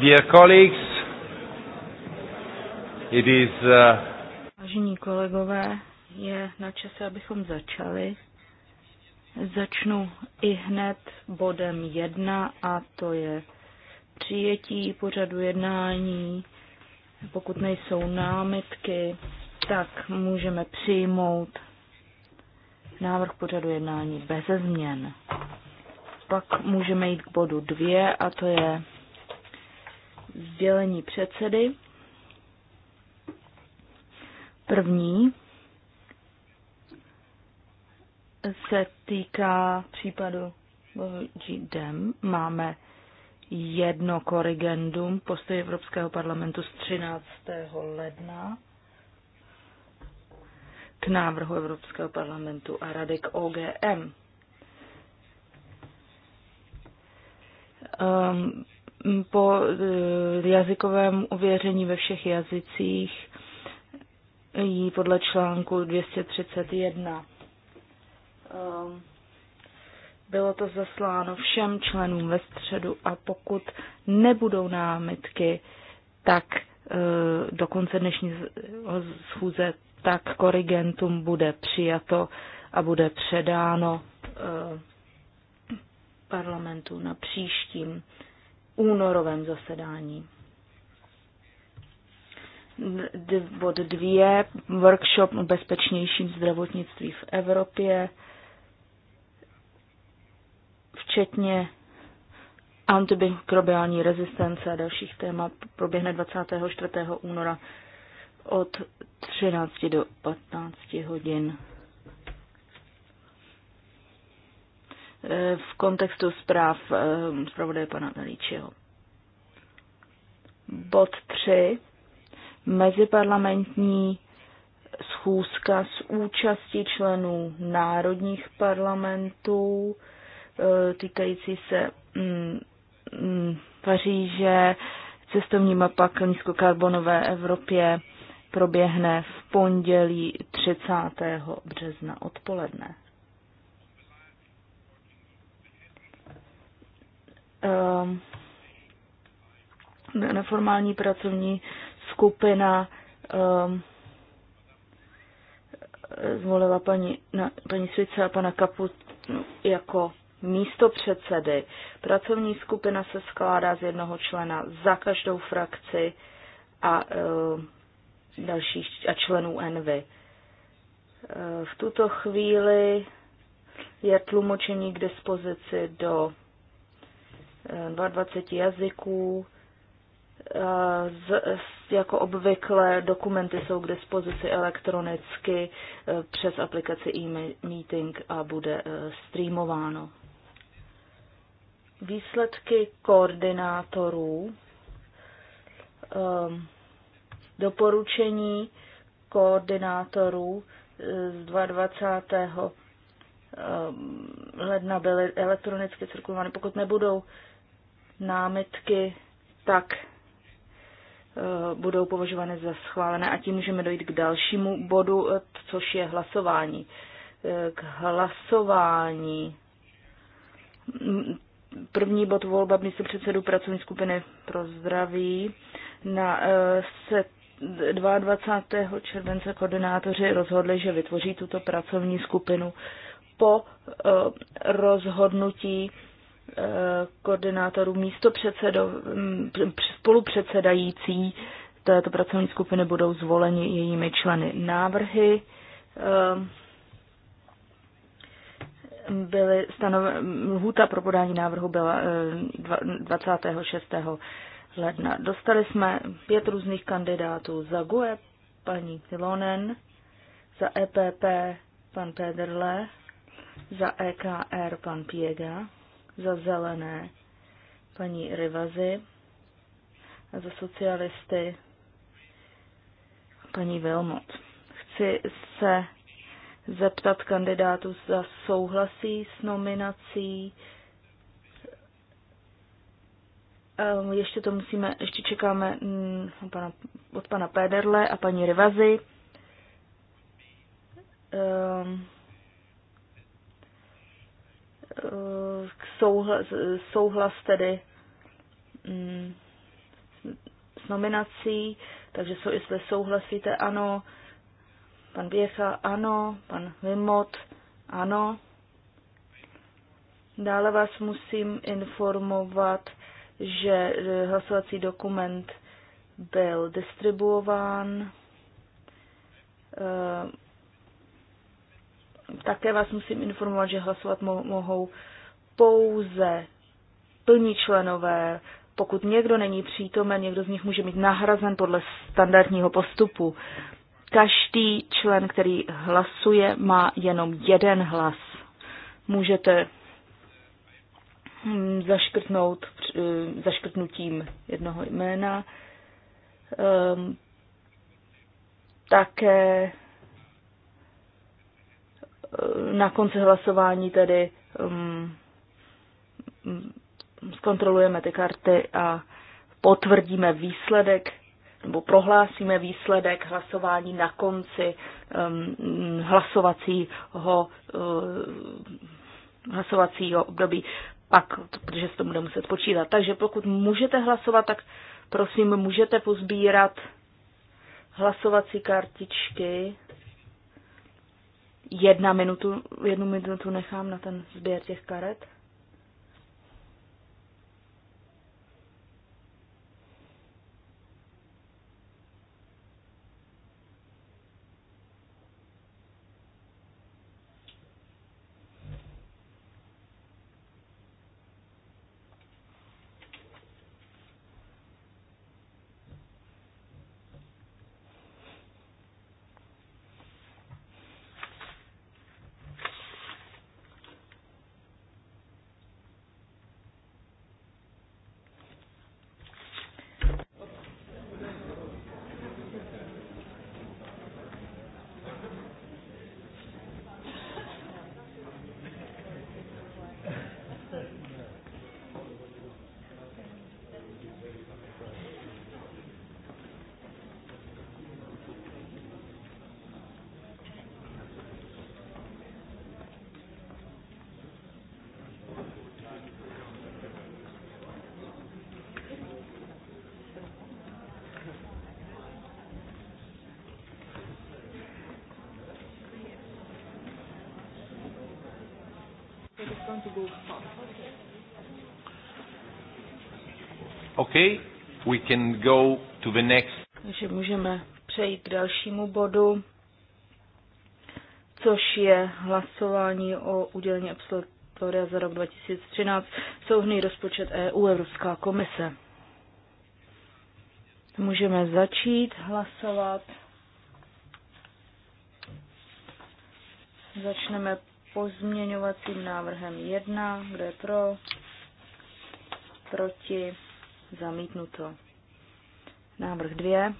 Dear colleagues, it is... Uh, Vážení kolegové, je na čase, abychom začali. Začnu i hned bodem jedna a to je přijetí pořadu jednání. Pokud nejsou námitky, tak můžeme přijmout návrh pořadu jednání bez změn. Pak můžeme jít k bodu dvě a to je sdělení předsedy. První se týká případu GDEM. Máme jedno korigendum postoje Evropského parlamentu z 13. ledna k návrhu Evropského parlamentu a rady k OGM. Um, po eh, jazykovém ověření ve všech jazycích jí podle článku 231. Ehm, bylo to zasláno všem členům ve středu a pokud nebudou námitky, tak eh, do konce dnešní schůze, tak korigentum bude přijato a bude předáno eh, parlamentu na příštím únorovém zasedání. Bod dvě, workshop o bezpečnějším zdravotnictví v Evropě, včetně antimikrobiální rezistence a dalších témat, proběhne 24. února od 13 do 15 hodin. Eh, v kontextu zpráv eh, zpravodaje pana Nelíčeho. Bod 3. Meziparlamentní schůzka s účastí členů národních parlamentů eh, týkající se mm, mm, Paříže, cestovní mapa k nízkokarbonové Evropě proběhne v pondělí 30. března odpoledne. Ehm, neformální pracovní skupina ehm, zvolila paní, na, paní Svice a pana Kaput jako místo předsedy. Pracovní skupina se skládá z jednoho člena za každou frakci a e, dalších a členů Envy. E, v tuto chvíli je tlumočení k dispozici do 22 jazyků. Z, jako obvykle dokumenty jsou k dispozici elektronicky e, přes aplikaci e-meeting a bude e, streamováno. Výsledky koordinátorů. Ehm, doporučení koordinátorů e, z 22. Ehm, ledna byly elektronicky cirkulovány. Pokud nebudou námitky, tak eh, budou považovány za schválené a tím můžeme dojít k dalšímu bodu, eh, což je hlasování. Eh, k hlasování. Mm, první bod volba místo předsedu pracovní skupiny pro zdraví. Na se 22. července koordinátoři rozhodli, že vytvoří tuto pracovní skupinu po rozhodnutí koordinátorů, místo předsedo, mm, spolupředsedající této pracovní skupiny budou zvoleni jejími členy. Návrhy ehm, byly stanov... lhůta pro podání návrhu byla 26. Eh, ledna. Dostali jsme pět různých kandidátů za GUE, paní Tilonen, za EPP pan Pederle, za EKR pan Piega, za zelené paní Rivazy a za socialisty paní Vilmot. Chci se zeptat kandidátů, za souhlasí s nominací. Ehm, ještě to musíme, ještě čekáme mm, od pana Péderle a paní Rivazy. Um, Eh, souhlas, souhlas tedy mm, s nominací, takže jsou, jestli souhlasíte, ano, pan Běcha, ano, pan Vimot, ano. Dále vás musím informovat, že eh, hlasovací dokument byl distribuován eh, také vás musím informovat, že hlasovat mohou pouze plní členové. Pokud někdo není přítomen, někdo z nich může být nahrazen podle standardního postupu. Každý člen, který hlasuje, má jenom jeden hlas. Můžete hm, zaškrtnout eh, zaškrtnutím jednoho jména. Ehm, také Eh, na konci hlasování tedy um, zkontrolujeme ty karty a potvrdíme výsledek nebo prohlásíme výsledek hlasování na konci um, hlasovacího, uh, hlasovacího období, pak, protože se to bude muset počítat. Takže pokud můžete hlasovat, tak prosím, můžete pozbírat hlasovací kartičky. Jedna minutu, jednu minutu nechám na ten sběr těch karet. going to go fast. Okay, we can go to the next. Takže můžeme přejít k dalšímu bodu, což je hlasování o udělení absolutoria za rok 2013, souhný rozpočet EU, Evropská komise. Můžeme začít hlasovat. Začneme pozměňovacím návrhem 1, kdo je pro, proti, zamítnuto. Návrh 2.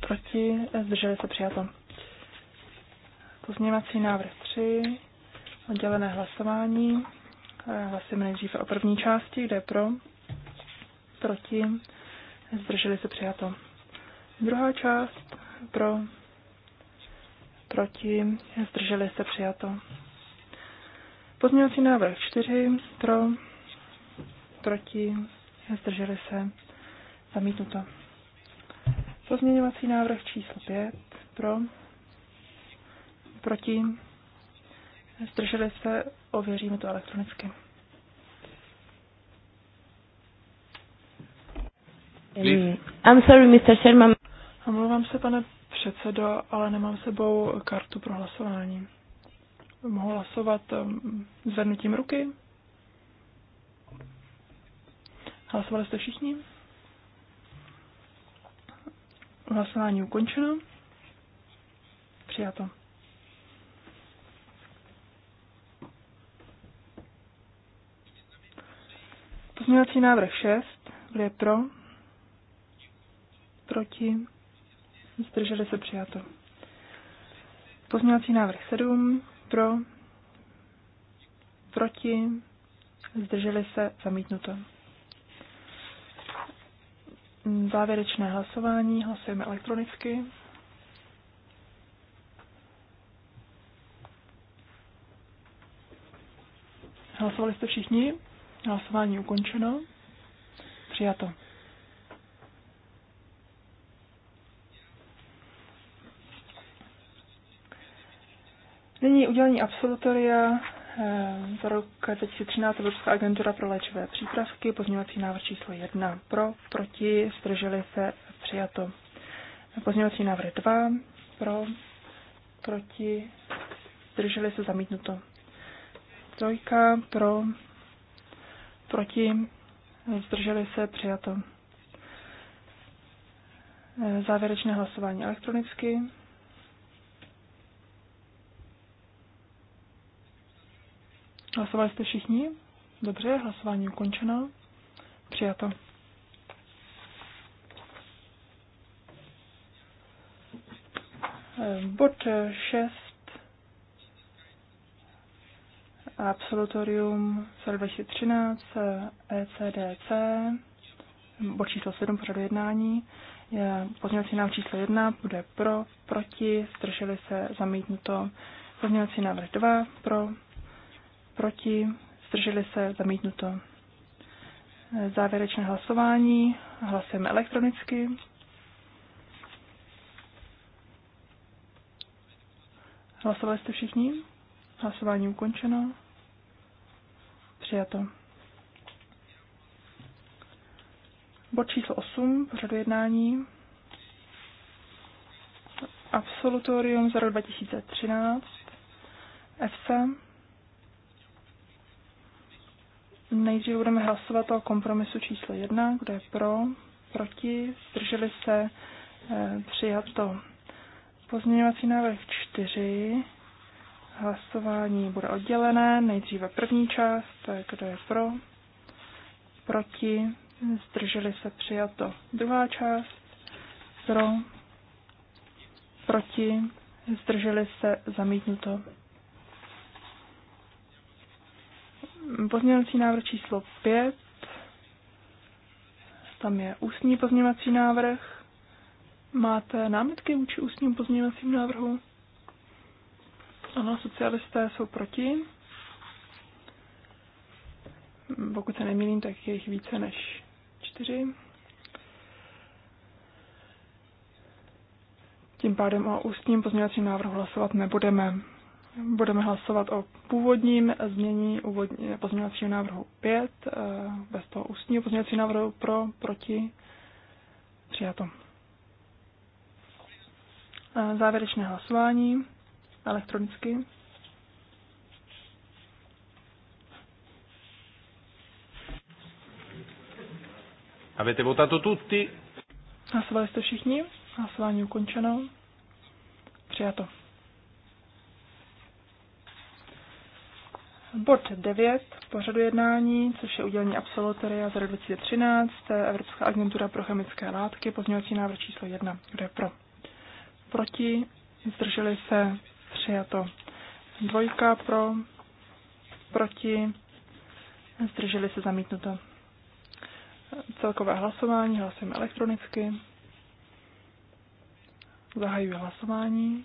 Proti, zdrželi se přijato. Pozměňovací návrh 3, oddělené hlasování. Hlasujeme nejdříve o první části, kde je pro, proti, zdrželi se přijato. Druhá část, pro, proti, zdrželi se přijato. Pozměňovací návrh 4 pro, proti, zdrželi se zamítnuto. Pozměňovací návrh číslo 5 pro, proti, zdrželi se, ověříme to elektronicky. I'm sorry, Mr. Sherman. Omlouvám se, pane předsedo, ale nemám sebou kartu pro hlasování. Mohu hlasovat um, zvednutím ruky? Hlasovali jste všichni? Hlasování ukončeno. Přijato. Pozměňovací návrh 6. Kdo je pro? Proti? zdrželi se přijato. Pozměňovací návrh 7 pro, proti, zdrželi se zamítnuto. Závěrečné hlasování hlasujeme elektronicky. Hlasovali jste všichni? Hlasování ukončeno. Přijato. Nyní udělení absolutoria za eh, rok 2013 Evropská agentura pro léčivé přípravky, pozměňovací návrh číslo 1 pro, proti, zdrželi se, přijato. Pozměňovací návrh 2 pro, proti, zdrželi se, zamítnuto. Trojka pro, proti, zdrželi se, přijato. Eh, závěrečné hlasování elektronicky. Hlasovali jste všichni? Dobře, hlasování ukončeno. Přijato. Eh, bod 6. Absolutorium 2013 ECDC. Eh, e bod číslo 7 pořadu jednání. Pozměňovací návrh číslo 1 bude pro, proti, zdrželi se, zamítnuto. Pozměňovací návrh 2 pro, proti, zdrželi se, zamítnuto. Závěrečné hlasování, hlasujeme elektronicky. Hlasovali jste všichni? Hlasování ukončeno. Přijato. Bod číslo 8, pořadu jednání. Absolutorium za rok 2013. EFSA. Nejdřív budeme hlasovat o kompromisu číslo jedna, kdo je pro, proti, zdrželi se, eh, přijato. Pozměňovací návrh 4, hlasování bude oddělené, nejdříve první část, eh, kdo je pro, proti, zdrželi se, přijato. Druhá část, pro, proti, zdrželi se, zamítnuto. Pozměňovací návrh číslo 5. Tam je ústní pozměňovací návrh. Máte námitky vůči ústním pozměňovacím návrhu? Ano, socialisté jsou proti. Pokud se nemýlím, tak je jich více než čtyři. Tím pádem o ústním pozměňovacím návrhu hlasovat nebudeme. Budeme hlasovat o původním změní pozměňovacího návrhu 5, eh, bez toho ústního pozměňovacího návrhu pro, proti, přijato. Eh, závěrečné hlasování elektronicky. Avete votato tutti? Hlasovali jste všichni? Hlasování ukončeno. Přijato. Bod 9 pořadu jednání, což je udělení absolutoria za 2013, Evropská agentura pro chemické látky, pozměňovací návrh číslo 1. Kdo je pro? Proti? Zdrželi se? Přijato. Dvojka pro? Proti? Zdrželi se? Zamítnuto. Celkové hlasování, hlasujeme elektronicky. Zahajuji hlasování.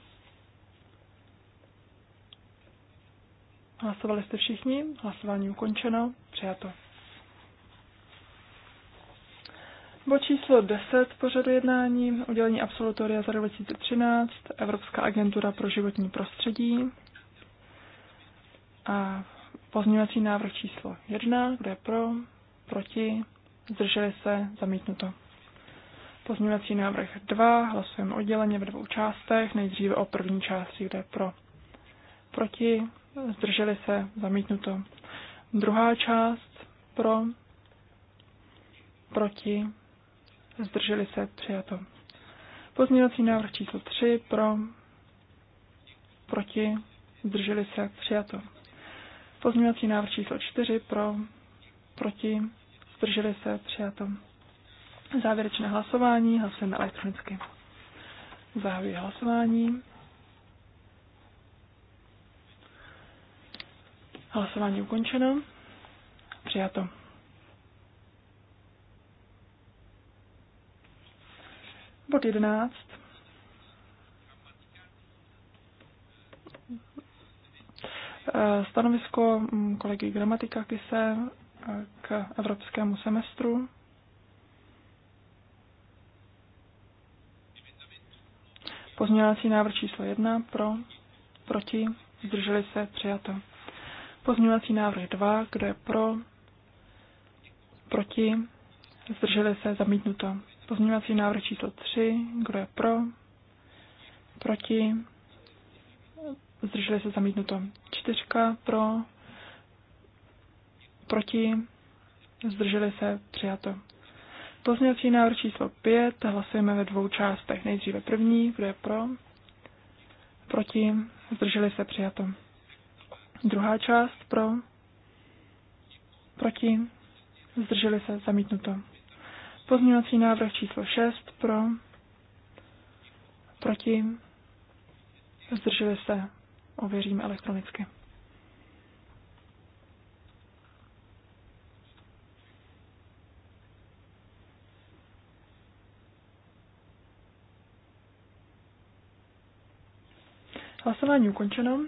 Hlasovali jste všichni, hlasování ukončeno, přijato. Bo číslo 10 pořadu jednání, udělení absolutoria za 2013, Evropská agentura pro životní prostředí a pozměňovací návrh číslo 1, kde je pro, proti, zdrželi se, zamítnuto. Pozměňovací návrh 2, hlasujeme odděleně ve dvou částech, nejdříve o první části, kde je pro, proti, zdrželi se, zamítnuto. Druhá část pro, proti, zdrželi se, přijato. Pozměňovací návrh číslo 3 pro, proti, zdrželi se, přijato. Pozměňovací návrh číslo 4 pro, proti, zdrželi se, přijato. Závěrečné hlasování, hlasujeme elektronicky. Zahajuji hlasování. Hlasování ukončeno. Přijato. Bod 11. Stanovisko kolegy Gramatika Kise k evropskému semestru. Pozměňovací návrh číslo 1 pro, proti, zdrželi se, přijato. Pozměňovací návrh 2, kdo je pro, proti, zdrželi se, zamítnuto. Pozměňovací návrh číslo 3, kdo je pro, proti, zdrželi se, zamítnuto. Čtyřka pro, proti, zdrželi se, přijato. Pozměňovací návrh číslo 5, hlasujeme ve dvou částech. Nejdříve první, kdo je pro, proti, zdrželi se, přijato. Druhá část pro, proti, zdrželi se, zamítnuto. Pozměňovací návrh číslo 6 pro, proti, zdrželi se, ověřím elektronicky. Hlasování ukončeno.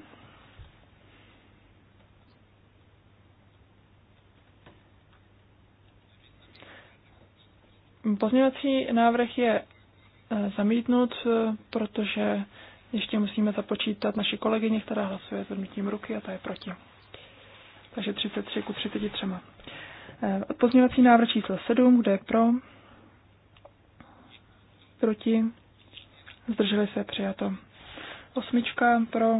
Pozměňovací návrh je e, zamítnut, e, protože ještě musíme započítat naši kolegyně, která hlasuje zvednutím ruky a ta je proti. Takže 33 ku 33. E, pozměňovací návrh číslo 7, kde je pro, proti, zdrželi se, přijato. Osmička pro,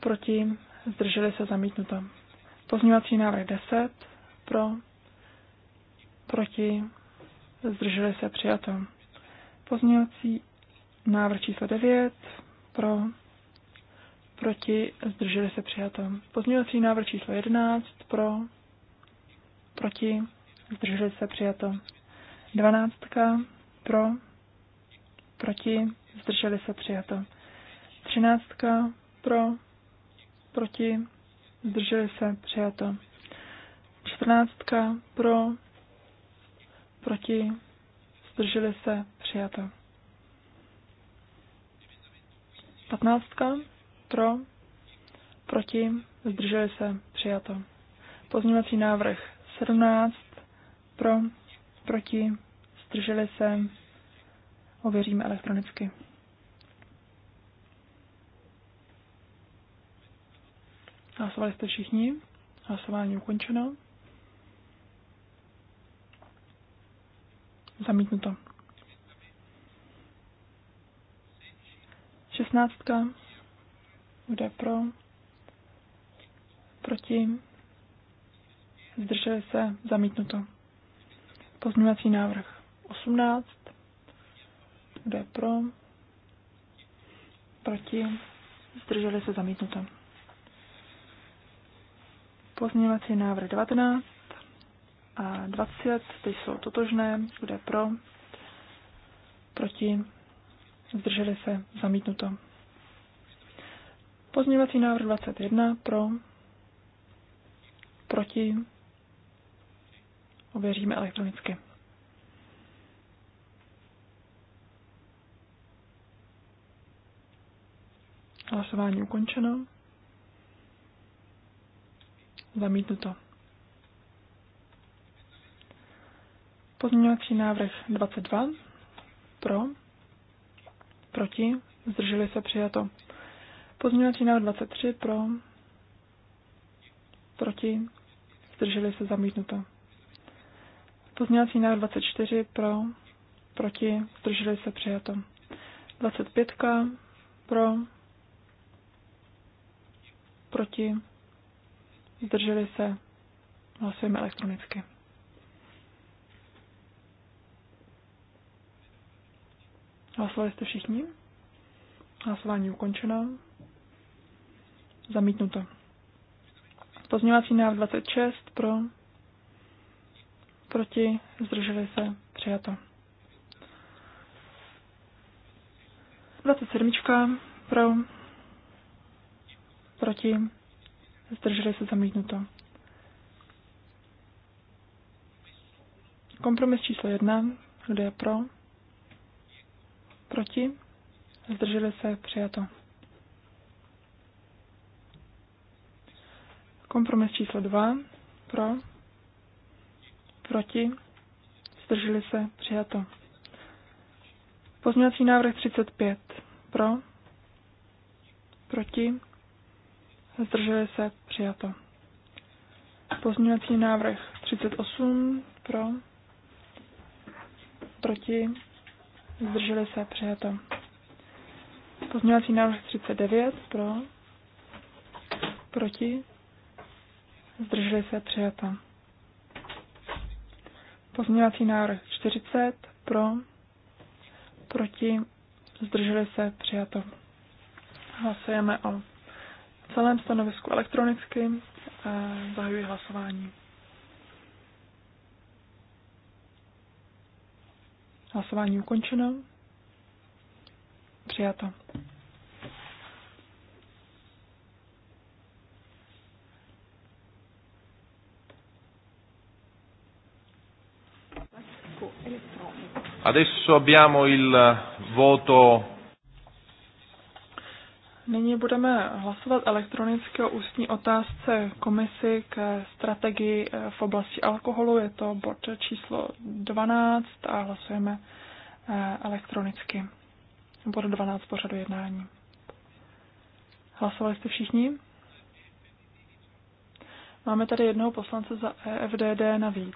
proti, zdrželi se, zamítnuto. Pozměňovací návrh 10, pro, proti, zdrželi se přijato. Pozměňovací návrh číslo 9, pro, proti, zdrželi se přijato. Pozměňovací návrh číslo 11, pro, proti, zdrželi se přijato. 12, pro, proti, zdrželi se přijato. 13, pro, proti, zdrželi se přijato. 14, pro, proti, zdrželi se, přijato. Patnáctka, pro, proti, zdrželi se, přijato. Pozměňovací návrh 17, pro, proti, zdrželi se, ověříme elektronicky. Hlasovali jste všichni? Hlasování ukončeno. Zamítnuto. Šestnáctka. Bude pro. Proti. Zdrželi se. Zamítnuto. Pozměňovací návrh 18. Bude pro. Proti. Zdrželi se. Zamítnuto. Pozměňovací návrh 19 a 20, ty jsou totožné, kde pro, proti, zdrželi se, zamítnuto. Pozměňovací návrh 21 pro, proti, ověříme elektronicky. Hlasování ukončeno. Zamítnuto. Pozměňovací návrh 22. Pro. Proti. Zdrželi se přijato. Pozměňovací návrh 23. Pro. Proti. Zdrželi se zamítnuto. Pozměňovací návrh 24. Pro. Proti. Zdrželi se přijato. 25. Pro. Proti. Zdrželi se. Hlasujeme elektronicky. Hlasovali jste všichni? Hlasování ukončeno. Zamítnuto. Pozměňovací návrh 26 pro, proti, zdrželi se, přijato. 27 pro, proti, zdrželi se, zamítnuto. Kompromis číslo 1, kde je pro, Proti? Zdrželi se přijato. Kompromis číslo 2. Pro? Proti? Zdrželi se přijato. Pozměňovací návrh 35. Pro? Proti? Zdrželi se přijato. Pozměňovací návrh 38. Pro? Proti? zdrželi se, přijato. Pozměňovací návrh 39 pro, proti, zdrželi se, přijato. Pozměňovací návrh 40 pro, proti, zdrželi se, přijato. Hlasujeme o celém stanovisku elektronicky. Zahajuji hlasování. Hlasování ukončeno. Přijato. Adesso abbiamo il voto Nyní budeme hlasovat elektronicky o ústní otázce komisi k strategii eh, v oblasti alkoholu. Je to bod číslo 12 a hlasujeme eh, elektronicky. Bod 12 pořadu jednání. Hlasovali jste všichni? Máme tady jednoho poslance za EFDD navíc.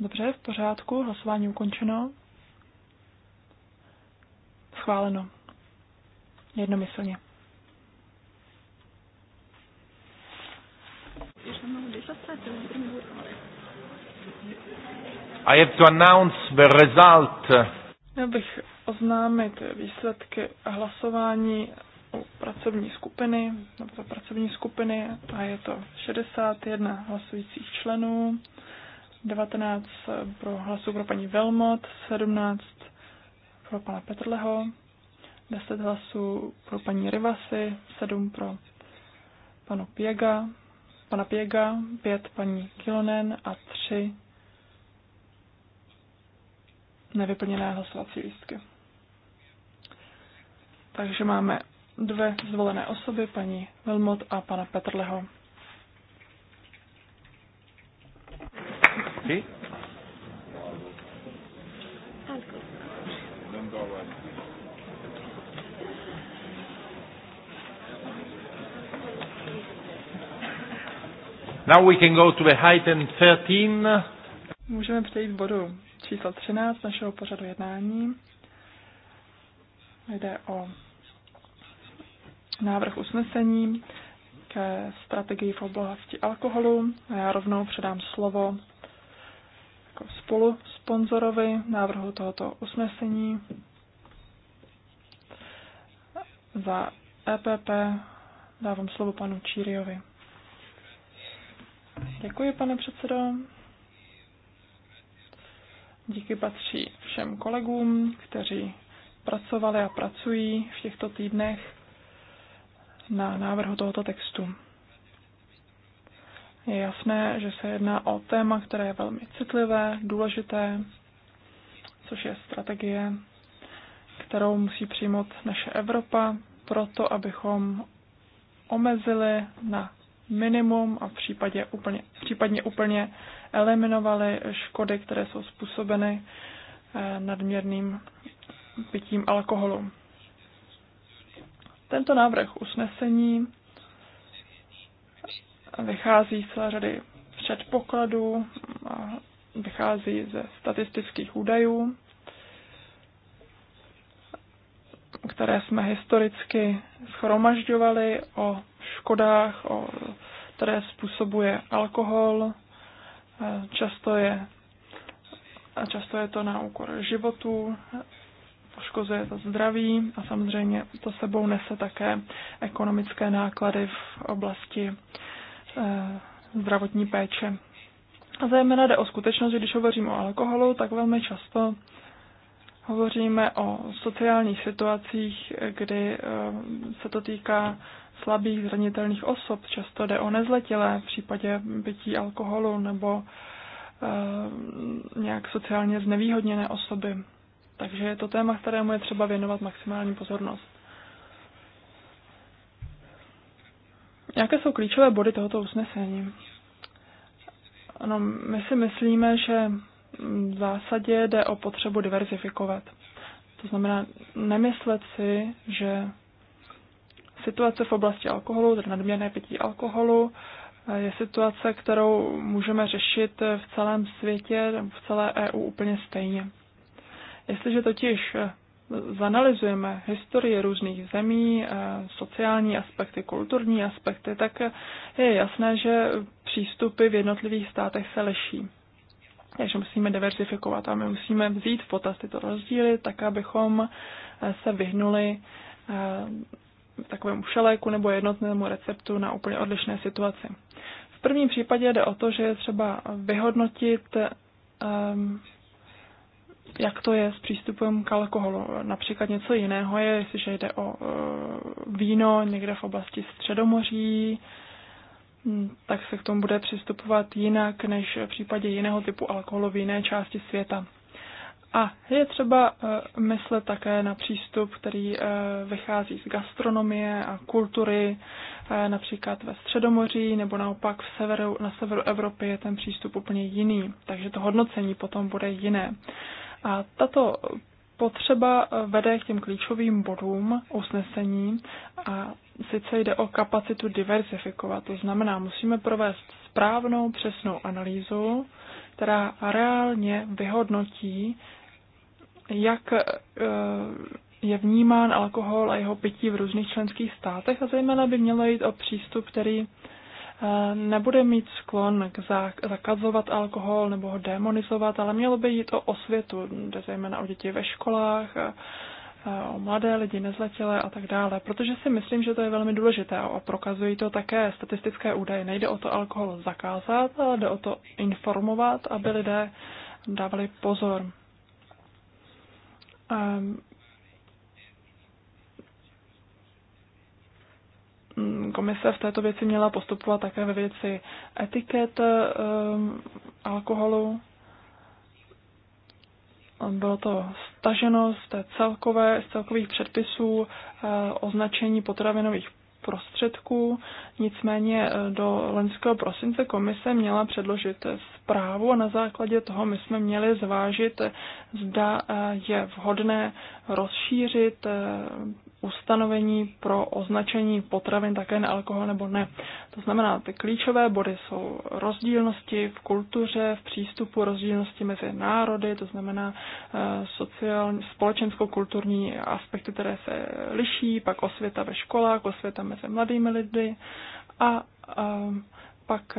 Dobře, v pořádku, hlasování ukončeno. Schváleno. Jednomyslně. I have to announce the result. Měl bych oznámit výsledky hlasování u pracovní skupiny, nebo za pracovní skupiny, a je to 61 hlasujících členů, 19 pro hlasů pro paní Velmot, 17 pro pana Petrleho, 10 hlasů pro paní Rivasy, 7 pro panu Piega, pana Piega, 5 paní Kilonen a 3 nevyplněné hlasovací lístky. Takže máme dvě zvolené osoby, paní Vilmot a pana Petrleho. Okay. Now we can go to the item 13. Můžeme přejít k bodu číslo 13 našeho pořadu jednání. Jde o návrh usnesení ke strategii v oblasti alkoholu. A já rovnou předám slovo jako spolu sponzorovi návrhu tohoto usnesení za EPP dávám slovo panu Číriovi. Děkuji, pane předsedo. Díky patří všem kolegům, kteří pracovali a pracují v těchto týdnech na návrhu tohoto textu. Je jasné, že se jedná o téma, které je velmi citlivé, důležité, což je strategie, kterou musí přijmout naše Evropa proto, abychom omezili na minimum a v případě úplně, případně úplně eliminovali škody, které jsou způsobeny eh, nadměrným pitím alkoholu. Tento návrh usnesení vychází z celé řady předpokladů, vychází ze statistických údajů které jsme historicky schromažďovali o škodách, o, které způsobuje alkohol. E, často je, často je to na úkor životu, poškozuje to zdraví a samozřejmě to sebou nese také ekonomické náklady v oblasti e, zdravotní péče. A zejména jde o skutečnost, že když hovořím o alkoholu, tak velmi často Hovoříme o sociálních situacích, kdy eh, se to týká slabých, zranitelných osob. Často jde o nezletilé v případě bytí alkoholu nebo eh, nějak sociálně znevýhodněné osoby. Takže je to téma, kterému je třeba věnovat maximální pozornost. Jaké jsou klíčové body tohoto usnesení? Ano, my si myslíme, že v zásadě jde o potřebu diverzifikovat. To znamená nemyslet si, že situace v oblasti alkoholu, tedy nadměrné pití alkoholu, je situace, kterou můžeme řešit v celém světě, v celé EU úplně stejně. Jestliže totiž zanalizujeme historii různých zemí, sociální aspekty, kulturní aspekty, tak je jasné, že přístupy v jednotlivých státech se liší takže musíme diversifikovat a my musíme vzít v potaz tyto rozdíly, tak abychom eh, se vyhnuli eh, takovému šeléku nebo jednotnému receptu na úplně odlišné situaci. V prvním případě jde o to, že je třeba vyhodnotit, ehm, jak to je s přístupem k alkoholu. Například něco jiného je, jestliže jde o eh, víno někde v oblasti Středomoří, Mm, tak se k tomu bude přistupovat jinak než v případě jiného typu alkoholu v jiné části světa. A je třeba eh, myslet také na přístup, který eh, vychází z gastronomie a kultury, eh, například ve Středomoří nebo naopak v severu, na severu Evropy je ten přístup úplně jiný, takže to hodnocení potom bude jiné. A tato potřeba eh, vede k těm klíčovým bodům usnesení a sice jde o kapacitu diversifikovat. To znamená, musíme provést správnou, přesnou analýzu, která reálně vyhodnotí, jak eh, je vnímán alkohol a jeho pití v různých členských státech a zejména by mělo jít o přístup, který nebude mít sklon k zakazovat alkohol nebo ho demonizovat, ale mělo by jít o osvětu, jde zejména o děti ve školách, o mladé lidi, nezletilé a tak dále, protože si myslím, že to je velmi důležité a prokazují to také statistické údaje. Nejde o to alkohol zakázat, ale jde o to informovat, aby lidé dávali pozor. Mm, komise v této věci měla postupovat také ve věci etiket ehm, alkoholu. Bylo to staženo z, té celkové, z celkových předpisů eh, označení potravinových prostředků. Nicméně eh, do loňského prosince komise měla předložit zprávu a na základě toho my jsme měli zvážit, zda eh, je vhodné rozšířit ustanovení pro označení potravin také alkohol nebo ne. To znamená, ty klíčové body jsou rozdílnosti v kultuře, v přístupu, rozdílnosti mezi národy, to znamená eh, sociální, společensko-kulturní aspekty, které se liší, pak osvěta ve školách, osvěta mezi mladými lidmi a ehm, pak,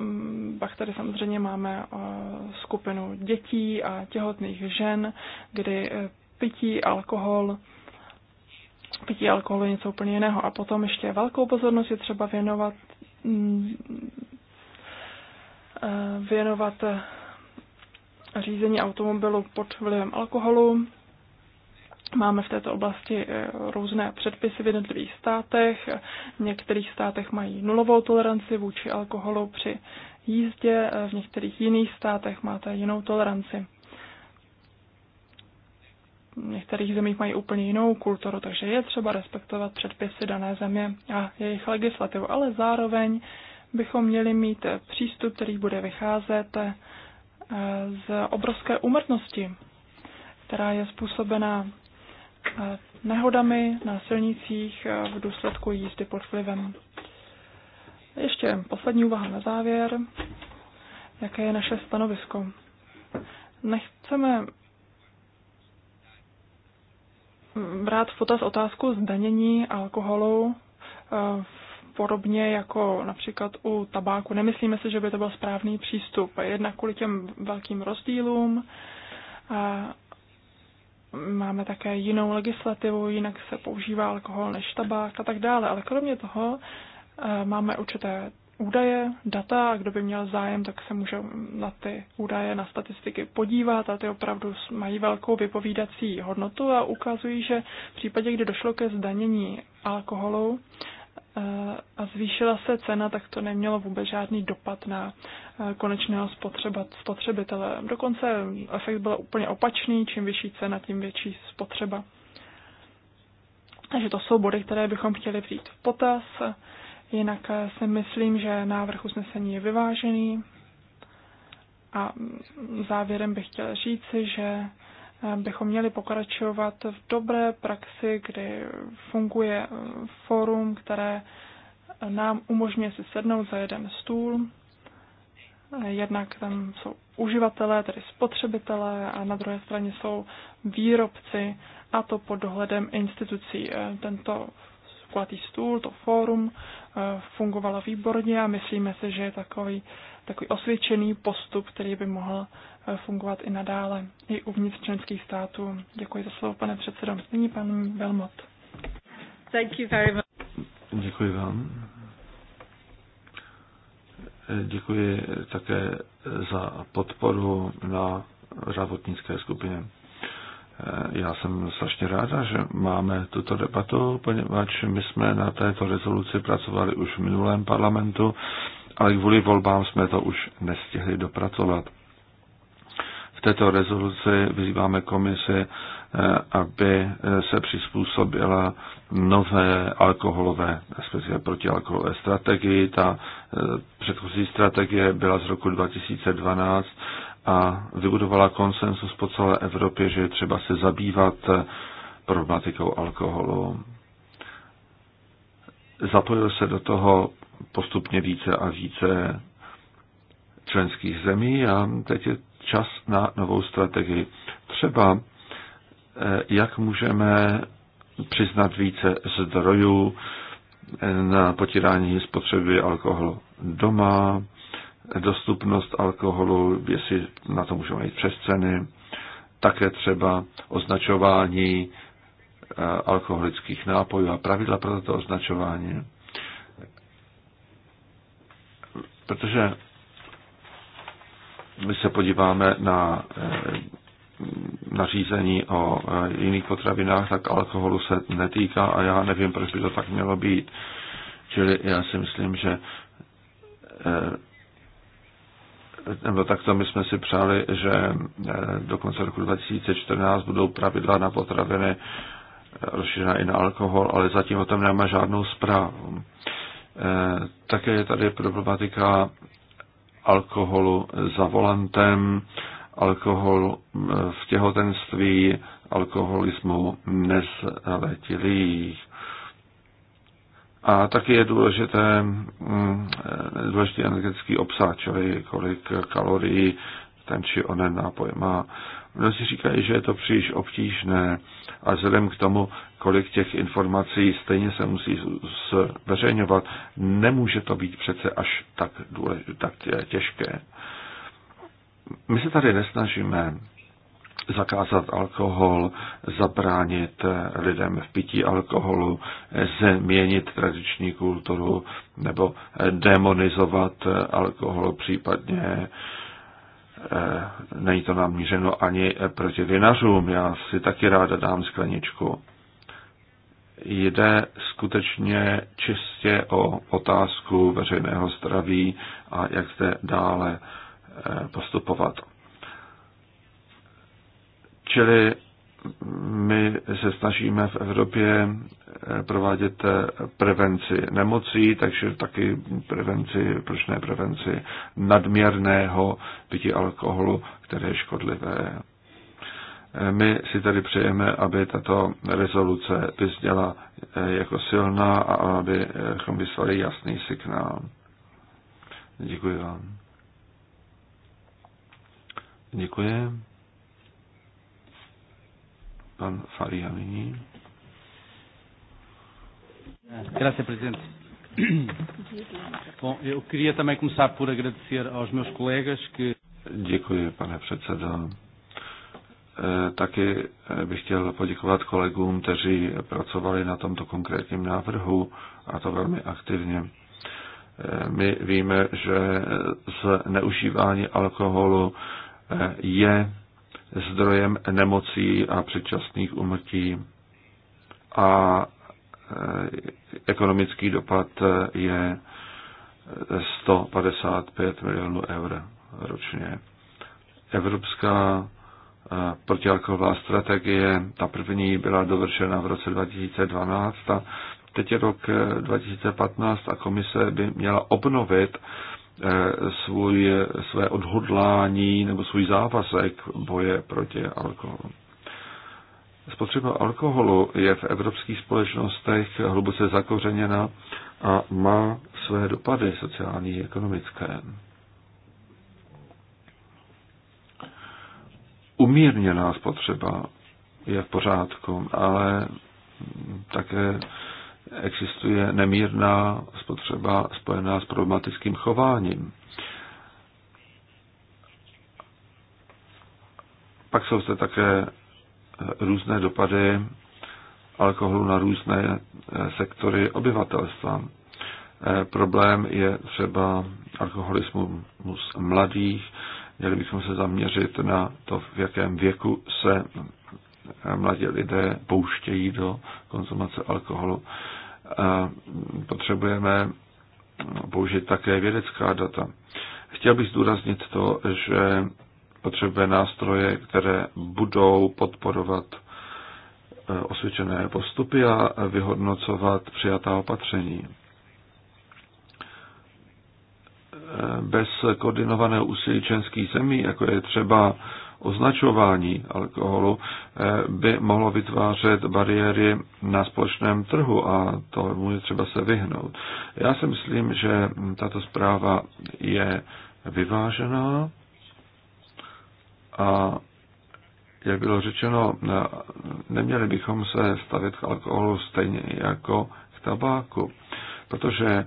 ehm, pak tady samozřejmě máme eh, skupinu dětí a těhotných žen, kdy eh, pití alkohol pití alkoholu je něco úplně jiného. A potom ještě velkou pozornost je třeba věnovat mm, eh, věnovat eh, řízení automobilu pod vlivem alkoholu. Máme v této oblasti eh, různé předpisy v jednotlivých státech. V některých státech mají nulovou toleranci vůči alkoholu při jízdě, v některých jiných státech máte jinou toleranci některých zemích mají úplně jinou kulturu, takže je třeba respektovat předpisy dané země a jejich legislativu, ale zároveň bychom měli mít přístup, který bude vycházet eh, z obrovské úmrtnosti, která je způsobena eh, nehodami na silnicích eh, v důsledku jízdy pod vlivem. Ještě poslední úvaha na závěr. Jaké je naše stanovisko? Nechceme brát v potaz otázku zdanění alkoholu eh, podobně jako například u tabáku. Nemyslíme si, že by to byl správný přístup. Jednak kvůli těm velkým rozdílům máme také jinou legislativu, jinak se používá alkohol než tabák a tak dále. Ale kromě toho eh, máme určité údaje, data a kdo by měl zájem, tak se může na ty údaje, na statistiky podívat a ty opravdu mají velkou vypovídací hodnotu a ukazují, že v případě, kdy došlo ke zdanění alkoholu eh, a zvýšila se cena, tak to nemělo vůbec žádný dopad na eh, konečného spotřebitele. Dokonce efekt byl úplně opačný, čím vyšší cena, tím větší spotřeba. Takže to jsou body, které bychom chtěli vzít v potaz Jinak eh, si myslím, že návrh usnesení je vyvážený a mm, závěrem bych chtěla říci, že eh, bychom měli pokračovat v dobré praxi, kdy funguje eh, fórum, které nám umožňuje si sednout za jeden stůl. Jednak tam jsou uživatelé, tedy spotřebitelé, a na druhé straně jsou výrobci, a to pod dohledem institucí. Tento kulatý stůl, to fórum eh, fungovalo výborně a myslíme si, že je takový, takový osvědčený postup, který by mohl eh, fungovat i nadále, i uvnitř členských států. Děkuji za slovo, pane předsedo. Nyní pan Belmot. Thank you very much. Děkuji vám. Eh, děkuji také za podporu na řávotnické skupině. Eh, já jsem strašně ráda, že máme tuto debatu, poněvadž my jsme na této rezoluci pracovali už v minulém parlamentu, ale kvůli volbám jsme to už nestihli dopracovat. V této rezoluci vyzýváme komisi, eh, aby eh, se přizpůsobila nové alkoholové, respektive protialkoholové strategii. Ta předchozí strategie byla z roku 2012 a vybudovala konsensus po celé Evropě, že je třeba se zabývat eh, problematikou alkoholu. Zapojil se do toho postupně více a více členských zemí a teď je čas na novou strategii. Třeba eh, jak můžeme přiznat více zdrojů eh, na potírání spotřeby alkoholu doma, dostupnost alkoholu, jestli na to můžeme jít přes ceny, také třeba označování eh, alkoholických nápojů a pravidla pro toto označování. Protože my se podíváme na eh, nařízení o eh, jiných potravinách, tak alkoholu se netýká a já nevím, proč by to tak mělo být. Čili já si myslím, že nebo takto my jsme si přáli, že eh, do konce roku 2014 budou pravidla na potraviny eh, rozšířena i na alkohol, ale zatím o tom nemá žádnou zprávu. Eh, také je tady problematika alkoholu za volantem, alkohol v těhotenství, alkoholismu nezletilých. A taky je důležité, mm, eh, důležitý energetický obsah, čili kolik kalorií ten či onen nápoj má. Mnozí říkají, že je to příliš obtížné a vzhledem k tomu, kolik těch informací stejně se musí zveřejňovat, nemůže to být přece až tak, důlež, tak těžké. My se tady nesnažíme zakázat alkohol, zabránit lidem v pití alkoholu, změnit tradiční kulturu nebo demonizovat alkohol, případně eh, není to namířeno ani proti vinařům. Já si taky ráda dám skleničku. Jde skutečně čistě o otázku veřejného zdraví a jak zde dále eh, postupovat. Čili my se snažíme v Evropě eh, provádět eh, prevenci nemocí, takže taky prevenci, proč ne prevenci nadměrného pití alkoholu, které je škodlivé. Eh, my si tady přejeme, aby tato rezoluce vyzněla jako silná a abychom vyslali jasný signál. Děkuji vám. Děkuji. Pan Faria nyní. Graças, Presidente. Bom, eu queria também começar por agradecer aos meus colegas que... Děkuji, pane předsedo. Eh, taky eh, bych chtěl poděkovat kolegům, kteří pracovali na tomto konkrétním návrhu a to velmi aktivně. Eh, my víme, že zneužívání alkoholu e, je zdrojem nemocí a předčasných umrtí. A e, ekonomický dopad je 155 milionů eur ročně. Evropská e, protialkoholová strategie, ta první byla dovršena v roce 2012 a teď je rok 2015 e, a komise by měla obnovit Eh, svůj, své odhodlání nebo svůj závazek boje proti alkoholu. Spotřeba alkoholu je v evropských společnostech hluboce zakořeněna a má své dopady sociální a ekonomické. Umírněná spotřeba je v pořádku, ale také existuje nemírná spotřeba spojená s problematickým chováním. Pak jsou zde také eh, různé dopady alkoholu na různé eh, sektory obyvatelstva. Eh, problém je třeba alkoholismus mladých. Měli bychom se zaměřit na to, v jakém věku se mladí lidé pouštějí do konzumace alkoholu potřebujeme použít také vědecká data. Chtěl bych zdůraznit to, že potřebuje nástroje, které budou podporovat e, osvědčené postupy a vyhodnocovat přijatá opatření. E, bez koordinovaného úsilí členských zemí, jako je třeba označování alkoholu eh, by mohlo vytvářet bariéry na společném trhu a to je třeba se vyhnout. Já si myslím, že tato zpráva je vyvážená a jak bylo řečeno, neměli bychom se stavit k alkoholu stejně jako k tabáku, protože eh,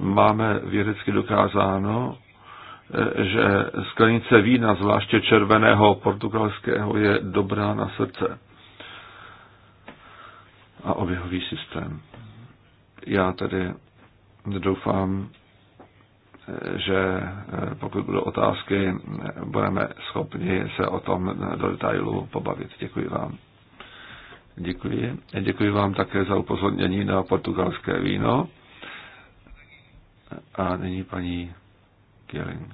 máme vědecky dokázáno, že sklenice vína, zvláště červeného portugalského, je dobrá na srdce a oběhový systém. Já tedy doufám, že eh, pokud budou otázky, budeme schopni se o tom do detailu pobavit. Děkuji vám. Děkuji. Děkuji vám také za upozornění na portugalské víno. A nyní paní Killing.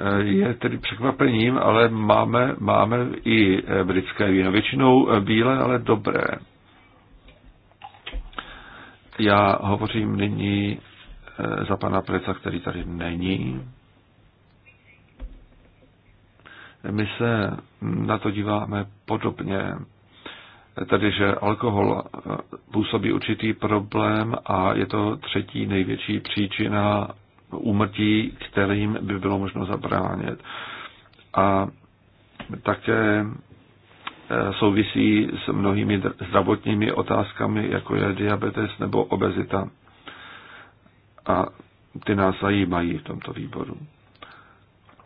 Eh, je tedy překvapením, ale máme, máme i eh, britské víno. Většinou eh, bílé, ale dobré. Já hovořím nyní za pana Preca, který tady není. My se na to díváme podobně tedy že alkohol eh, působí určitý problém a je to třetí největší příčina úmrtí, kterým by bylo možno zabránit. A také eh, souvisí s mnohými zdravotními otázkami, jako je diabetes nebo obezita. A ty nás zajímají v tomto výboru.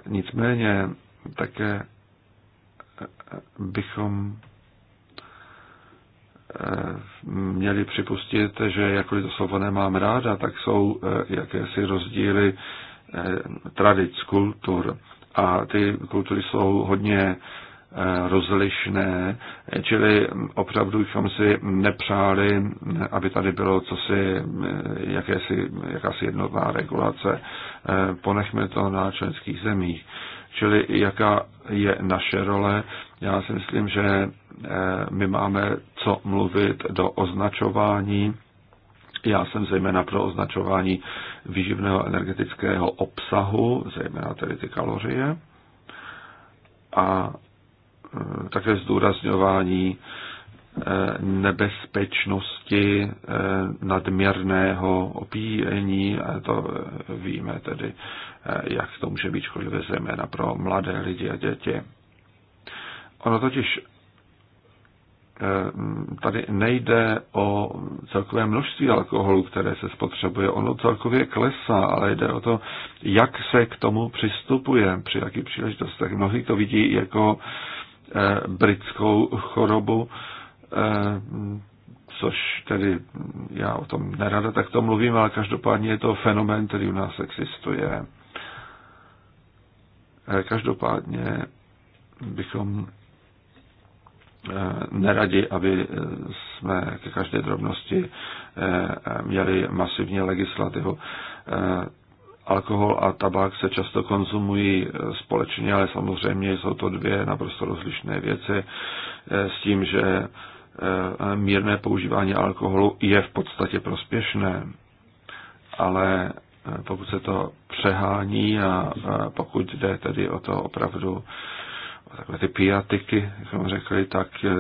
Nicméně také eh, bychom Eh, měli připustit, že jakkoliv to slovo nemám ráda, tak jsou eh, jakési rozdíly eh, tradic, kultur. A ty kultury jsou hodně rozlišné, čili opravdu bychom si nepřáli, aby tady bylo cosi, jakési, jakási jednotná regulace. Ponechme to na členských zemích. Čili jaká je naše role? Já si myslím, že eh, my máme co mluvit do označování. Já jsem zejména pro označování výživného energetického obsahu, zejména tedy ty kalorie. A eh, také zdůrazňování nebezpečnosti eh, nadměrného opíjení, to eh, víme tedy, eh, jak to může být škodlivé zejména pro mladé lidi a děti. Ono totiž tady nejde o celkové množství alkoholu, které se spotřebuje. Ono celkově klesá, ale jde o to, jak se k tomu přistupuje, při jakých příležitostech. Mnohí to vidí jako britskou chorobu, Eh, což tedy já o tom nerada tak to mluvím, ale každopádně je to fenomén, který u nás existuje. Eh, každopádně bychom eh, neradi, aby jsme ke každé drobnosti měli masivně legislativu. Alkohol a tabák se často konzumují společně, ale samozřejmě jsou to dvě naprosto rozlišné věci s tím, že Eh, mírné používání alkoholu je v podstatě prospěšné. Ale eh, pokud se to přehání a pokud jde tedy o to opravdu o takové ty piatiky, jak jsme řekli, tak eh,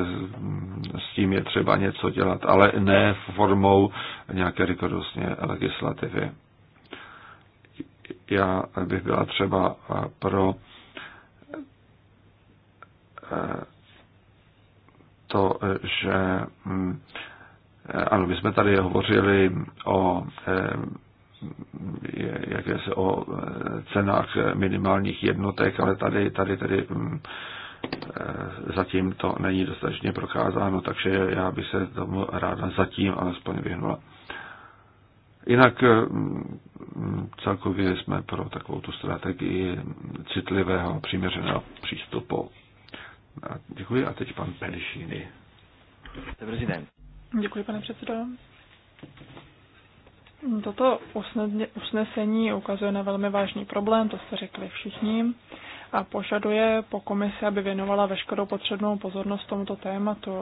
s tím je třeba něco dělat, ale ne formou nějaké rigorózně legislativy. Já bych byla třeba pro to, že mm, ano, my jsme tady hovořili o eh, jak se o eh, cenách minimálních jednotek, ale tady, tady, tady mm, eh, zatím to není dostatečně prokázáno, takže já bych se tomu ráda zatím alespoň vyhnula. Jinak mm, celkově jsme pro takovou tu strategii citlivého přiměřeného přístupu a děkuji a teď pan Pelišíny. Dobrý Děkuji, pane předsedo. Toto usnesení ukazuje na velmi vážný problém, to jste řekli všichni, a požaduje po komisi, aby věnovala veškerou potřebnou pozornost tomuto tématu.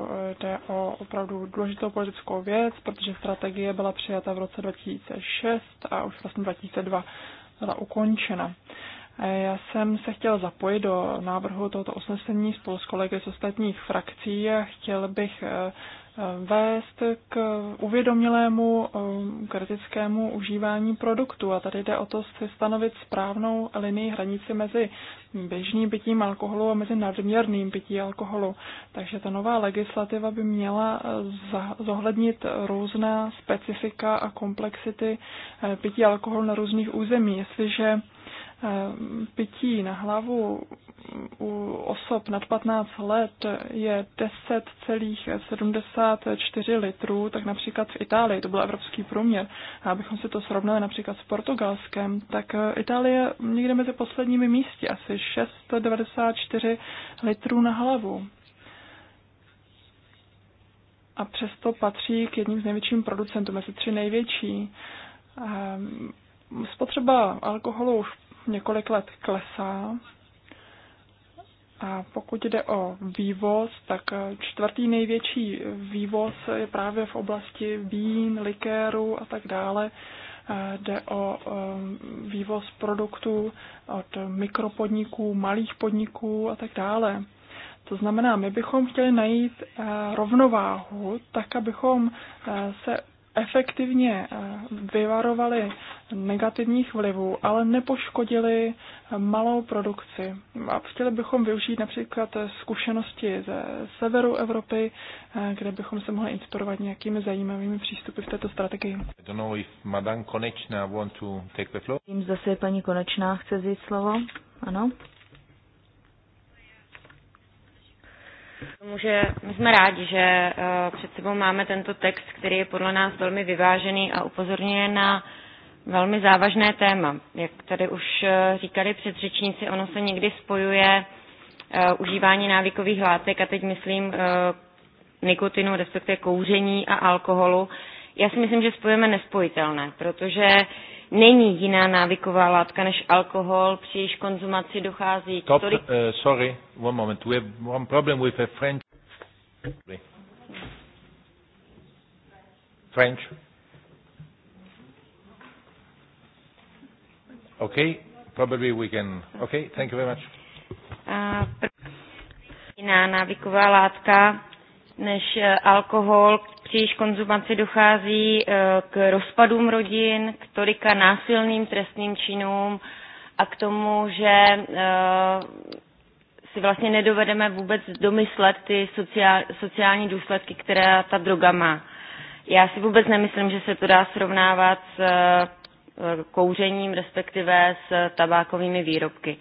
Jde o opravdu důležitou politickou věc, protože strategie byla přijata v roce 2006 a už vlastně 2002 byla ukončena. Já jsem se chtěl zapojit do návrhu tohoto usnesení spolu s kolegy z ostatních frakcí a chtěl bych eh, eh, vést k uvědomilému eh, kritickému užívání produktu. A tady jde o to si stanovit správnou linii hranici mezi běžným pitím alkoholu a mezi nadměrným pitím alkoholu. Takže ta nová legislativa by měla zohlednit různá specifika a komplexity pití alkoholu na různých území. Jestliže Ehm, pití na hlavu u osob nad 15 let je 10,74 litrů, tak například v Itálii, to byl evropský průměr, a abychom si to srovnali například s Portugalskem, tak eh, Itálie někde mezi posledními místy, asi 6,94 litrů na hlavu. A přesto patří k jedním z největším producentů, mezi tři největší. Ehm, spotřeba alkoholu už několik let klesá. A pokud jde o vývoz, tak čtvrtý největší vývoz je právě v oblasti vín, likéru a tak dále. Jde o um, vývoz produktů od mikropodniků, malých podniků a tak dále. To znamená, my bychom chtěli najít eh, rovnováhu, tak abychom eh, se efektivně eh, vyvarovali negativních vlivů, ale nepoškodili eh, malou produkci. A chtěli bychom využít například eh, zkušenosti ze severu Evropy, kde bychom se mohli inspirovat nějakými zajímavými přístupy v této strategii. Konečná Zase paní Konečná chce vzít slovo. Ano. Může, my jsme rádi, že eh, před sebou máme tento text, který je podle nás velmi vyvážený a upozorňuje na velmi závažné téma. Jak tady už eh, říkali předřečníci, ono se někdy spojuje eh, užívání návykových látek a teď myslím nikotinu, respektive kouření a alkoholu. Já si myslím, že spojeme nespojitelné, protože není jiná návyková látka než alkohol, při jejíž konzumaci dochází k tolik... Uh, sorry, one moment. We have one problem with a French... French. Okay, probably we can... Okay, thank you very much. Uh, jiná návyková látka než eh, alkohol, při jejíž konzumaci dochází eh, k rozpadům rodin, k tolika násilným trestným činům a k tomu, že eh, si vlastně nedovedeme vůbec domyslet ty sociální důsledky, které ta droga má. Já si vůbec nemyslím, že se to dá srovnávat s kouřením, respektive s tabákovými výrobky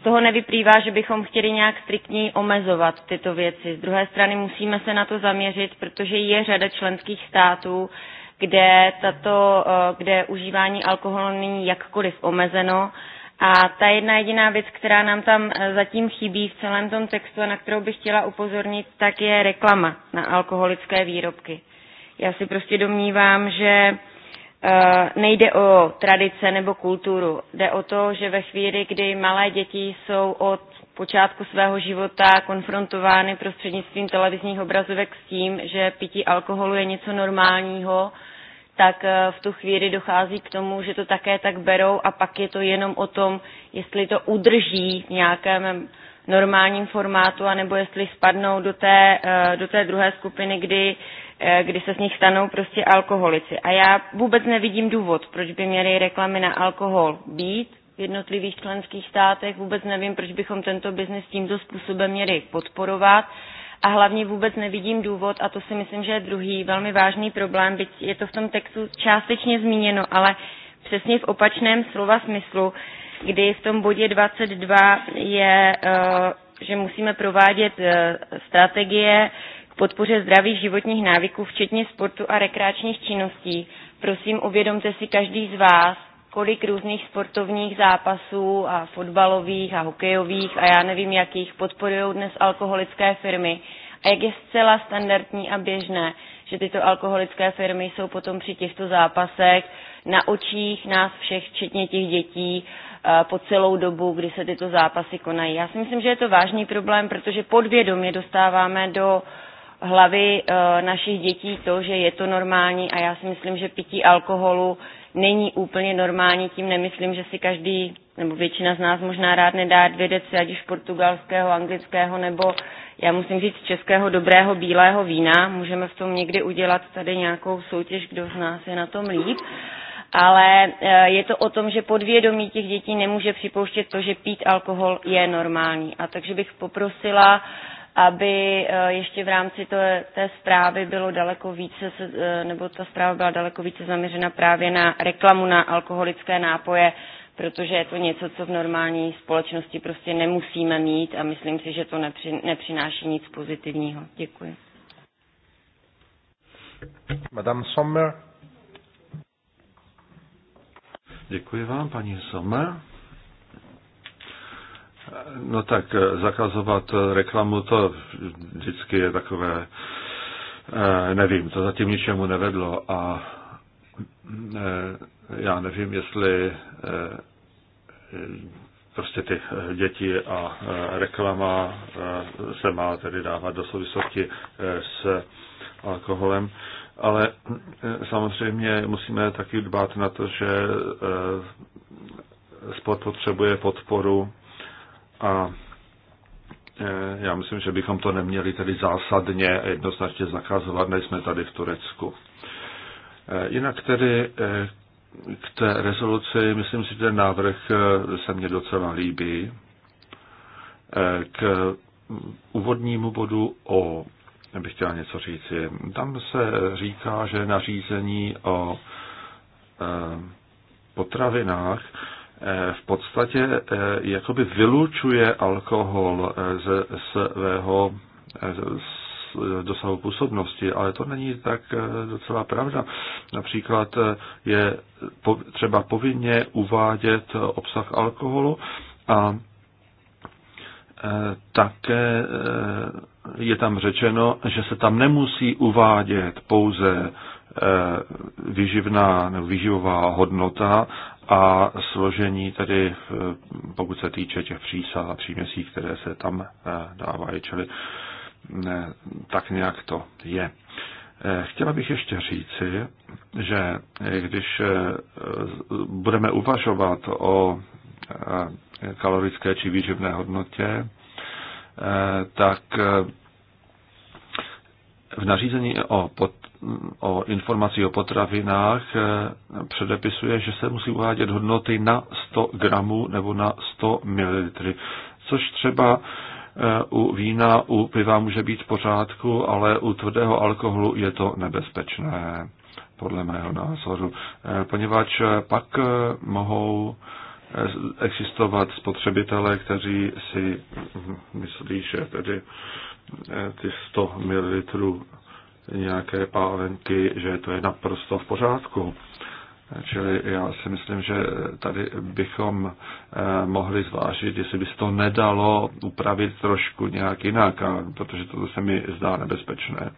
z toho nevyplývá, že bychom chtěli nějak striktněji omezovat tyto věci. Z druhé strany musíme se na to zaměřit, protože je řada členských států, kde, tato, eh, kde užívání alkoholu není jakkoliv omezeno. A ta jedna jediná věc, která nám tam eh, zatím chybí v celém tom textu a na kterou bych chtěla upozornit, tak je reklama na alkoholické výrobky. Já si prostě domnívám, že Eh, nejde o tradice nebo kulturu. Jde o to, že ve chvíli, kdy malé děti jsou od počátku svého života konfrontovány prostřednictvím televizních obrazovek s tím, že pití alkoholu je něco normálního, tak eh, v tu chvíli dochází k tomu, že to také tak berou a pak je to jenom o tom, jestli to udrží v nějakém normálním formátu, anebo jestli spadnou do té, eh, do té druhé skupiny, kdy Eh, kdy se z nich stanou prostě alkoholici. A já vůbec nevidím důvod, proč by měly reklamy na alkohol být v jednotlivých členských státech. Vůbec nevím, proč bychom tento biznis tímto způsobem měli podporovat. A hlavně vůbec nevidím důvod, a to si myslím, že je druhý velmi vážný problém, byť je to v tom textu částečně zmíněno, ale přesně v opačném slova smyslu, kdy v tom bodě 22 je, eh, že musíme provádět eh, strategie podpoře zdravých životních návyků, včetně sportu a rekreačních činností. Prosím, uvědomte si každý z vás, kolik různých sportovních zápasů a fotbalových a hokejových a já nevím jakých podporují dnes alkoholické firmy. A jak je zcela standardní a běžné, že tyto alkoholické firmy jsou potom při těchto zápasech na očích nás všech, včetně těch dětí, eh, po celou dobu, kdy se tyto zápasy konají. Já si myslím, že je to vážný problém, protože podvědomě dostáváme do uh, hlavy eh, našich dětí to, že je to normální a já si myslím, že pití alkoholu není úplně normální, tím nemyslím, že si každý, nebo většina z nás možná rád nedá dvě deci, ať už portugalského, anglického, nebo já musím říct českého dobrého bílého vína. Můžeme v tom někdy udělat tady nějakou soutěž, kdo z nás je na tom líp. Ale eh, je to o tom, že podvědomí těch dětí nemůže připouštět to, že pít alkohol je normální. A takže bych poprosila uh, aby eh, ještě v rámci té, té zprávy bylo daleko více, eh, nebo ta zpráva byla daleko více zaměřena právě na reklamu na alkoholické nápoje, protože je to něco, co v normální společnosti prostě nemusíme mít a myslím si, že to nepři, nepřináší nic pozitivního. Děkuji. Madame Sommer. Děkuji vám, paní Sommer. No tak eh, zakazovat eh, reklamu to vždycky je takové, eh, nevím, to zatím ničemu nevedlo a já nevím, jestli prostě ty děti a reklama se má tedy dávat do souvislosti s alkoholem. Ale samozřejmě musíme taky dbát na to, že sport potřebuje podporu a e, já myslím, že bychom to neměli tedy zásadně jednoznačně zakazovat, nejsme tady v Turecku. E, jinak tedy e, k té rezoluci, myslím si, že ten návrh se mně docela líbí. K úvodnímu bodu o bych chtěl něco říci. Tam se říká, že nařízení o potravinách Eh, v podstatě eh, jakoby vylučuje alkohol eh, ze svého dosahu působnosti, ale to není tak docela pravda. Například je třeba povinně uvádět obsah alkoholu a také je tam řečeno, že se tam nemusí uvádět pouze Eh, výživná nebo výživová hodnota a složení tedy, eh, pokud se týče těch přísad a příměsí, které se tam eh, dávají, čili ne, tak nějak to je. Chtěla bych ještě říci, že když budeme uvažovat o kalorické či výživné hodnotě, tak v nařízení o pod o informací o potravinách eh, předepisuje, že se musí uvádět hodnoty na 100 gramů nebo na 100 ml, což třeba eh, u vína, u piva může být v pořádku, ale u tvrdého alkoholu je to nebezpečné, podle mého názoru, eh, poněvadž pak mohou existovat spotřebitelé, kteří si hm, myslí, že tedy ty 100 ml nějaké pálenky, že to je naprosto v pořádku. Čili já si myslím, že tady bychom eh, mohli zvážit, jestli by se to nedalo upravit trošku nějak jinak, protože to se mi zdá nebezpečné.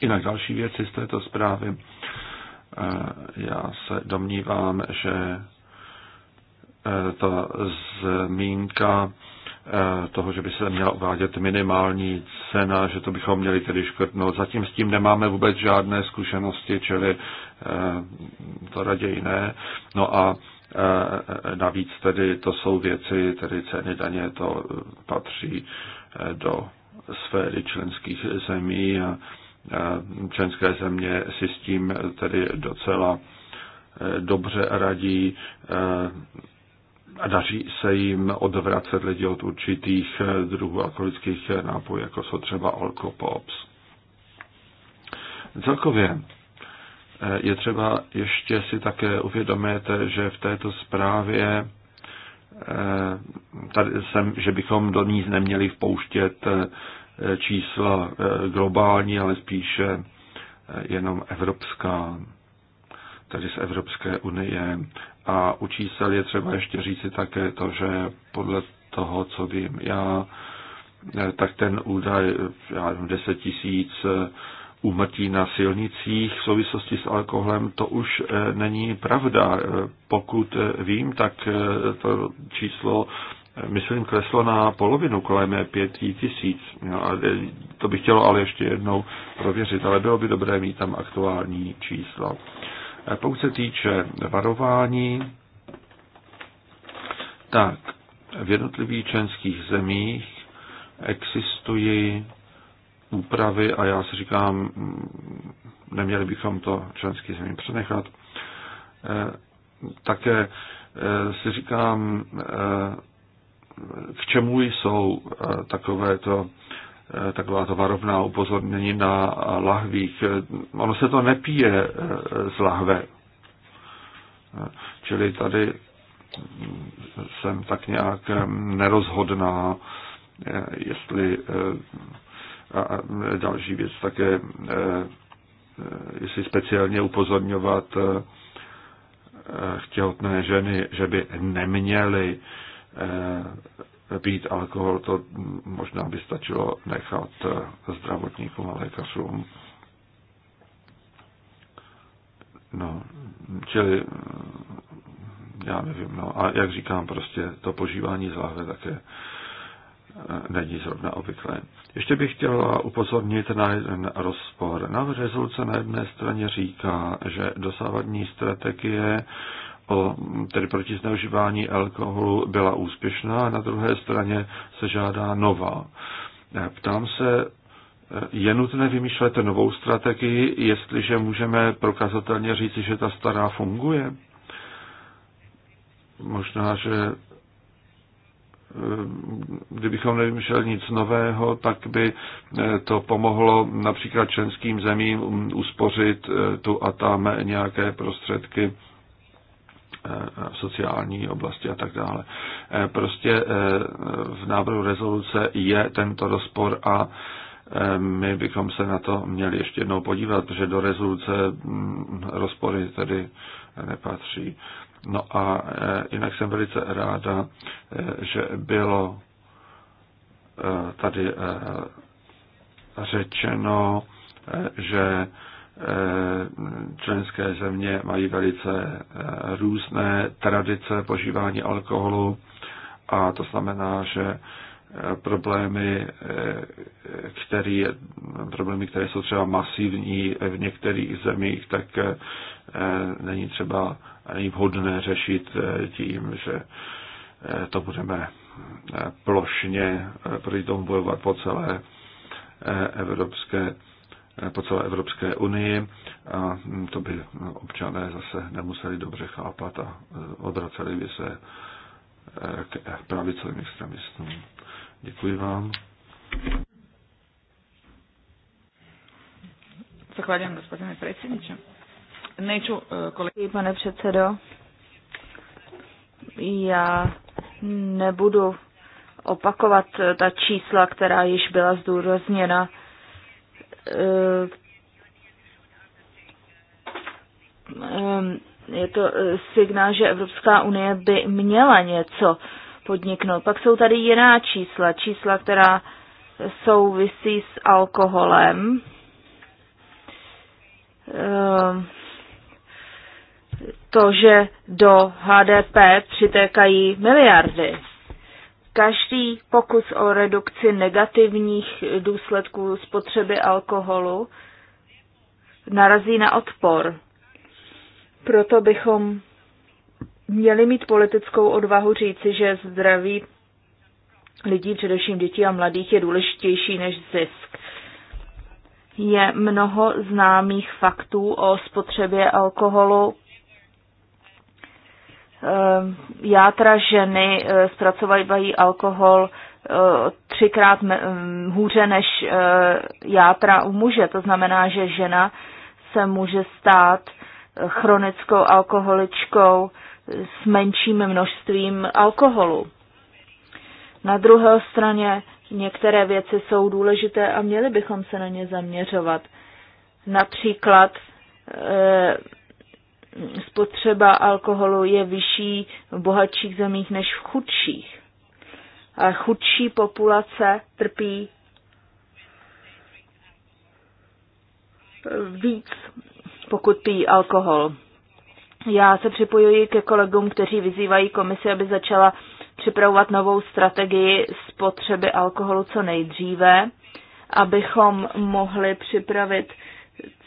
Jinak další věci z této zprávy. Eh, já se domnívám, že eh, ta zmínka Eh, toho, že by se měla uvádět minimální cena, že to bychom měli tedy škrtnout. Zatím s tím nemáme vůbec žádné zkušenosti, čili eh, to raději ne. No a eh, navíc tedy to jsou věci, tedy ceny daně, to patří do sféry členských zemí a členské země si s tím tedy docela dobře radí daří se jim odvracet lidi od určitých eh, druhů alkoholických eh, nápojů, jako jsou třeba alkopops. Celkově eh, je třeba ještě si také uvědomit, že v této zprávě tady jsem, že bychom do ní neměli vpouštět čísla globální, ale spíše jenom evropská, tedy z Evropské unie. A u čísel je třeba ještě říci také to, že podle toho, co vím já, eh, tak ten údaj, eh, já nevím, 10 tisíc eh, úmrtí na silnicích v souvislosti s alkoholem, to už není pravda. Pokud vím, tak to číslo, myslím, kleslo na polovinu, kolem 5 tisíc. No, to bych chtělo ale ještě jednou prověřit, ale bylo by dobré mít tam aktuální číslo. Pokud se týče varování, tak v jednotlivých členských zemích existují úpravy a já si říkám, neměli bychom to členským zemím přenechat. Eh, také eh, si říkám, eh, k čemu jsou takovéto Eh, taková to varovná upozornění na lahvích. Eh, ono se to nepije eh, z lahve. Čili tady jsem tak nějak nerozhodná, jestli a další věc také, jestli speciálně upozorňovat těhotné ženy, že by neměly pít alkohol, to možná by stačilo nechat zdravotníkům a lékařům. No, čili já nevím, no a jak říkám, prostě to požívání z lahve také eh, není zrovna obvyklé. Ještě bych chtěla upozornit na jeden rozpor. Na rezoluce na jedné straně říká, že dosávadní strategie o tedy proti zneužívání alkoholu byla úspěšná a na druhé straně se žádá nová. E, ptám se, e, je nutné vymýšlet novou strategii, jestliže můžeme prokazatelně říci, že ta stará funguje? Možná, že e, kdybychom nevymýšleli nic nového, tak by to pomohlo například členským zemím uspořit tu a tam nějaké prostředky Eh, v sociální oblasti a tak dále. Eh, prostě eh, v návrhu rezoluce je tento rozpor a my bychom se na to měli ještě jednou podívat, protože do rezoluce mm, rozpory tedy nepatří. No a jinak jsem velice ráda, že bylo tady řečeno, že Eh, členské země mají velice eh, různé tradice požívání alkoholu a to znamená, že eh, problémy, který, problémy, které jsou třeba masivní v některých zemích, tak není třeba ani vhodné řešit tím, že to budeme plošně proti tomu bojovat po celé Evropské po celé Evropské unii a to by občané zase nemuseli dobře chápat a odraceli by se eh, k pravicovým extremistům. Děkuji vám. Zahvaljujem gospodine predsjedniče. Neću eh, kolegi... Pane předsedo, já nebudu opakovat ta čísla, která již byla zdůrazněna Eh, eh, je to eh, signál, že Evropská unie by měla něco podniknout. Pak jsou tady jiná čísla, čísla, která souvisí s alkoholem. To, že do HDP přitékají miliardy. Každý pokus o redukci negativních důsledků spotřeby alkoholu narazí na odpor. Proto bychom měli mít politickou odvahu říci, že zdraví lidí, především dětí a mladých, je důležitější než zisk. Je mnoho známých faktů o spotřebě alkoholu Ehm, játra ženy eh, zpracovávají alkohol eh, třikrát mm, hůře než eh, játra u muže. To znamená, že žena se může stát chronickou alkoholičkou s menším množstvím alkoholu. Na druhé straně některé věci jsou důležité a měli bychom se na ně zaměřovat. Například spotřeba alkoholu je vyšší v bohatších zemích než v chudších. A chudší populace trpí víc, pokud pijí alkohol. Já se připojuji ke kolegům, kteří vyzývají komisi, aby začala připravovat novou strategii spotřeby alkoholu co nejdříve, abychom mohli připravit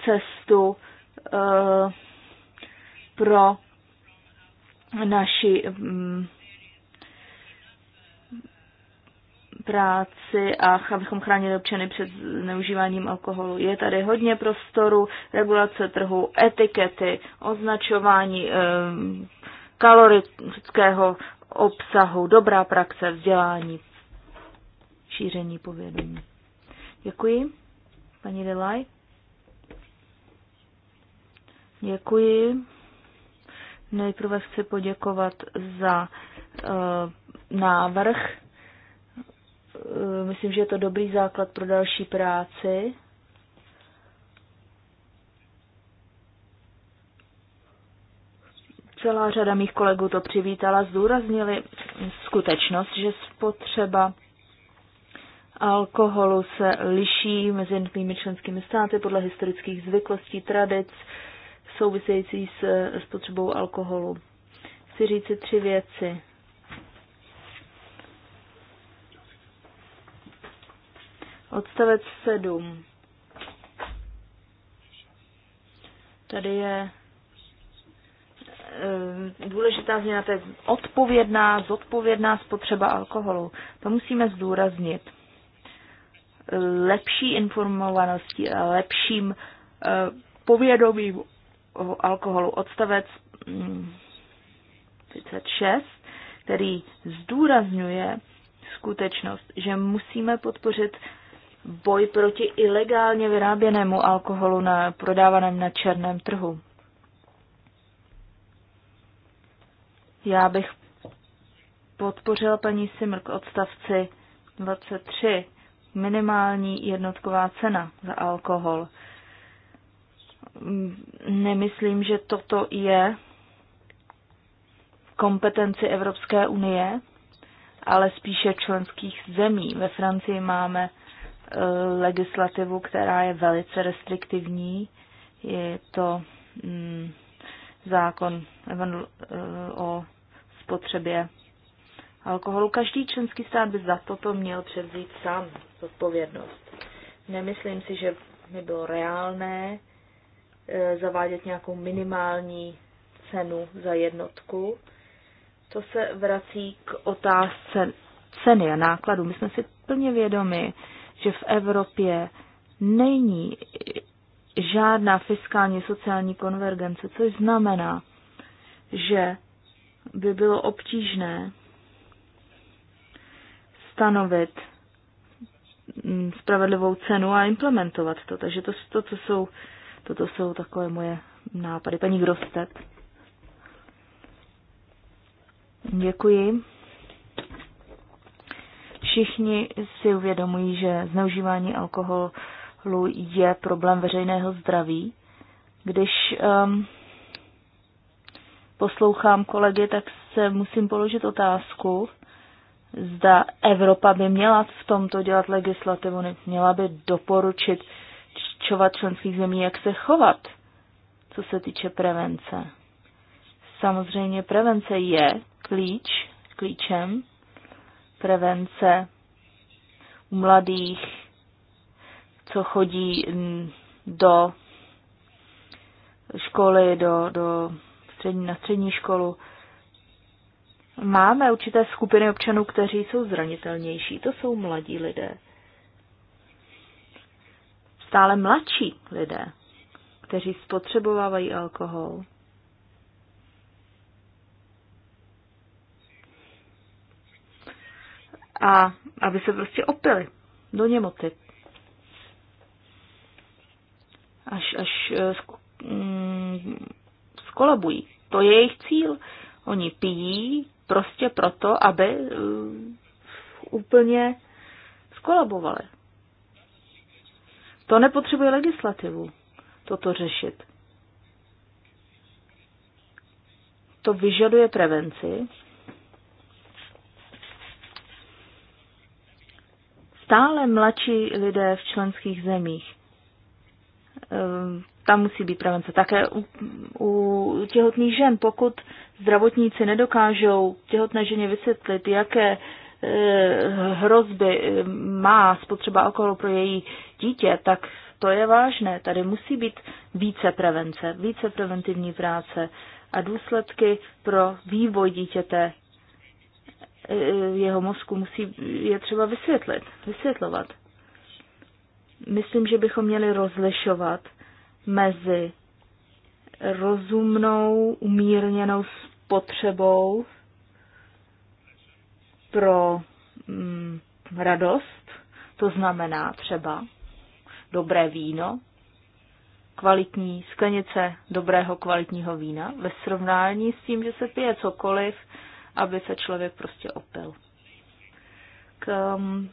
cestu uh, pro naši mm, práci a abychom chránili občany před neužíváním alkoholu. Je tady hodně prostoru, regulace trhu, etikety, označování kalorického obsahu, dobrá praxe, vzdělání, šíření povědomí. Děkuji. Paní Delaj. Děkuji. Nejprve chci poděkovat za uh, návrh. Eh, myslím, že je to dobrý základ pro další práci. Celá řada mých kolegů to přivítala, zdůraznili skutečnost, že spotřeba alkoholu se liší mezi jednotlivými členskými státy podle historických zvyklostí, tradic, uh, související s spotřebou alkoholu. Chci říci tři věci. Odstavec 7. Tady je eh, důležitá změna, to je odpovědná, zodpovědná spotřeba alkoholu. To musíme zdůraznit. Lepší informovaností a lepším eh, povědomím alkoholu. Odstavec 36, mm, který zdůrazňuje skutečnost, že musíme podpořit boj proti ilegálně vyráběnému alkoholu na, prodávaném na černém trhu. Já bych podpořila paní Simr k odstavci 23 minimální jednotková cena za alkohol nemyslím, že toto je kompetenci Evropské unie, ale spíše členských zemí. Ve Francii máme e, legislativu, která je velice restriktivní. Je to mm, zákon e, o spotřebě alkoholu. Každý členský stát by za toto měl převzít sám odpovědnost. Nemyslím si, že by bylo reálné E, zavádět nějakou minimální cenu za jednotku. To se vrací k otázce ceny a nákladů. My jsme si plně vědomi, že v Evropě není žádná fiskální sociální konvergence, což znamená, že by bylo obtížné stanovit spravedlivou cenu a implementovat to. Takže to, to, co jsou Toto jsou takové moje nápady. Paní Grostet. Děkuji. Všichni si uvědomují, že zneužívání alkoholu je problém veřejného zdraví. Když um, poslouchám kolegy, tak se musím položit otázku, zda Evropa by měla v tomto dělat legislativu, měla by doporučit určovat členských zemí, jak se chovat, co se týče prevence. Samozřejmě prevence je klíč, klíčem. Prevence u mladých, co chodí mm, do školy, do, do střední, na střední školu. Máme určité skupiny občanů, kteří jsou zranitelnější. To jsou mladí lidé stále mladší lidé, kteří spotřebovávají alkohol. A aby se prostě opili do němoty. Až, až eh, mm, skolabují. To je jejich cíl. Oni pijí prostě proto, aby mm, úplně skolabovali. To nepotřebuje legislativu, toto řešit. To vyžaduje prevenci. Stále mladší lidé v členských zemích. Ehm, tam musí být prevence. Také u, u těhotných žen, pokud zdravotníci nedokážou těhotné ženě vysvětlit, jaké Eh, hrozby eh, má spotřeba alkoholu pro její dítě, tak to je vážné. Tady musí být více prevence, více preventivní práce a důsledky pro vývoj dítěte eh, jeho mozku musí, je třeba vysvětlit, vysvětlovat. Myslím, že bychom měli rozlišovat mezi rozumnou, umírněnou spotřebou pro mm, radost, to znamená třeba dobré víno, kvalitní sklenice dobrého kvalitního vína ve srovnání s tím, že se pije cokoliv, aby se člověk prostě opil. K, um,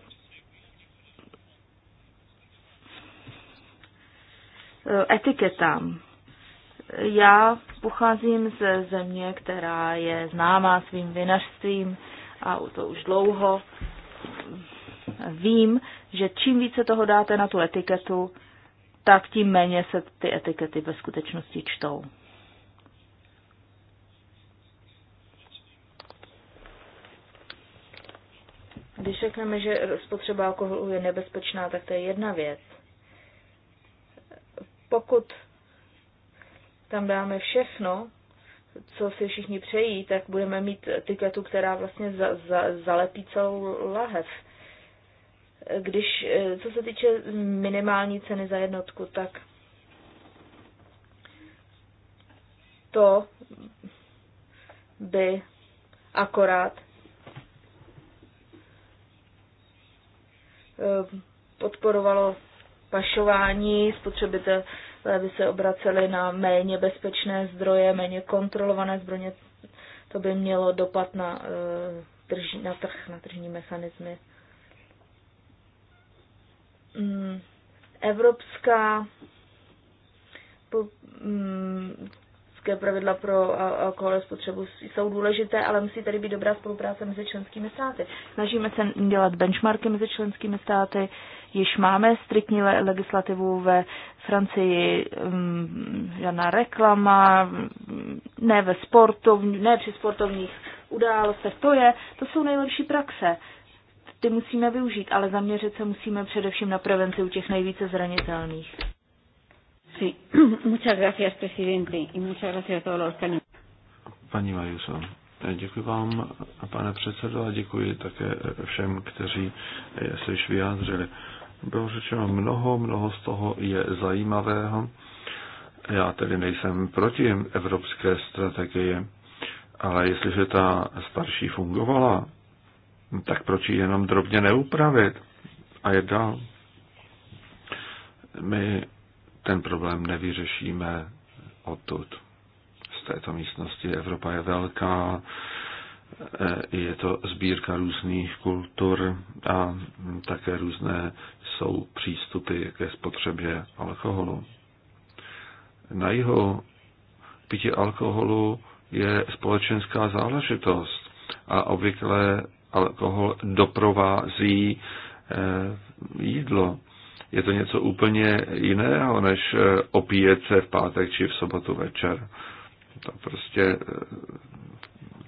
etiketám. Já pocházím ze země, která je známá svým vinařstvím, a to už dlouho vím, že čím více toho dáte na tu etiketu, tak tím méně se ty etikety ve skutečnosti čtou. Když řekneme, že spotřeba alkoholu je nebezpečná, tak to je jedna věc. Pokud tam dáme všechno, co si všichni přejí, tak budeme mít etiketu, která vlastně za, za, zalepí celou lahev. Když, co se týče minimální ceny za jednotku, tak to by akorát eh, podporovalo pašování, spotřebitel aby eh, se obraceli na méně bezpečné zdroje, méně kontrolované zdroje. To by mělo dopad na, eh, na trh, na tržní mechanismy. Mm, evropská mm, pravidla pro alkohol spotřebu jsou důležité, ale musí tady být dobrá spolupráce mezi členskými státy. Snažíme se dělat benchmarky mezi členskými státy, Již máme striktní legislativu ve Francii, mm, žádná reklama, mm, ne ve sportovní, ne při sportovních událostech. To je, to jsou nejlepší praxe. Ty musíme využít, ale zaměřit se musíme především na prevenci u těch nejvíce zranitelných. Sí, muchas gracias, presidente, y muchas gracias a todos los que Paní Majuso, eh, Děkuji vám, pane předsedo, a děkuji také eh, všem, kteří eh, se již vyjádřili. Bylo řečeno mnoho, mnoho z toho je zajímavého. Já tedy nejsem proti evropské strategii, ale jestliže ta starší fungovala, tak proč ji jenom drobně neupravit a je dál? My ten problém nevyřešíme odtud. Z této místnosti Evropa je velká, Eh, je to sbírka různých kultur a také různé jsou přístupy ke spotřebě alkoholu. Na jeho pití alkoholu je společenská záležitost a obvykle alkohol doprovází eh, jídlo. Je to něco úplně jiného, než eh, opíjet se v pátek či v sobotu večer. To prostě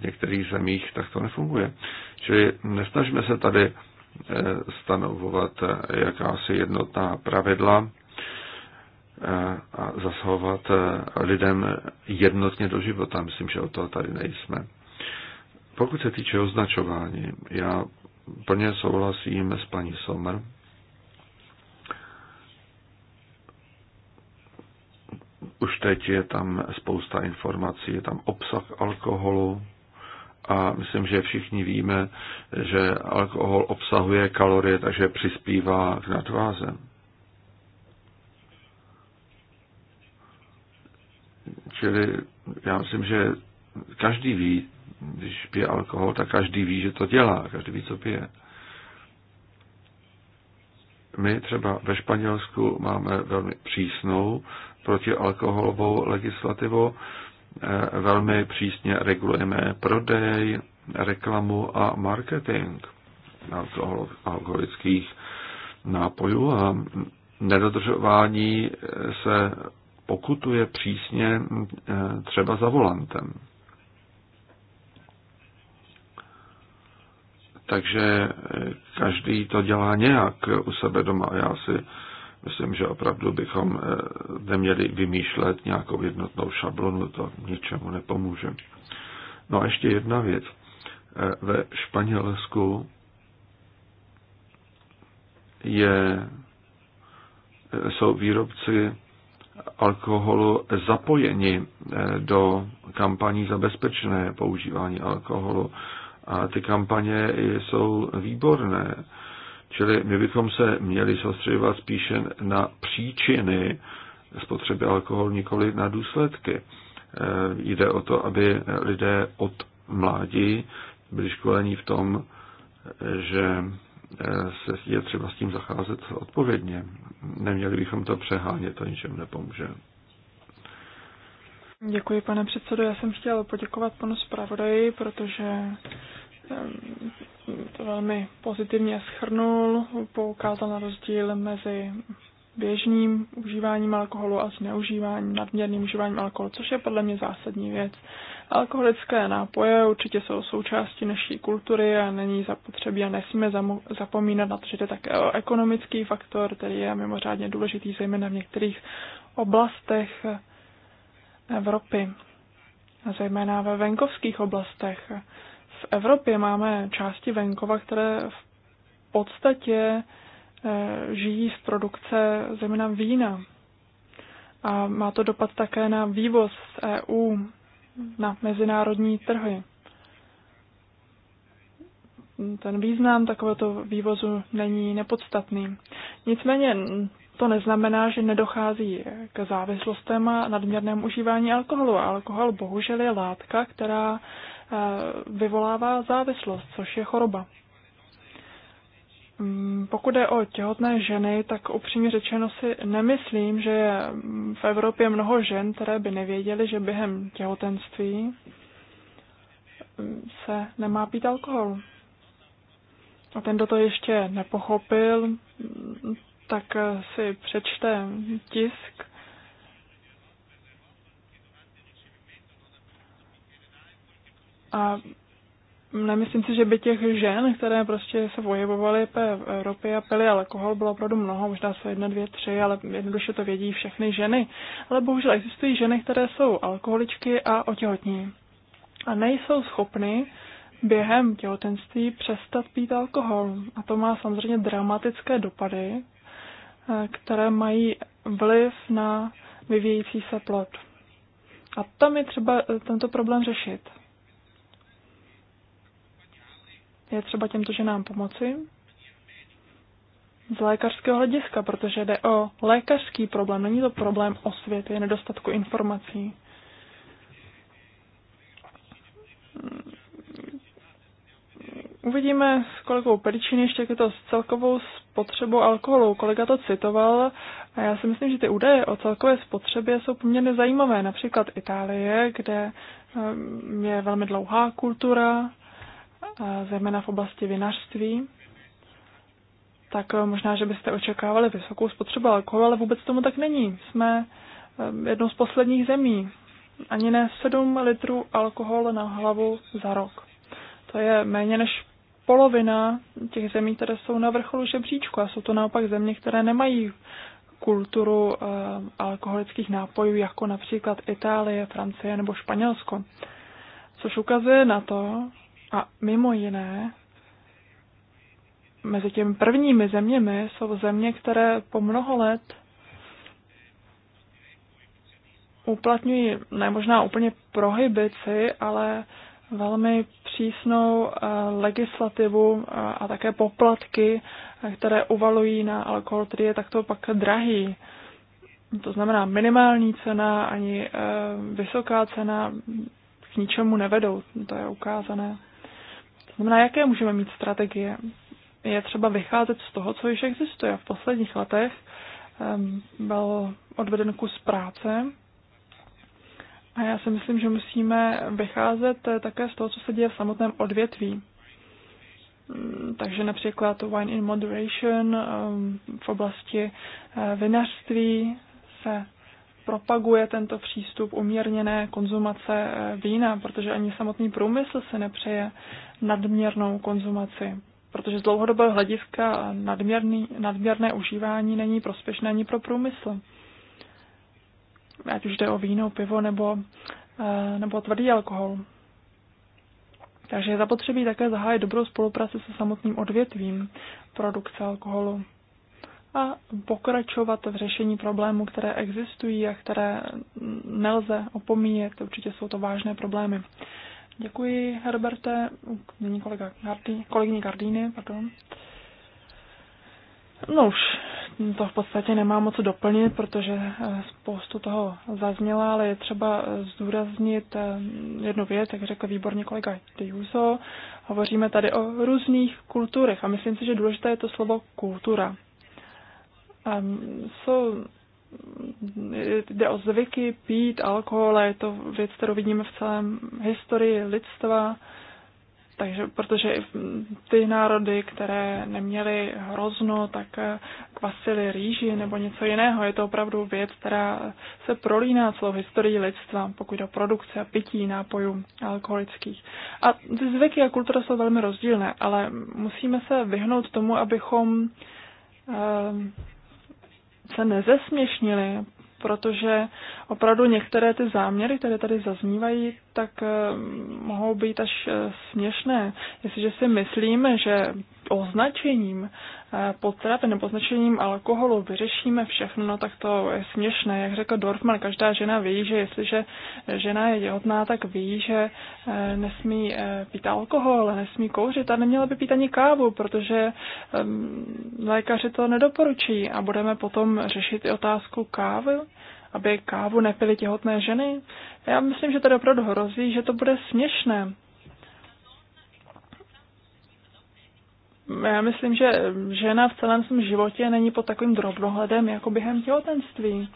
některých zemích tak to nefunguje. Čili nesnažíme se tady eh, stanovovat eh, jakási jednotná pravidla eh, a zasahovat lidem jednotně do života. Myslím, že o to tady nejsme. Pokud se týče označování, já plně souhlasím s paní Sommer. Už teď je tam spousta informací, je tam obsah alkoholu, a myslím, že všichni víme, že alkohol obsahuje kalorie, takže přispívá k nadváze. Čili já myslím, že každý ví, když pije alkohol, tak každý ví, že to dělá, každý ví, co pije. My třeba ve Španělsku máme velmi přísnou protialkoholovou legislativu, Eh, velmi přísně regulujeme prodej, reklamu a marketing alkoholických nápojů a nedodržování se pokutuje přísně eh, třeba za volantem. Takže eh, každý to dělá nějak u sebe doma. Já si myslím, že opravdu bychom eh, neměli vymýšlet nějakou jednotnou šablonu, to ničemu nepomůže. No a ještě jedna věc. Eh, ve Španělsku je, eh, jsou výrobci alkoholu zapojeni do kampaní za bezpečné používání alkoholu. A ty kampaně jsou výborné Čili my bychom se měli soustředovat spíše na příčiny spotřeby alkoholu, nikoli na důsledky. Eh, jde o to, aby lidé od mládí byli školení v tom, že eh, se je třeba s tím zacházet odpovědně. Neměli bychom to přehánět, to ničem nepomůže. Děkuji, pane předsedo. Já jsem chtěl poděkovat panu zpravodaji, protože to velmi pozitivně schrnul, poukázal na rozdíl mezi běžným užíváním alkoholu a zneužíváním, nadměrným užíváním alkoholu, což je podle mě zásadní věc. Alkoholické nápoje určitě jsou součástí naší kultury a není zapotřebí a nesmíme zapomínat na to, že to je také ekonomický faktor, který je mimořádně důležitý, zejména v některých oblastech Evropy, a zejména ve venkovských oblastech v Evropě máme části venkova, které v podstatě e, žijí z produkce zejména vína. A má to dopad také na vývoz z EU, na mezinárodní trhy. Ten význam takovéto vývozu není nepodstatný. Nicméně to neznamená, že nedochází k závislostem a nadměrnému užívání alkoholu. Alkohol bohužel je látka, která Eh, vyvolává závislost, což je choroba. Mm, pokud je o těhotné ženy, tak upřímně řečeno si nemyslím, že je mm, v Evropě mnoho žen, které by nevěděly, že během těhotenství mm, se nemá pít alkohol. A ten, kdo to ještě nepochopil, tak si přečte tisk A nemyslím si, že by těch žen, které prostě se vojevovaly v Evropě a pily alkohol, bylo opravdu mnoho, možná se jedna, dvě, tři, ale jednoduše to vědí všechny ženy. Ale bohužel existují ženy, které jsou alkoholičky a otěhotní. A nejsou schopny během těhotenství přestat pít alkohol. A to má samozřejmě dramatické dopady, eh, které mají vliv na vyvíjející se plod. A tam je třeba eh, tento problém řešit. Je třeba těmto ženám pomoci z lékařského hlediska, protože jde o lékařský problém, není to problém osvěty, nedostatku informací. Uvidíme s kolegou Peričin ještě to s celkovou spotřebou alkoholu. Kolega to citoval a já si myslím, že ty údaje o celkové spotřebě jsou poměrně zajímavé. Například Itálie, kde eh, je velmi dlouhá kultura zejména v oblasti vinařství, tak eh, možná, že byste očekávali vysokou spotřebu alkoholu, ale vůbec tomu tak není. Jsme eh, jednou z posledních zemí. Ani ne 7 litrů alkoholu na hlavu za rok. To je méně než polovina těch zemí, které jsou na vrcholu žebříčku a jsou to naopak země, které nemají kulturu e, alkoholických nápojů, jako například Itálie, Francie nebo Španělsko. Což ukazuje na to, a mimo jiné, mezi těmi prvními zeměmi jsou země, které po mnoho let uplatňují ne možná úplně prohibici, ale velmi přísnou eh, legislativu eh, a také poplatky, eh, které uvalují na alkohol, který je takto pak drahý. To znamená, minimální cena ani vysoká cena k ničemu nevedou, to je ukázané znamená, jaké můžeme mít strategie? Je třeba vycházet z toho, co již existuje. V posledních letech ehm, byl odveden kus práce a já si myslím, že musíme vycházet eh, také z toho, co se děje v samotném odvětví. Mm, takže například wine in moderation ehm, v oblasti eh, vinařství se propaguje tento přístup umírněné konzumace eh, vína, protože ani samotný průmysl se nepřeje nadměrnou konzumaci. Protože z dlouhodobého hlediska nadměrný, nadměrné užívání není prospěšné ani pro průmysl. Ať už jde o víno, pivo nebo, eh, nebo tvrdý alkohol. Takže je zapotřebí také zahájit dobrou spolupráci se samotným odvětvím produkce alkoholu a pokračovat v řešení problémů, které existují a které nelze opomíjet. Určitě jsou to vážné problémy. Děkuji, Herberte. Není kolega Gardy, kolegyně Gardíny, pardon. No už to v podstatě nemá moc doplnit, protože eh, spoustu toho zazněla, ale je třeba eh, zdůraznit eh, jednu věc, jak řekl výborně kolega Diuso. Hovoříme tady o různých kulturech a myslím si, že důležité je to slovo kultura. Um, jsou Mm, jde o zvyky, pít, alkohol, je to věc, kterou vidíme v celém historii lidstva, takže, protože ty národy, které neměly hrozno, tak eh, kvasily rýži nebo něco jiného. Je to opravdu věc, která se prolíná celou historii lidstva, pokud jde o produkci a pití nápojů alkoholických. A ty zvyky a kultura jsou velmi rozdílné, ale musíme se vyhnout tomu, abychom eh, se nezesměšnili, protože opravdu některé ty záměry, které tady zaznívají, tak eh, mohou být až eh, směšné. Jestliže si myslíme, že označením eh, potravy nebo označením alkoholu vyřešíme všechno, no tak to je směšné. Jak řekl Dorfman, každá žena ví, že jestliže žena je těhotná, tak ví, že eh, nesmí eh, pít alkohol, nesmí kouřit a neměla by pít ani kávu, protože ehm, lékaři to nedoporučí a budeme potom řešit i otázku kávy aby kávu nepily těhotné ženy. Já myslím, že tady opravdu hrozí, že to bude směšné. já myslím, že žena v celém svém životě není pod takovým drobnohledem jako během těhotenství.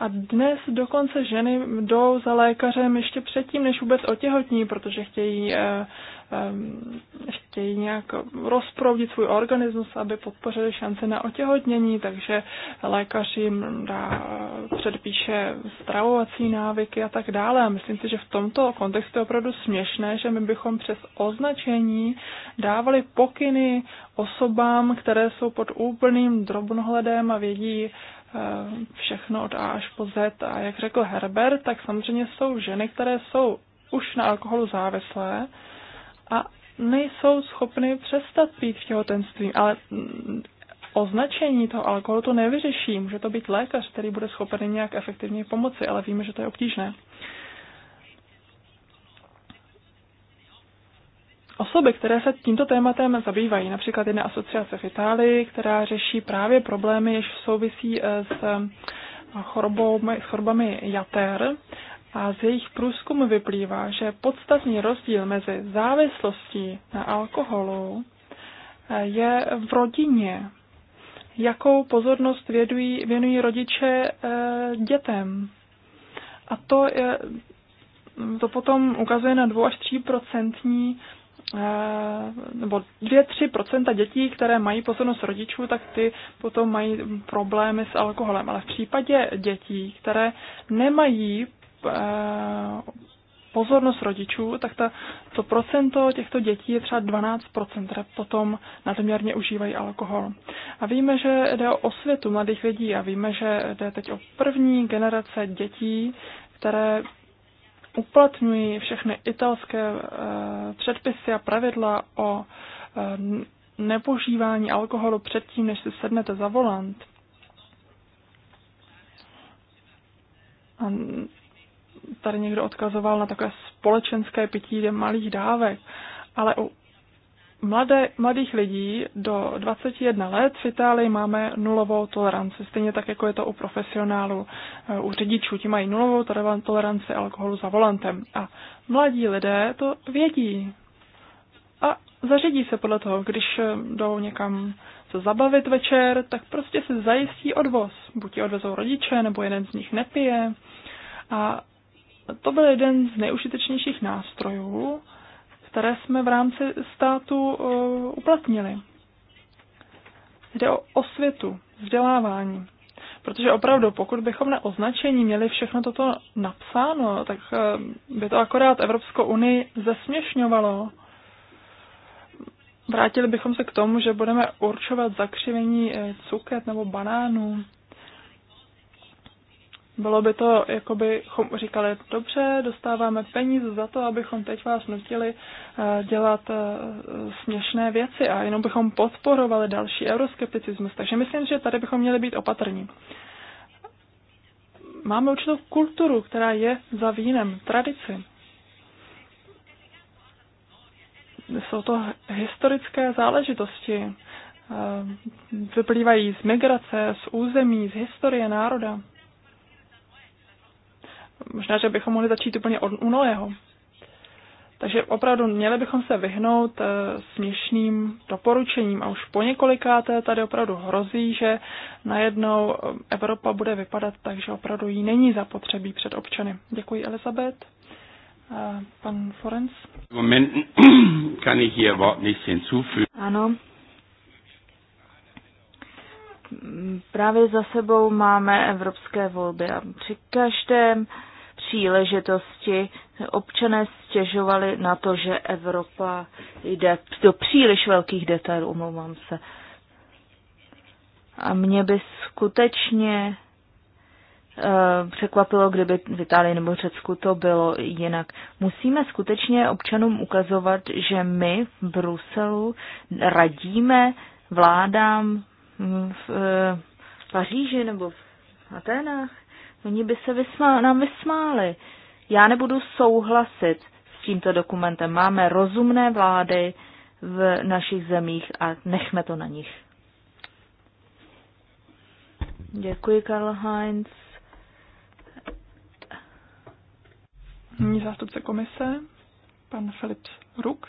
A dnes dokonce ženy jdou za lékařem ještě předtím, než vůbec otěhotní, protože chtějí, eh, eh, chtějí nějak rozproudit svůj organismus, aby podpořili šance na otěhotnění, takže lékař jim dá, eh, předpíše stravovací návyky a tak dále. A myslím si, že v tomto kontextu je opravdu směšné, že my bychom přes označení dávali pokyny osobám, které jsou pod úplným drobnohledem a vědí, Eh, všechno od A až po Z. A jak řekl Herbert, tak samozřejmě jsou ženy, které jsou už na alkoholu závislé a nejsou schopny přestat pít v těhotenství, ale mm, označení toho alkoholu to nevyřeší. Může to být lékař, který bude schopen nějak efektivně pomoci, ale víme, že to je obtížné. osoby, které se tímto tématem zabývají. Například jedna asociace v Itálii, která řeší právě problémy, jež souvisí eh, s, eh, chorobou, s chorobami jater. A z jejich průzkumu vyplývá, že podstatný rozdíl mezi závislostí na alkoholu eh, je v rodině. Jakou pozornost vědují, věnují rodiče dětem? A to je, to potom ukazuje na 2 až 3 procentní Eh, nebo 2-3 dětí, které mají pozornost rodičů, tak ty potom mají problémy s alkoholem. Ale v případě dětí, které nemají eh, pozornost rodičů, tak ta, to procento těchto dětí je třeba 12%, které potom nadměrně užívají alkohol. A víme, že jde o osvětu mladých lidí a víme, že jde teď o první generace dětí, které uplatňují všechny italské eh, předpisy a pravidla o eh, nepožívání alkoholu předtím, než si sednete za volant. A tady někdo odkazoval na takové společenské pití malých dávek, ale u mladé, mladých lidí do 21 let v Itálii máme nulovou toleranci, stejně tak, jako je to u profesionálů, eh, u řidičů. Ti mají nulovou toleranci alkoholu za volantem. A mladí lidé to vědí. A zařídí se podle toho, když eh, jdou někam se zabavit večer, tak prostě si zajistí odvoz. Buď ti odvezou rodiče, nebo jeden z nich nepije. A to byl jeden z nejužitečnějších nástrojů, které jsme v rámci státu eh, uplatnili. Jde o osvětu, vzdělávání. Protože opravdu, pokud bychom na označení měli všechno toto napsáno, tak eh, by to akorát Evropskou unii zesměšňovalo. Vrátili bychom se k tomu, že budeme určovat zakřivení eh, cuket nebo banánů. Bylo by to, jako bychom říkali, dobře, dostáváme peníze za to, abychom teď vás nutili eh, dělat eh, směšné věci a jenom bychom podporovali další euroskepticismus. Takže myslím, že tady bychom měli být opatrní. Máme určitou kulturu, která je za vínem, tradici. Jsou to historické záležitosti, eh, vyplývají z migrace, z území, z historie národa. Možná, že bychom mohli začít úplně od nulého. Takže opravdu měli bychom se vyhnout eh, směšným doporučením a už po několikáté tady opravdu hrozí, že najednou eh, Evropa bude vypadat tak, že opravdu jí není zapotřebí před občany. Děkuji, Elizabeth. Eh, pan Forenz. Moment, kann ich hier überhaupt nichts hinzufügen. Ano, Právě za sebou máme evropské volby a při každém příležitosti občané stěžovali na to, že Evropa jde do příliš velkých detailů, omlouvám se. A mě by skutečně eh, překvapilo, kdyby v Itálii nebo Řecku to bylo jinak. Musíme skutečně občanům ukazovat, že my v Bruselu radíme vládám Eh, v Paříži nebo v Aténách, oni by se vysmá, nám vysmáli. Já nebudu souhlasit s tímto dokumentem. Máme rozumné vlády v našich zemích a nechme to na nich. Děkuji, Karl Heinz. Nyní zástupce komise, pan Filip Rux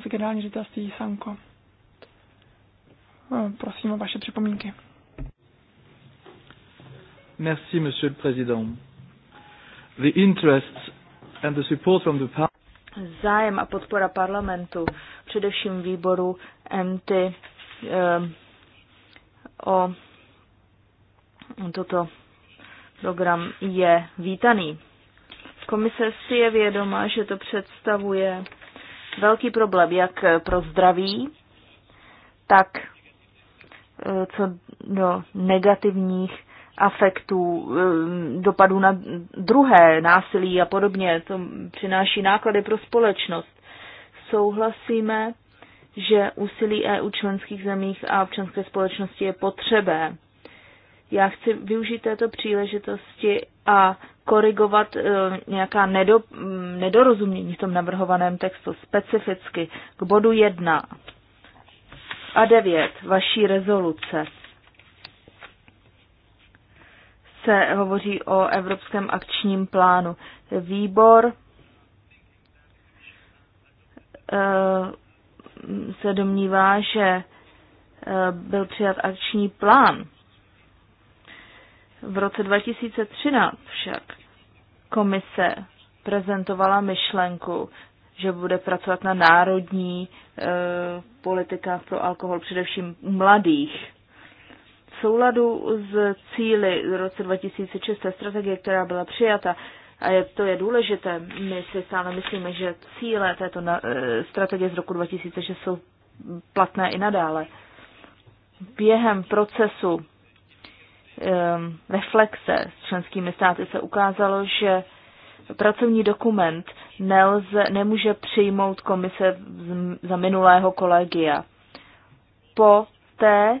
z generální ředitelství Sanko. Eh, prosím o vaše připomínky. Merci, monsieur le président. The interests and the support from the Zájem a podpora parlamentu, především výboru MT, eh, o toto program je vítaný. Komise si je vědoma, že to představuje velký problém jak pro zdraví, tak co do negativních afektů, dopadů na druhé, násilí a podobně. To přináší náklady pro společnost. Souhlasíme, že úsilí EU členských zemích a občanské společnosti je potřebné. Já chci využít této příležitosti a korigovat nějaká nedo, nedorozumění v tom navrhovaném textu specificky k bodu 1 a 9 vaší rezoluce se hovoří o Evropském akčním plánu. Výbor eh, se domnívá, že eh, byl přijat akční plán. V roce 2013 však komise prezentovala myšlenku, že bude pracovat na národní e, politikách pro alkohol, především mladých. V souladu s cíly v roce 2006 strategie, která byla přijata, a je, to je důležité, my si stále myslíme, že cíle této na, e, strategie z roku 2006 jsou platné i nadále. Během procesu e, reflexe s členskými státy se ukázalo, že pracovní dokument nelze, nemůže přijmout komise za minulého kolegia. Po té e,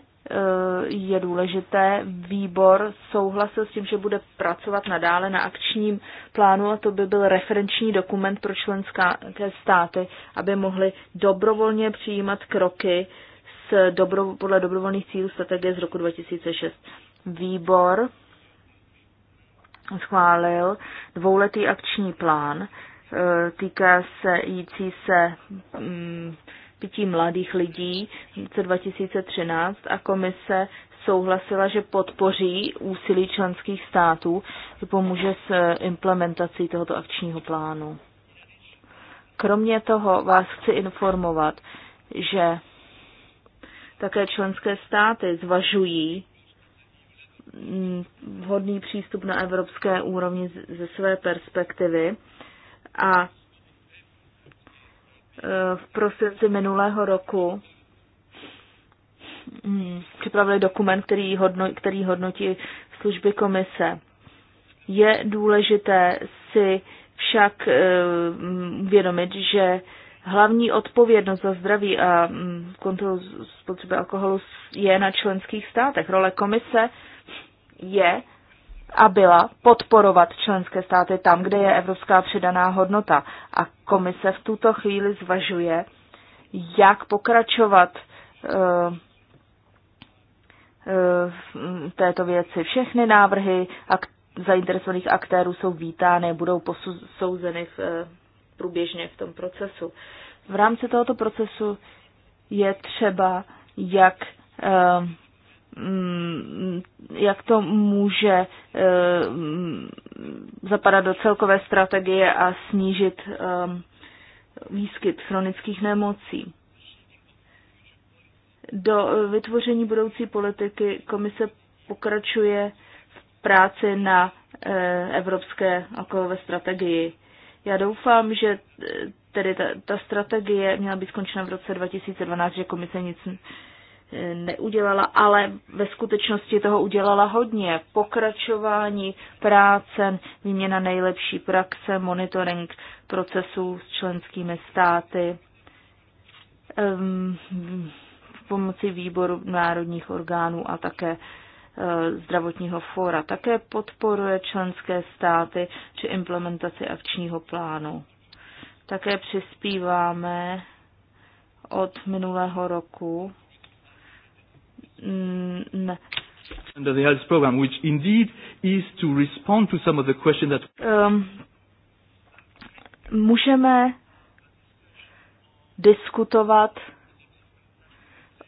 je důležité, výbor souhlasil s tím, že bude pracovat nadále na akčním plánu a to by byl referenční dokument pro členské státy, aby mohly dobrovolně přijímat kroky s dobro, podle dobrovolných cílů strategie z roku 2006. Výbor schválil dvouletý akční plán, e, týká se jící se mm, pití mladých lidí v roce 2013 a komise souhlasila, že podpoří úsilí členských států, že pomůže s e, implementací tohoto akčního plánu. Kromě toho vás chci informovat, že také členské státy zvažují vhodný přístup na evropské úrovni ze své perspektivy a e, v prosinci minulého roku mm, připravili dokument, který, hodno, který hodnotí služby komise. Je důležité si však e, uvědomit, že hlavní odpovědnost za zdraví a kontrolu spotřeby alkoholu je na členských státech. Role komise je a byla podporovat členské státy tam, kde je evropská přidaná hodnota. A komise v tuto chvíli zvažuje, jak pokračovat eh, eh, této věci. Všechny návrhy ak- zainteresovaných aktérů jsou vítány, budou posouzeny v, eh, průběžně v tom procesu. V rámci tohoto procesu je třeba, jak Mm, jak to může eh, mm, zapadat do celkové strategie a snížit eh, výskyt chronických nemocí. Do eh, vytvoření budoucí politiky komise pokračuje v práci na evropské alkoholové strategii. Já doufám, že tedy ta, ta strategie měla být skončena v roce 2012, že komise nic neudělala, ale ve skutečnosti toho udělala hodně. Pokračování práce, výměna nejlepší praxe, monitoring procesů s členskými státy, pomocí výboru národních orgánů a také e, zdravotního fóra. Také podporuje členské státy při implementaci akčního plánu. Také přispíváme od minulého roku under mm, the health program, which indeed is to respond to some of the questions that um, můžeme diskutovat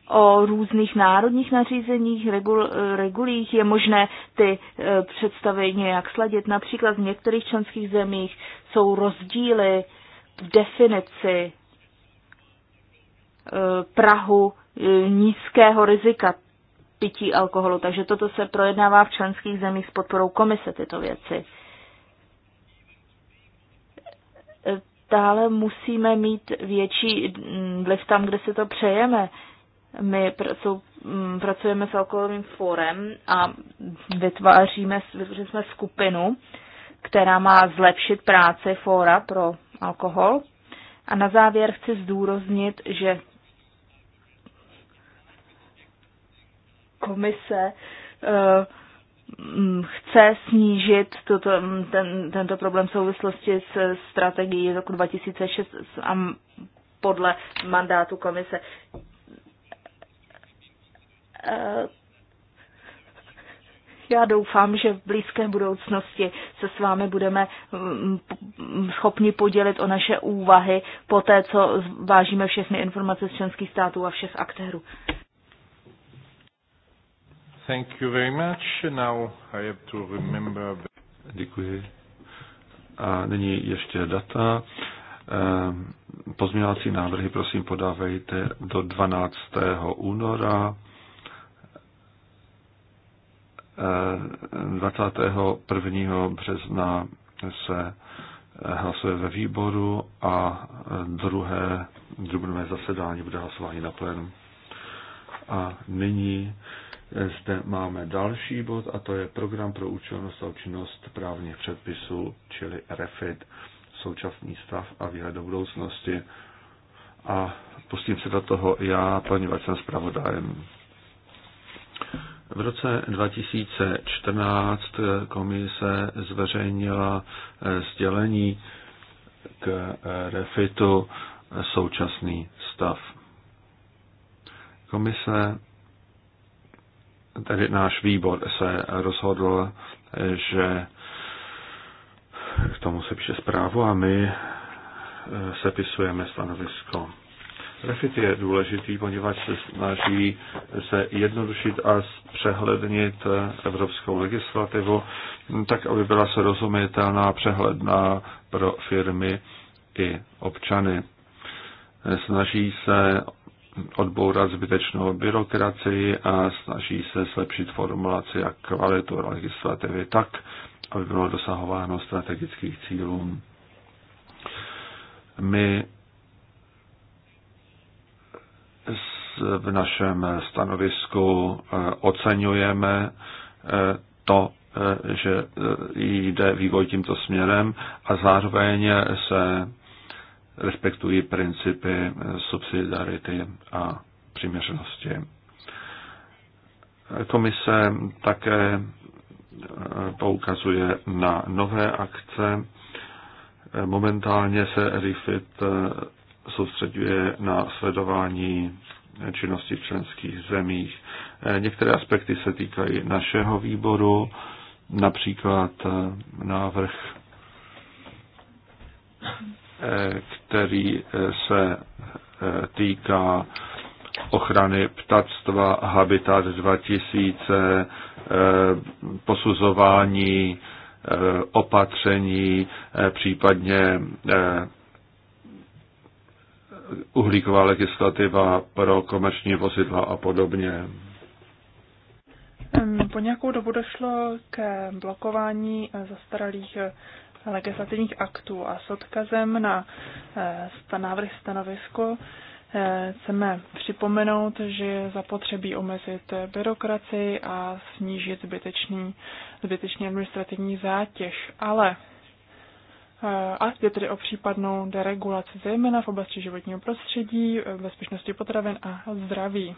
o různých národních nařízeních, regul, regulích. Je možné ty e, představy nějak sladit. Například v některých členských zemích jsou rozdíly v definici e, Prahu e, nízkého rizika, pití alkoholu. Takže toto se projednává v členských zemích s podporou komise tyto věci. Dále musíme mít větší vliv tam, kde si to přejeme. My mm, pracujeme s alkoholovým fórem a vytváříme, vytvoříme jsme skupinu, která má zlepšit práci fóra pro alkohol. A na závěr chci zdůraznit, že komise eh, mm, chce snížit tuto, mm, ten, tento problém v souvislosti s strategií roku 2006 a podle mandátu komise. Eh, já doufám, že v blízké budoucnosti se s vámi budeme mm, schopni podělit o naše úvahy po té, co vážíme všechny informace z členských států a všech aktérů. Thank you very much. Now I have to remember... Děkuji. A nyní ještě data. Ehm, pozměňovací návrhy prosím podávejte do 12. února. 21. Ehm, března se eh, hlasuje ve výboru a eh, druhé dubnové zasedání bude hlasování na plénu. A nyní zde máme další bod a to je program pro účelnost a účinnost právních předpisů, čili REFIT, současný stav a výhled do budoucnosti. A pustím se do toho já, paní jsem zpravodajem. V roce 2014 komise zveřejnila eh, sdělení k eh, refitu eh, současný stav. Komise tedy náš výbor se rozhodl, že k tomu se píše zprávu a my eh, sepisujeme stanovisko. Refit je důležitý, poněvadž se snaží se jednodušit a přehlednit evropskou legislativu tak, aby byla srozumitelná, přehledná pro firmy i občany. Snaží se odbourat zbytečnou byrokracii a snaží se zlepšit formulaci a kvalitu legislativy tak, aby bylo dosahováno strategických cílů. My v našem stanovisku eh, oceňujeme eh, to, eh, že jde vývoj tímto směrem a zároveň se respektují principy subsidiarity a přiměřenosti. Komise také eh, poukazuje na nové akce. Momentálně se RIFIT eh, soustředuje na sledování činnosti v členských zemích. Eh, některé aspekty se týkají našeho výboru, například návrh Eh, který eh, se eh, týká ochrany ptactva Habitat 2000, posuzování opatření, případně uhlíková legislativa pro komerční vozidla a podobně. Po nějakou dobu došlo k blokování zastaralých legislativních aktů a s odkazem na eh, návrh stanovisko, eh, chceme připomenout, že je zapotřebí omezit byrokracii a snížit zbytečný, zbytečný administrativní zátěž, ale eh, a jde tedy o případnou deregulaci, zejména v oblasti životního prostředí, bezpečnosti potravin a zdraví.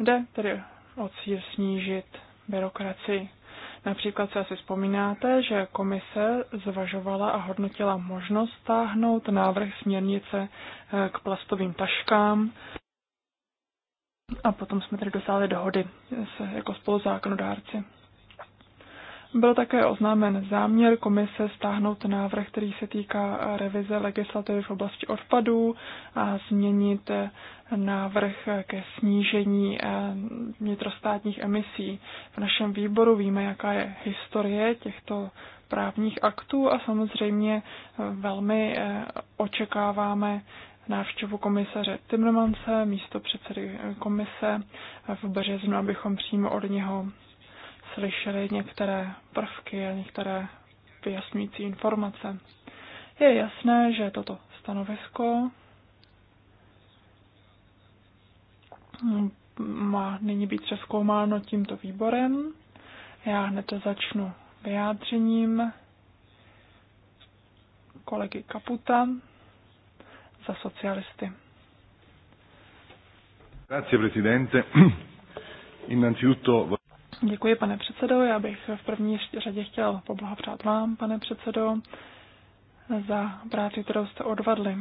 Jde tedy o cíl snížit byrokracii. Například si asi vzpomínáte, že komise zvažovala a hodnotila možnost stáhnout návrh směrnice eh, k plastovým taškám. A potom jsme tedy dosáhli dohody se, jako spoluzákonodárci. Byl také oznámen záměr komise stáhnout návrh, který se týká revize legislativy v oblasti odpadů a změnit návrh ke snížení eh, vnitrostátních emisí. V našem výboru víme, jaká je historie těchto právních aktů a samozřejmě eh, velmi eh, očekáváme návštěvu komisaře Timmermanse, místo předsedy komise v březnu, abychom přímo od něho slyšeli některé prvky a některé vyjasňující informace. Je jasné, že toto stanovisko má nyní být přeskoumáno tímto výborem. Já hned začnu vyjádřením kolegy Kaputa za socialisty. Grazie Presidente. Innanzitutto Děkuji, pane předsedo. Já bych v první řadě chtěl poblahopřát vám, pane předsedo, za práci, kterou jste odvadli.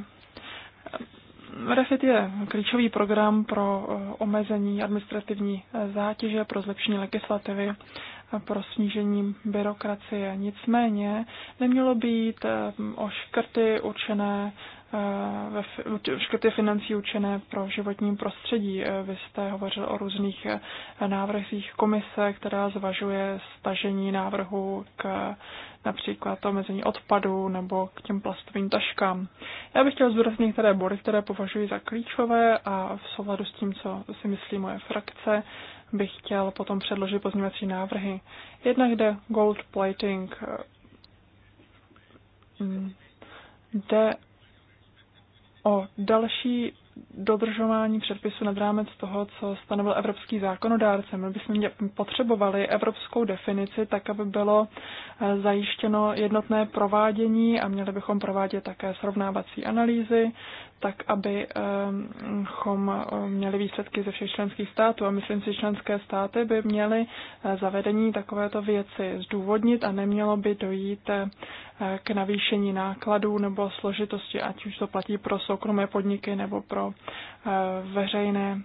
Refit je klíčový program pro eh, omezení administrativní eh, zátěže, pro zlepšení legislativy pro snížení byrokracie. Nicméně nemělo být eh, o škrty určené eh, škrty financí učené pro životní prostředí. Eh, vy jste hovořil o různých návrzích komise, která zvažuje stažení návrhu k například omezení odpadu nebo k těm plastovým taškám. Já bych chtěl zdůraznit některé body, které považuji za klíčové a v souladu s tím, co si myslí moje frakce, bych chtěl potom předložit pozměňovací návrhy. Jednak jde gold plating. Eh, jde o další dodržování předpisu nad rámec toho, co stanovil evropský zákonodárce. My bychom potřebovali evropskou definici tak, aby bylo eh, zajištěno jednotné provádění a měli bychom provádět také srovnávací analýzy, tak abychom ehm, eh, měli výsledky ze všech členských států. A myslím si, že členské státy by měly eh, zavedení takovéto věci zdůvodnit a nemělo by dojít eh, k navýšení nákladů nebo složitosti, ať už to platí pro soukromé podniky nebo pro veřejné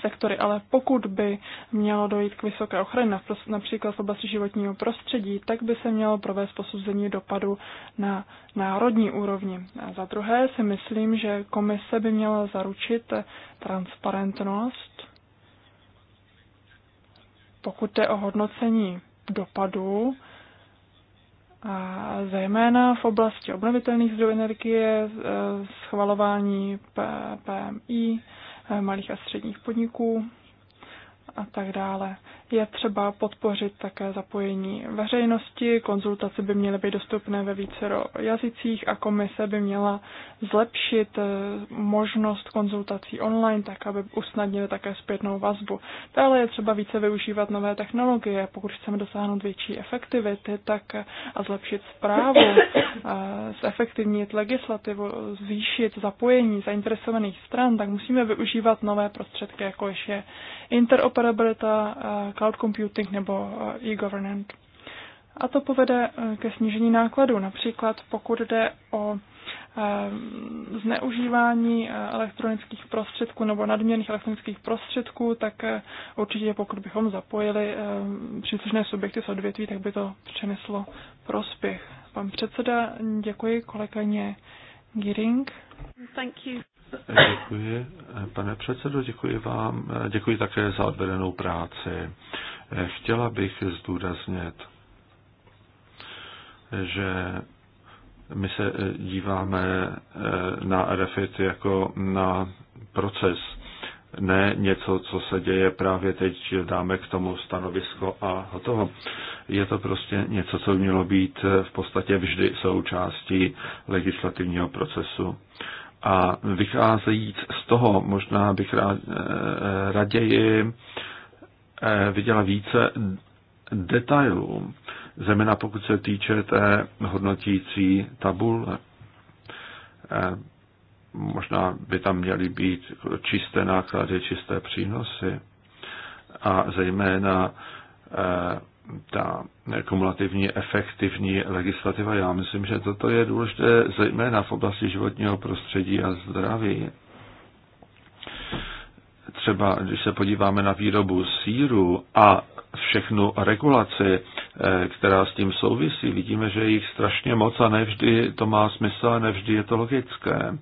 sektory, ale pokud by mělo dojít k vysoké ochraně, například v oblasti životního prostředí, tak by se mělo provést posuzení dopadu na národní úrovni. A za druhé si myslím, že komise by měla zaručit transparentnost, pokud jde o hodnocení dopadů, a zejména v oblasti obnovitelných zdrojů energie, e, schvalování PMI, malých a středních podniků a tak dále je třeba podpořit také zapojení veřejnosti, konzultace by měly být dostupné ve více jazycích a komise by měla zlepšit eh, možnost konzultací online, tak aby usnadnili také zpětnou vazbu. Dále je třeba více využívat nové technologie, pokud chceme dosáhnout větší efektivity tak eh, a zlepšit zprávu, eh, zefektivnit legislativu, zvýšit zapojení zainteresovaných stran, tak musíme využívat nové prostředky, jako je interoperabilita, cloud computing nebo eh, e-government. A to povede eh, ke snížení nákladů, například pokud jde o eh, zneužívání elektronických prostředků nebo nadměrných elektronických prostředků, tak určitě pokud bychom zapojili příslušné subjekty z odvětví, tak by to přineslo prospěch. Pan předseda, děkuji kolegyně Giring. Thank you. Děkuji, pane předsedo, děkuji vám, děkuji také za odvedenou práci. Chtěla bych zdůraznit, že my se díváme eh, na refit jako na proces, ne něco, co se děje právě teď, dáme k tomu stanovisko a hotovo. Je to prostě něco, co mělo být v podstatě vždy součástí legislativního procesu. A vycházejíc z toho, možná bych rád, eh, raději eh, viděla více detailů, zejména pokud se týče té hodnotící tabule. Eh, možná by tam měly být čisté náklady, čisté přínosy a zejména ta kumulativní efektivní legislativa. Já myslím, že toto je důležité zejména v oblasti životního prostředí a zdraví. Třeba když se podíváme na výrobu síru a všechnu regulaci, eh, která s tím souvisí, vidíme, že je jich strašně moc a nevždy to má smysl a nevždy je to logické.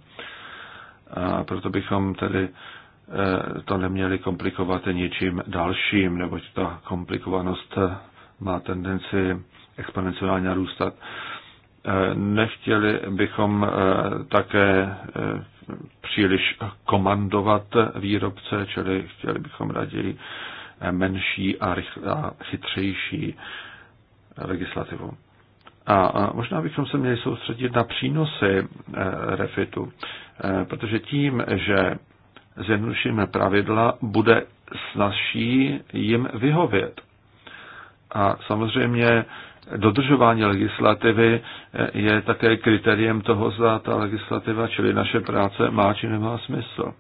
A proto bychom tedy eh, to neměli komplikovat ničím dalším, neboť ta komplikovanost eh, má tendenci exponenciálně narůstat. Eh, nechtěli bychom eh, také eh, příliš komandovat výrobce, čili chtěli bychom raději menší a, rychl, a chytřejší legislativu. A možná bychom se měli soustředit na přínosy refitu, protože tím, že zjednodušíme pravidla, bude snažší jim vyhovět. A samozřejmě dodržování legislativy eh, je také kritériem toho, zda ta legislativa, čili naše práce, má či nemá smysl.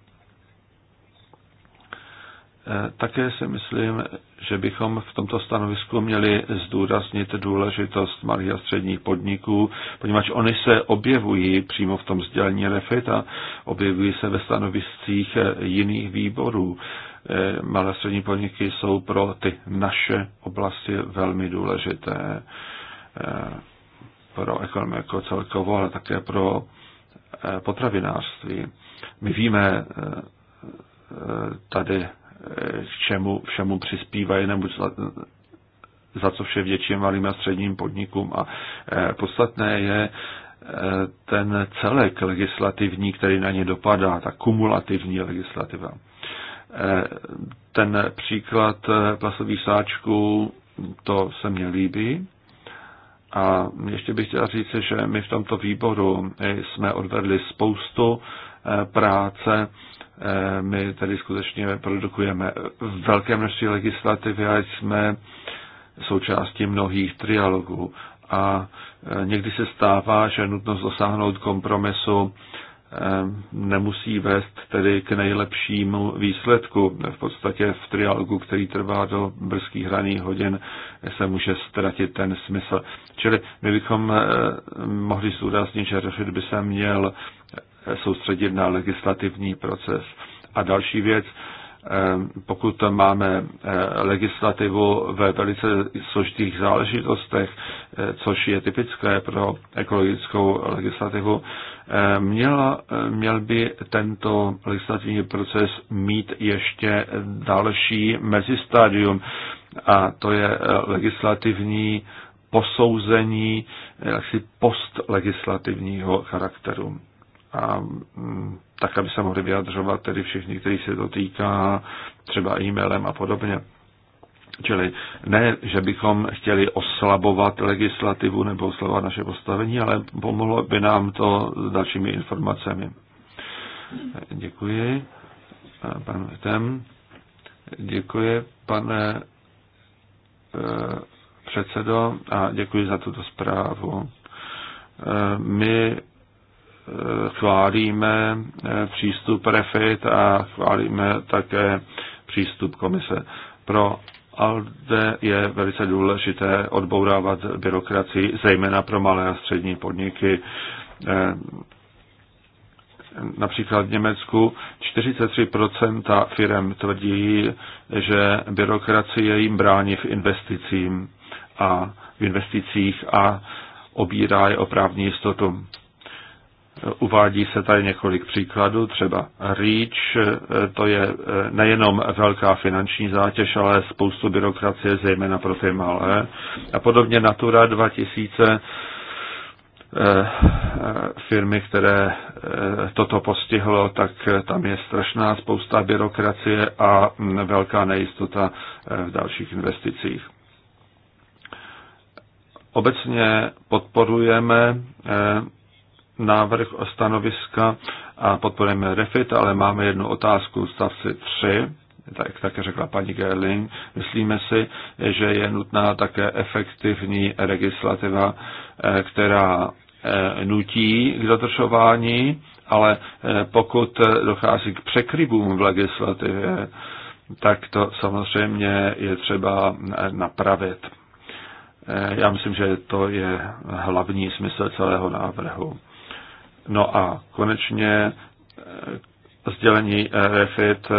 Eh, také si myslím, že bychom v tomto stanovisku měli zdůraznit důležitost malých a středních podniků, poněvadž oni se objevují přímo v tom sdělení REFIT a objevují se ve stanoviscích eh, jiných výborů. Eh, malé a střední podniky jsou pro ty naše oblasti velmi důležité eh, pro ekonomiku jako celkovo, ale také pro eh, potravinářství. My víme tady, k čemu všemu přispívají, nebo za, co vše větším malým a středním podnikům. A podstatné je ten celek legislativní, který na ně dopadá, ta kumulativní legislativa. Ten příklad plasových sáčků, to se mně líbí. A ještě bych chtěla říct, že my v tomto výboru jsme odvedli spoustu eh, práce. Eh, my tady skutečně produkujeme velké množství legislativy a jsme součástí mnohých trialogů. A eh, někdy se stává, že nutnost dosáhnout kompromisu Eh, nemusí vést tedy k nejlepšímu výsledku. V podstatě v trialogu, který trvá do brzkých raných hodin, se může ztratit ten smysl. Čili my bychom eh, mohli zúraznit, že RFID by se měl eh, soustředit na legislativní proces. A další věc, Ehm, pokud máme eh, legislativu ve velice složitých záležitostech, eh, což je typické pro ekologickou legislativu, ehm, měla, eh, měl by tento legislativní proces mít ještě další mezistádium, a to je legislativní posouzení jaksi postlegislativního charakteru a mm, tak, aby se mohli vyjadřovat tedy všichni, kteří se to týká, třeba e-mailem a podobně. Čili ne, že bychom chtěli oslabovat legislativu nebo oslabovat naše postavení, ale pomohlo by nám to s dalšími informacemi. Děkuji. Pan Vitem. Děkuji, pane e, předsedo, a děkuji za tuto zprávu. E, my chválíme eh, přístup Refit a chválíme také přístup komise. Pro ALDE je velice důležité odbourávat byrokracii, zejména pro malé a střední podniky. Eh, například v Německu 43% firm tvrdí, že byrokracie jim brání v investicích a v investicích a obírá je o právní jistotu. Uvádí se tady několik příkladů, třeba REACH, to je eh, nejenom velká finanční zátěž, ale spoustu byrokracie, zejména pro ty malé. A podobně Natura 2000, eh, firmy, které eh, toto postihlo, tak tam je strašná spousta byrokracie a hm, velká nejistota v dalších investicích. Obecně podporujeme návrh o stanoviska a podporujeme refit, ale máme jednu otázku stavci 3, tak také řekla paní Gerling. Myslíme si, že je nutná také efektivní legislativa, eh, která eh, nutí k zadržování, ale eh, pokud dochází k překrybům v legislativě, tak to samozřejmě je třeba napravit. Já myslím, že to je hlavní smysl celého návrhu. No a konečně eh, sdělení eh, REFIT eh,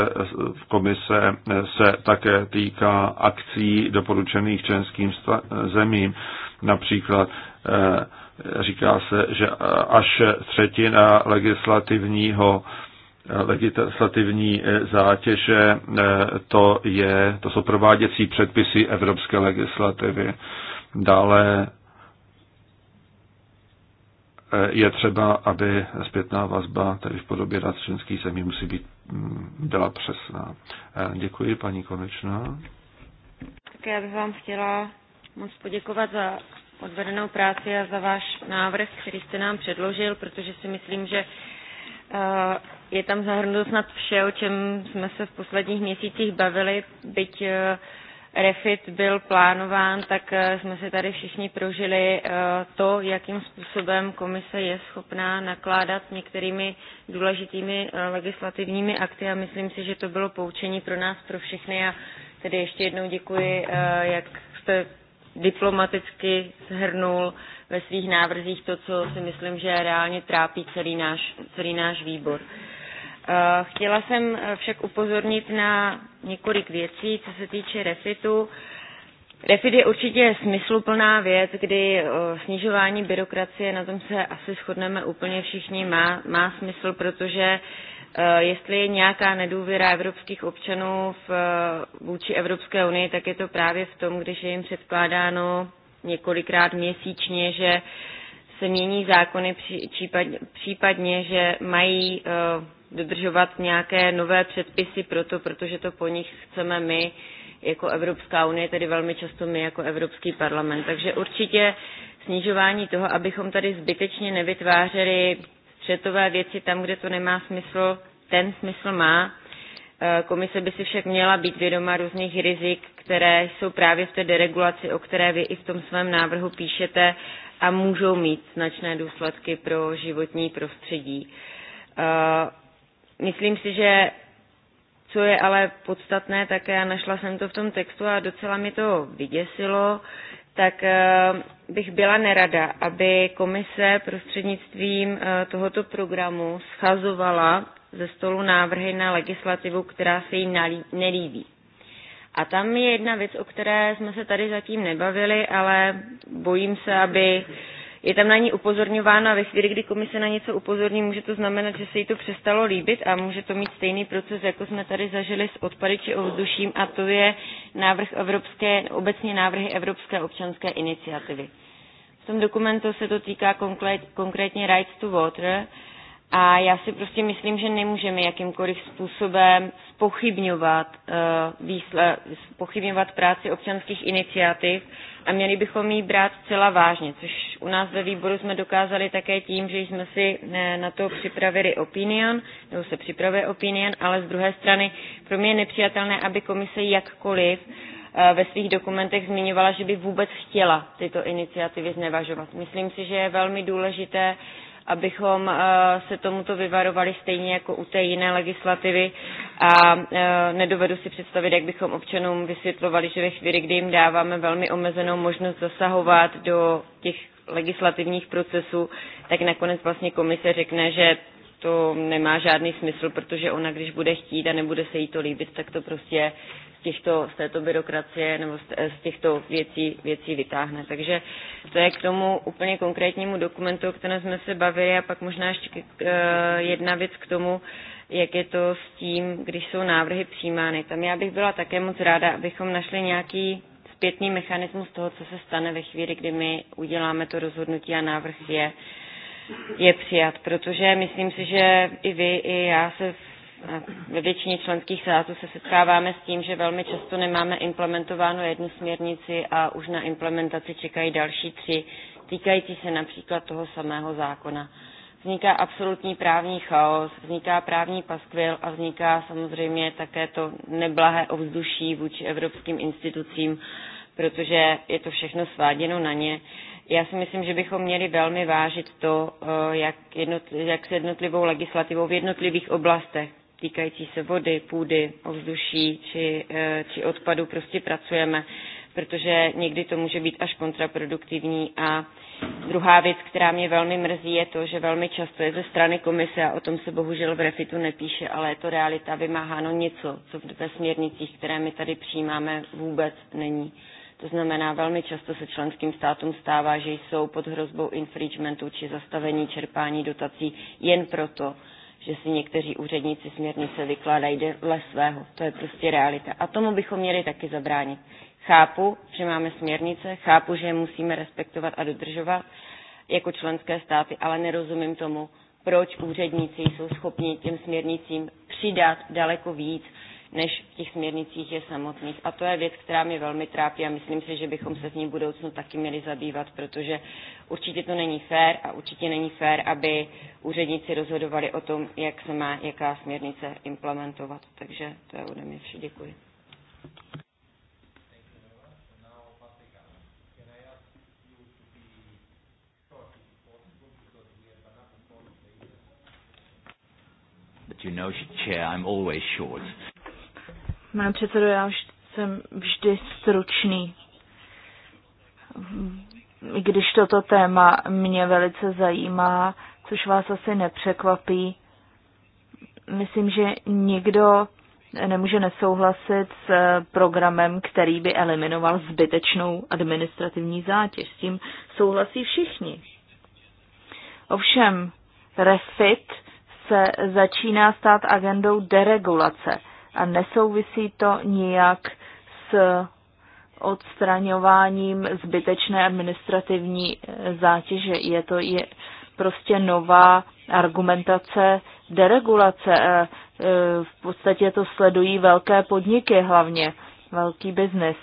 komise se také týká akcí doporučených členským zemím. Například říká se, že až třetina legislativního legislativní zátěže, to, je, to jsou prováděcí předpisy evropské legislativy. Dále Eh, je třeba, aby zpětná vazba, tedy v podobě rad členských zemí, musí být, mm, byla přesná. Eh, děkuji, paní Konečná. Tak já bych vám chtěla moc poděkovat za odvedenou práci a za váš návrh, který jste nám předložil, protože si myslím, že eh, je tam zahrnuto snad vše, o čem jsme se v posledních měsících bavili, byť refit byl plánován, tak eh, jsme si tady všichni prožili eh, to, jakým způsobem komise je schopná nakládat s některými důležitými eh, legislativními akty a myslím si, že to bylo poučení pro nás, pro všechny a tedy ještě jednou děkuji, jak jste diplomaticky zhrnul ve svých návrzích to, co si myslím, že reálně trápí celý náš, celý náš výbor. Eh, chtěla jsem eh, však upozornit na několik věcí, co se týče refitu. Refit je určitě smysluplná věc, kdy eh, snižování byrokracie, na tom se asi shodneme úplně všichni, má, má smysl, protože jestli je nějaká nedůvěra evropských občanů v, vůči Evropské unii, tak je to právě v tom, když je jim předkládáno několikrát měsíčně, že se mění zákony, případně, případně že mají dodržovat nějaké nové předpisy proto, protože to po nich chceme my jako Evropská unie, tedy velmi často my jako Evropský parlament. Takže určitě snižování toho, abychom tady zbytečně nevytvářeli střetové věci tam, kde to nemá smysl, ten smysl má. E, komise by si však měla být vědoma různých rizik, které jsou právě v té deregulaci, o které vy i v tom svém návrhu píšete a můžou mít značné důsledky pro životní prostředí. E, Myslím si, že co je ale podstatné, tak já našla jsem to v tom textu a docela mi to vyděsilo, tak eh, bych byla nerada, aby komise prostřednictvím eh, tohoto programu schazovala ze stolu návrhy na legislativu, která se jí nelíbí. A tam je jedna věc, o které jsme se tady zatím nebavili, ale bojím se, aby je tam na ní upozorňována ve chvíli, kdy komise na něco upozorní, může to znamenat, že se jí to přestalo líbit a může to mít stejný proces, jako jsme tady zažili s odpady či ovzduším a to je návrh evropské, obecně návrhy Evropské občanské iniciativy. V tom dokumentu se to týká konkrétně Rights to Water, a já si prostě myslím, že nemůžeme jakýmkoliv způsobem spochybňovat, uh, výsle, spochybňovat práci občanských iniciativ, a měli bychom ji brát zcela vážně, což u nás ve výboru jsme dokázali také tím, že jsme si eh, na to připravili opinion, nebo se připravuje opinion, ale z druhé strany pro mě je nepřijatelné, aby komise jakkoliv eh, ve svých dokumentech zmiňovala, že by vůbec chtěla tyto iniciativy znevažovat. Myslím si, že je velmi důležité abychom eh, se tomuto vyvarovali stejně jako u té jiné legislativy a eh, nedovedu si představit, jak bychom občanům vysvětlovali, že ve chvíli, kdy jim dáváme velmi omezenou možnost zasahovat do těch legislativních procesů, tak nakonec vlastně komise řekne, že to nemá žádný smysl, protože ona, když bude chtít a nebude se jí to líbit, tak to prostě z, těchto, z této byrokracie nebo z těchto věcí, věcí vytáhne. Takže to je k tomu úplně konkrétnímu dokumentu, o kterém jsme se bavili a pak možná ještě eh, jedna věc k tomu, jak je to s tím, když jsou návrhy přijímány. Tam já bych byla také moc ráda, abychom našli nějaký zpětný mechanismus toho, co se stane ve chvíli, kdy my uděláme to rozhodnutí a návrh je uh, je přijat, protože myslím si, že i vy, i já se ve většině členských států se setkáváme s tím, že velmi často nemáme implementováno jednu směrnici a už na implementaci čekají další tři, týkající se například toho samého zákona. Vzniká absolutní právní chaos, vzniká právní paskvil a vzniká samozřejmě také to neblahé ovzduší vůči evropským institucím, protože je to všechno sváděno na ně. Uh, já si myslím, že bychom měli velmi vážit to, eh, jak, jednotli, jak se jednotlivou legislativou v jednotlivých oblastech týkající se vody, půdy, ovzduší či, eh, či odpadu prostě pracujeme, protože někdy to může být až kontraproduktivní. A druhá věc, která mě velmi mrzí, je to, že velmi často je ze strany komise, a o tom se bohužel v refitu nepíše, ale je to realita, vymáháno něco, co ve směrnicích, které my tady přijímáme, vůbec není. To znamená, velmi často se členským státům stává, že jsou pod hrozbou infringementu či zastavení čerpání dotací jen proto, že si někteří úředníci směrnice vykládají dle svého. To je prostě realita. A tomu bychom měli taky zabránit. Chápu, že máme směrnice, chápu, že je musíme respektovat a dodržovat jako členské státy, ale nerozumím tomu, proč úředníci jsou schopni těm směrnicím přidat daleko víc, než v těch směrnicích je samotných. A to je věc, která mě velmi trápí a myslím si, že bychom se s ní v budoucnu taky měli zabývat, protože určitě to není fér a určitě není fér, aby úředníci rozhodovali o tom, jak se má jaká směrnice implementovat. Takže to je ode mě vše. Děkuji. you know, Chair, I'm always short. Pane předsedo, já už jsem vždy stručný. Když toto téma mě velice zajímá, což vás asi nepřekvapí, myslím, že nikdo nemůže nesouhlasit s eh, programem, který by eliminoval zbytečnou administrativní zátěž. S tím souhlasí všichni. Ovšem, refit se začíná stát agendou deregulace a nesouvisí to nijak s odstraňováním zbytečné administrativní eh, zátěže. Je to je prostě nová argumentace deregulace. Eh, eh, v podstatě to sledují velké podniky hlavně, velký biznis.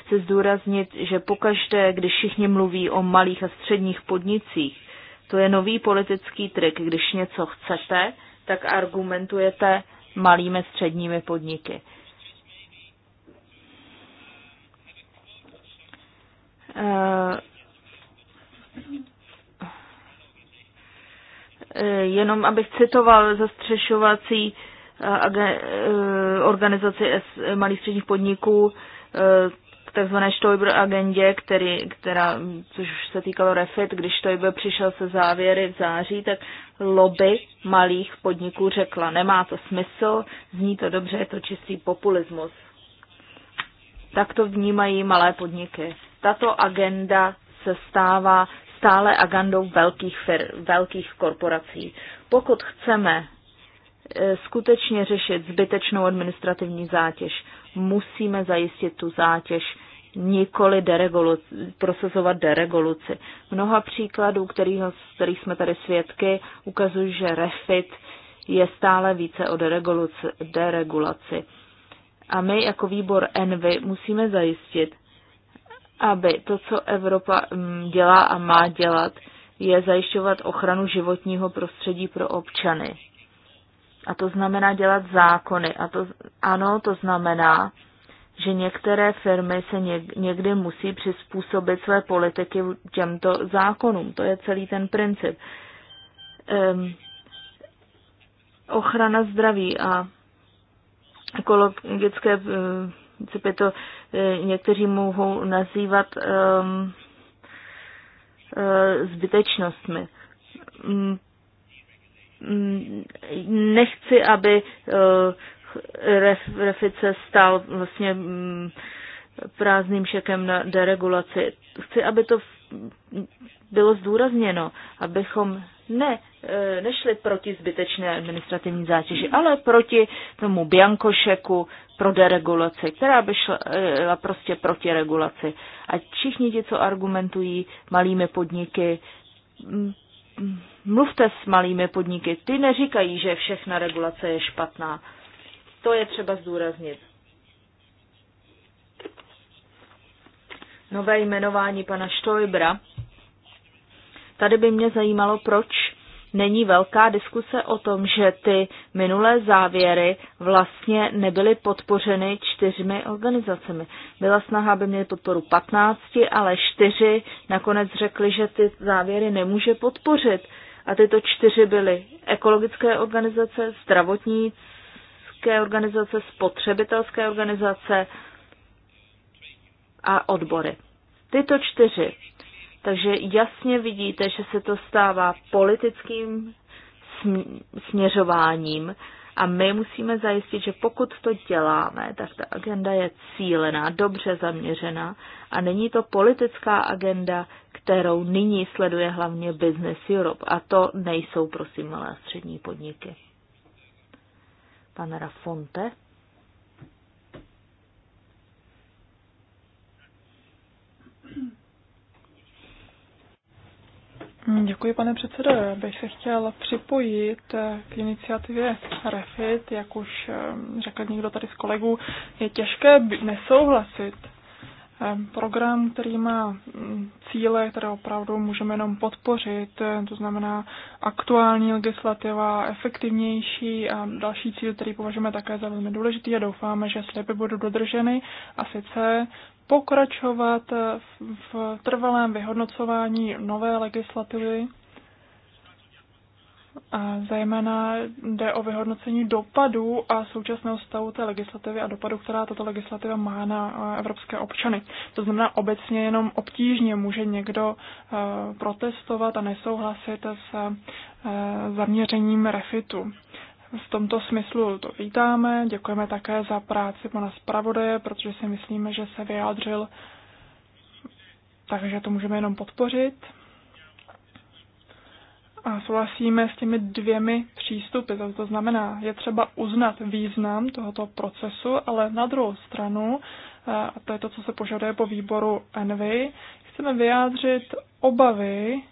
Chci zdůraznit, že pokaždé, když všichni mluví o malých a středních podnicích, to je nový politický trik. Když něco chcete, tak argumentujete malými středními podniky. Eh, eh, jenom abych citoval zastřešovací eh, organizaci malých středních podniků, k takzvané Stoiber agendě, který, která, což se týkalo Refit, když Stoiber přišel se závěry v září, tak lobby malých podniků řekla, nemá to smysl, zní to dobře, je to čistý populismus. Tak to vnímají malé podniky. Tato agenda se stává stále agendou velkých, fir, velkých korporací. Pokud chceme eh, skutečně řešit zbytečnou administrativní zátěž, musíme zajistit tu zátěž, nikoli deregulu- prosazovat deregoluci. Mnoha příkladů, kterých, který jsme tady svědky, ukazují, že refit je stále více o deregulaci. deregulaci. A my jako výbor Envy musíme zajistit, aby to, co Evropa mm, dělá a má dělat, je zajišťovat ochranu životního prostředí pro občany. A to znamená dělat zákony. A to, ano, to znamená, že některé firmy se někdy musí přizpůsobit své politiky těmto zákonům. To je celý ten princip. Um, ochrana zdraví a ekologické eh, principy to eh, někteří mohou nazývat um, zbytečnostmi. Mm, Mm, nechci, aby eh, refice stal vlastně mm, prázdným šekem na deregulaci. Chci, aby to bylo zdůrazněno, abychom ne, eh, nešli proti zbytečné administrativní zátěži, ale proti tomu biankošeku pro deregulaci, která by šla eh, prostě proti regulaci. A všichni ti, co argumentují malými podniky, mm, Mluvte s malými podniky, ty neříkají, že všechna regulace je špatná. To je třeba zdůraznit. Nové jmenování pana Štojbra. Tady by mě zajímalo, proč není velká diskuse o tom, že ty minulé závěry vlastně nebyly podpořeny čtyřmi organizacemi. Byla snaha, aby měly podporu 15, ale čtyři nakonec řekli, že ty závěry nemůže podpořit. A tyto čtyři byly ekologické organizace, zdravotnické organizace, spotřebitelské organizace a odbory. Tyto čtyři. Takže jasně vidíte, že se to stává politickým směřováním a my musíme zajistit, že pokud to děláme, tak ta agenda je cílená, dobře zaměřená a není to politická agenda, kterou nyní sleduje hlavně Business Europe. A to nejsou, prosím, malé a střední podniky. Pan Rafonte. Mm-hmm. Děkuji, pane předsedo. Já bych se chtěl připojit k iniciativě REFIT. Jak už ehm, řekl někdo tady z kolegů, je těžké nesouhlasit. Ehm, program, který má mm, cíle, které opravdu můžeme jenom podpořit, eh, to znamená aktuální legislativa, efektivnější a další cíl, který považujeme také za velmi důležitý a doufáme, že sliby budou dodrženy a sice pokračovat v trvalém vyhodnocování nové legislativy. A zejména jde o vyhodnocení dopadů a současného stavu té legislativy a dopadů, která tato legislativa má na eh, evropské občany. To znamená, obecně jenom obtížně může někdo eh, protestovat a nesouhlasit s eh, zaměřením refitu. V tomto smyslu to vítáme. Děkujeme také za práci pana zpravodaje, protože si myslíme, že se vyjádřil, takže to můžeme jenom podpořit. A souhlasíme s těmi dvěmi přístupy. To, to znamená, je třeba uznat význam tohoto procesu, ale na druhou stranu, a to je to, co se požaduje po výboru Envy, chceme vyjádřit obavy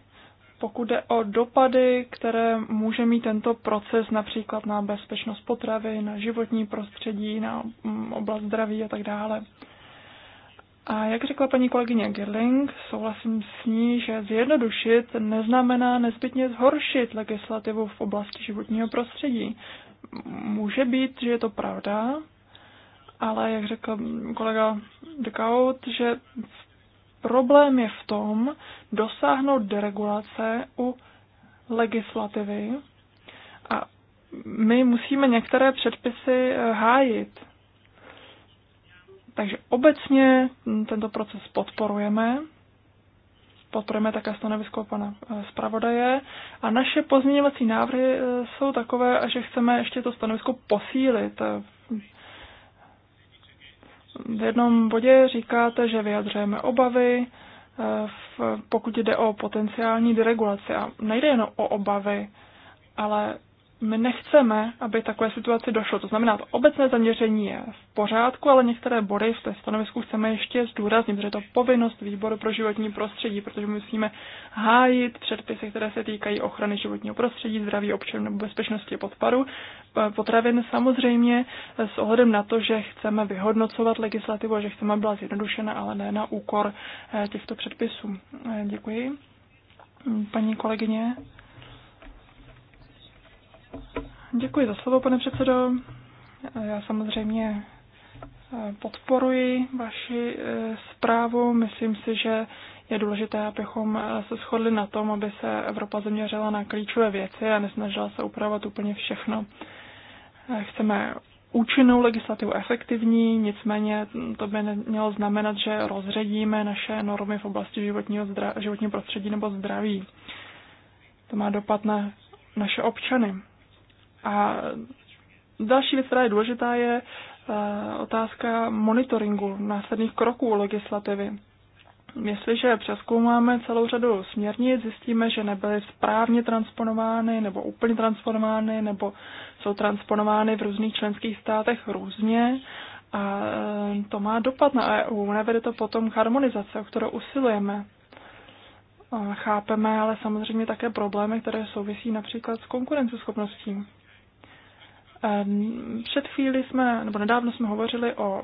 pokud jde o dopady, které může mít tento proces například na bezpečnost potravy, na životní prostředí, na mm, oblast zdraví a tak dále. A jak řekla paní kolegyně Girling, souhlasím s ní, že zjednodušit neznamená nezbytně zhoršit legislativu v oblasti životního prostředí. Může být, že je to pravda, ale jak řekl kolega Dekaut, že v Problém je v tom dosáhnout deregulace u legislativy a my musíme některé předpisy eh, hájit. Takže obecně tento proces podporujeme. Podporujeme také stanovisko pana eh, zpravodaje. A naše pozměňovací návrhy eh, jsou takové, že chceme ještě to stanovisko posílit v jednom bodě říkáte, že vyjadřujeme obavy, eh, pokud jde o potenciální deregulaci. A nejde jen o obavy, ale my nechceme, aby takové situaci došlo. To znamená, to obecné zaměření je v pořádku, ale některé body v té stanovisku chceme ještě zdůraznit, protože je to povinnost výboru pro životní prostředí, protože musíme hájit předpisy, které se týkají ochrany životního prostředí, zdraví občanů nebo bezpečnosti podparu, eh, potravin samozřejmě eh, s ohledem na to, že chceme vyhodnocovat legislativu a že chceme byla zjednodušena, ale ne na úkor eh, těchto předpisů. Děkuji. Paní kolegyně. Děkuji za slovo, pane předsedo. Já samozřejmě eh, podporuji vaši eh, zprávu. Myslím si, že je důležité, abychom eh, se shodli na tom, aby se Evropa zaměřila na klíčové věci a nesnažila se upravovat úplně všechno. Chceme účinnou legislativu efektivní, nicméně to by mělo znamenat, že rozředíme naše normy v oblasti životního, zdra, životního prostředí nebo zdraví. To má dopad na naše občany. A další věc, která je důležitá, je eh, otázka monitoringu následných kroků legislativy. Jestliže přeskoumáme celou řadu směrnic, zjistíme, že nebyly správně transponovány nebo úplně transponovány nebo jsou transponovány v různých členských státech různě a eh, to má dopad na EU. Nevede to potom k harmonizaci, o kterou usilujeme. Chápeme ale samozřejmě také problémy, které souvisí například s konkurenceschopností. Ehm, před chvíli jsme, nebo nedávno jsme hovořili o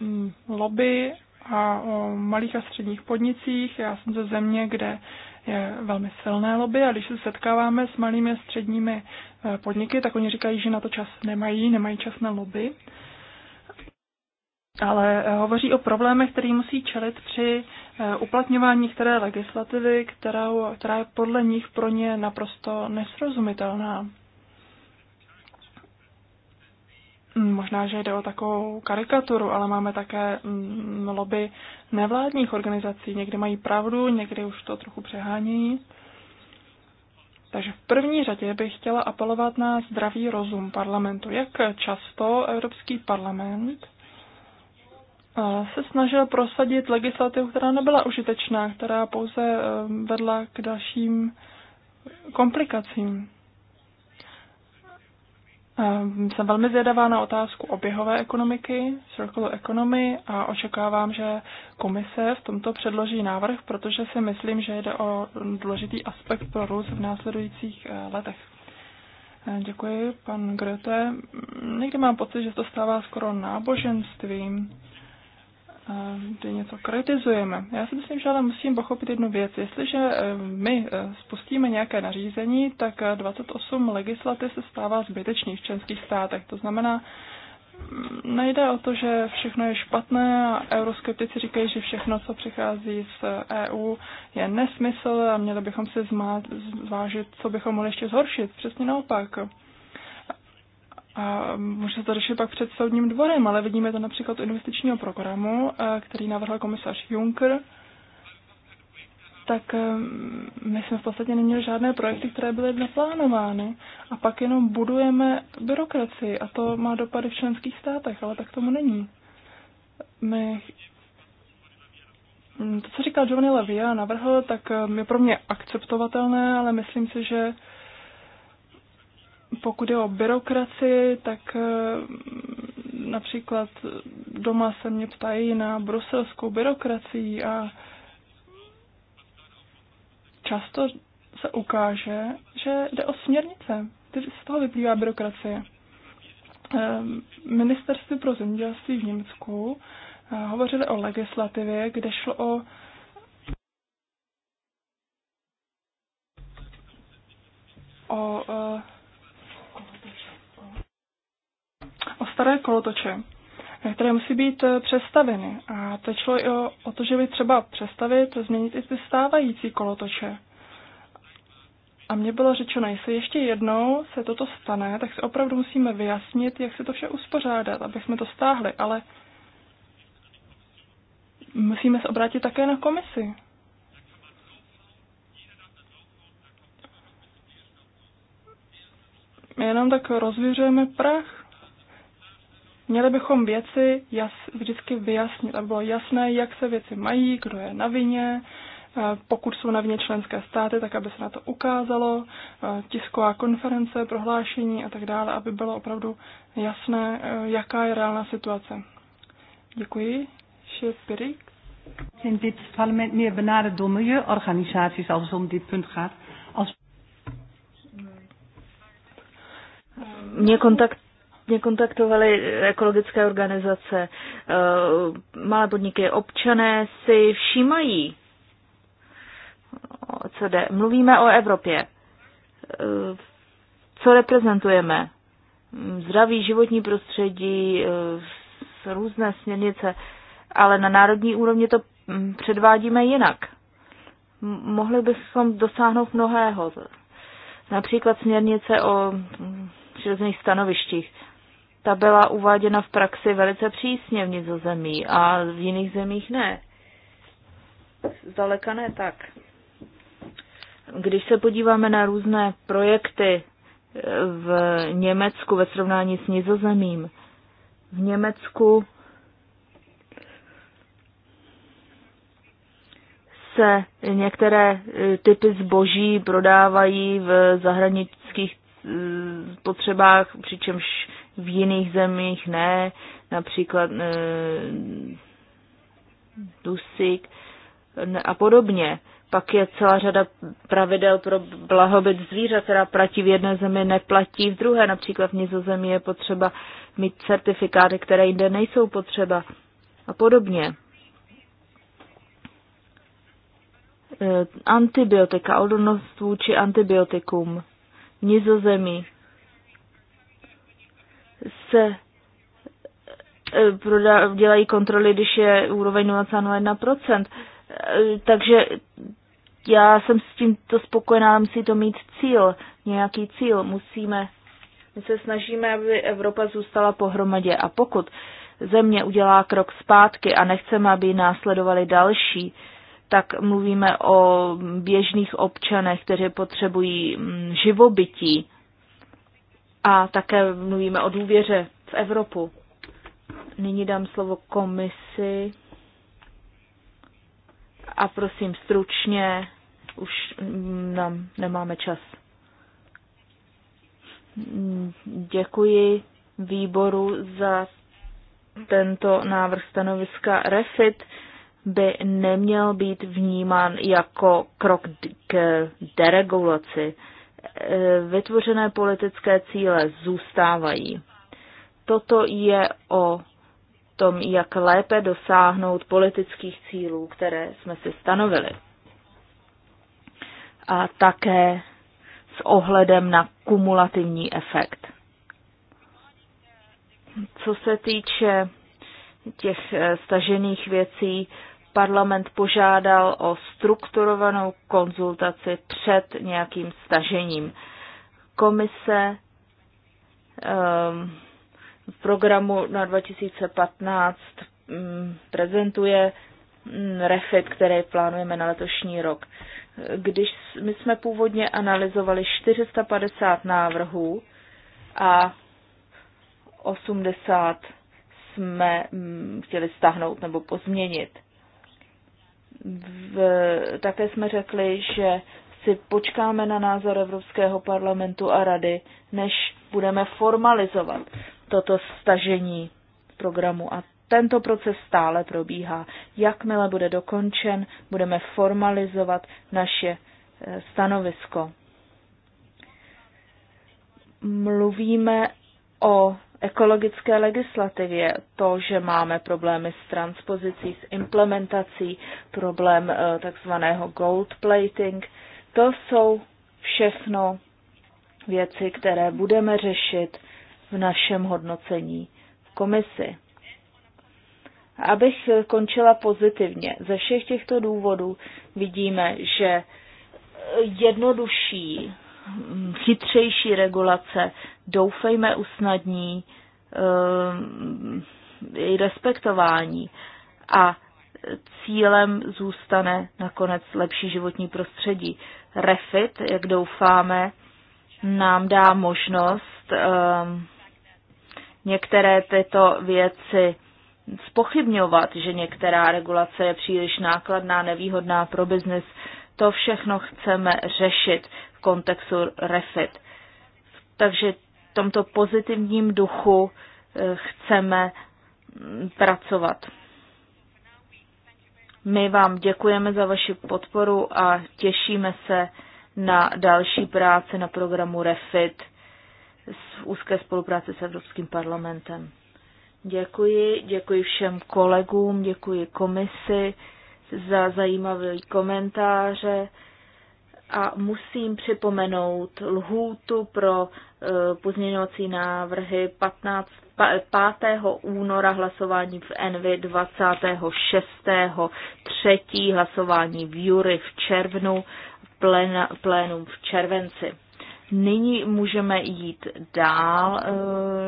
mm, lobby a o malých a středních podnicích. Já jsem ze země, kde je velmi silné lobby a když se setkáváme s malými a středními eh, podniky, tak oni říkají, že na to čas nemají, nemají čas na lobby. Ale eh, hovoří o problémech, který musí čelit při eh, uplatňování některé legislativy, kterou, která je podle nich pro ně naprosto nesrozumitelná. Mm, možná, že jde o takovou karikaturu, ale máme také mm, lobby nevládních organizací. Někdy mají pravdu, někdy už to trochu přehání. Takže v první řadě bych chtěla apelovat na zdravý rozum parlamentu. Jak často Evropský parlament eh, se snažil prosadit legislativu, která nebyla užitečná, která pouze eh, vedla k dalším komplikacím. Ehm, jsem velmi zvědavá na otázku oběhové ekonomiky, circular economy a očekávám, že komise v tomto předloží návrh, protože si myslím, že jde o důležitý aspekt pro růst v následujících eh, letech. Ehm, děkuji, pan Grete. Někdy mám pocit, že to stává skoro náboženstvím kdy něco kritizujeme. Já si myslím, že ale musím pochopit jednu věc. Jestliže eh, my eh, spustíme nějaké nařízení, tak 28 eh, legislativ se stává zbytečných v členských státech. To znamená, mm, nejde o to, že všechno je špatné a euroskeptici říkají, že všechno, co přichází z EU, e je nesmysl a měli bychom si zvážit, co bychom mohli ještě zhoršit. Přesně naopak. A může se to řešit pak před soudním dvorem, ale vidíme to například u investičního programu, eh, který navrhl komisař Juncker. Tak eh, my jsme v podstatě neměli žádné projekty, které byly naplánovány. A pak jenom budujeme byrokracii a to má dopady v členských státech, ale tak tomu není. My hm, to, co říkal Giovanni Levia, navrhl, tak eh, je pro mě akceptovatelné, ale myslím si, že pokud je o byrokracii, tak eh, například doma se mě ptají na bruselskou byrokracii a často se ukáže, že jde o směrnice. Z toho vyplývá byrokracie. Eh, ministerství pro zemědělství v Německu eh, hovořili o legislativě, kde šlo o o o staré kolotoče, eh, které musí být eh, přestaveny. A to šlo i o, o to, že by třeba přestavit, změnit i ty stávající kolotoče. A mně bylo řečeno, jestli ještě jednou se toto stane, tak si opravdu musíme vyjasnit, jak se to vše uspořádat, aby jsme to stáhli, ale musíme se obrátit také na komisi. Jenom tak rozvěřujeme prach Měli bychom věci jas, vždycky vyjasnit, aby bylo jasné, jak se věci mají, kdo je na vině, eh, pokud jsou na vině členské státy, tak aby se na to ukázalo, eh, tisková konference, prohlášení a tak dále, aby bylo opravdu jasné, eh, jaká je reálná situace. Děkuji. Šepirik. In dit parlement meer benaderd door milieuorganisaties als het om dit punt gaat. Als... Mě kontakt mě vlastně kontaktovaly ekologické organizace, eh, malé podniky, občané si všímají, eh, co jde. Mluvíme o Evropě. Eh, co reprezentujeme? Zdraví, životní prostředí, různé směrnice, ale na národní úrovni to hm, předvádíme jinak. Mohli bychom dosáhnout mnohého. Například směrnice o hm, přirozených stanovištích ta byla uváděna v praxi velice přísně v Nizozemí a v jiných zemích ne. Zdaleka ne tak. Když se podíváme na různé projekty eh, v Německu ve srovnání s Nizozemím, v Německu se některé eh, typy zboží prodávají v zahraničních eh, potřebách, přičemž v jiných zemích ne, například e, dusík a podobně. Pak je celá řada pravidel pro blahobyt zvířat, která platí v jedné zemi, neplatí v druhé. Například v Nizozemí je potřeba mít certifikáty, které jinde nejsou potřeba a podobně. E, antibiotika, odolnost vůči antibiotikum. V Nizozemí se eh, proda, dělají kontroly, když je úroveň 0,01%. Eh, takže já jsem s tímto spokojená, ale musí to mít cíl, nějaký cíl. Musíme, my se snažíme, aby Evropa zůstala pohromadě a pokud země udělá krok zpátky a nechceme, aby následovali další, tak mluvíme o běžných občanech, kteří potřebují mm, živobytí a také mluvíme o důvěře v Evropu. Nyní dám slovo komisi. A prosím stručně, už nám nemáme čas. Děkuji výboru za tento návrh stanoviska REFIT by neměl být vnímán jako krok k deregulaci. Eh, vytvořené politické cíle zůstávají. Toto je o tom, jak lépe dosáhnout politických cílů, které jsme si stanovili. A také s ohledem na kumulativní efekt. Co se týče těch eh, stažených věcí, parlament požádal o strukturovanou konzultaci před nějakým stažením. Komise um, v programu na 2015 um, mm, prezentuje um, refit, který plánujeme na letošní rok. Když my jsme původně analyzovali 450 návrhů a 80 jsme mm, chtěli stáhnout nebo pozměnit. V, také jsme řekli, že si počkáme na názor Evropského parlamentu a rady, než budeme formalizovat toto stažení programu. A tento proces stále probíhá. Jakmile bude dokončen, budeme formalizovat naše eh, stanovisko. Mluvíme o ekologické legislativě, to, že máme problémy s transpozicí, s implementací, problém eh, takzvaného gold plating, to jsou všechno věci, které budeme řešit v našem hodnocení v komisi. Abych eh, končila pozitivně, ze všech těchto důvodů vidíme, že eh, jednodušší chytřejší regulace, doufejme usnadní eh, i respektování a cílem zůstane nakonec lepší životní prostředí. Refit, jak doufáme, nám dá možnost eh, některé tyto věci spochybňovat, že některá regulace je příliš nákladná, nevýhodná pro biznis. To všechno chceme řešit kontextu REFIT. Takže v tomto pozitivním duchu eh, chceme mm, pracovat. My vám děkujeme za vaši podporu a těšíme se na další práci na programu REFIT z úzké spolupráce s Evropským parlamentem. Děkuji, děkuji všem kolegům, děkuji komisi za zajímavé komentáře a musím připomenout lhůtu pro e, pozměňovací návrhy 15, 5. února hlasování v Envy 26. 3. hlasování v Jury v červnu, plena, plénum v červenci. Nyní můžeme jít dál e,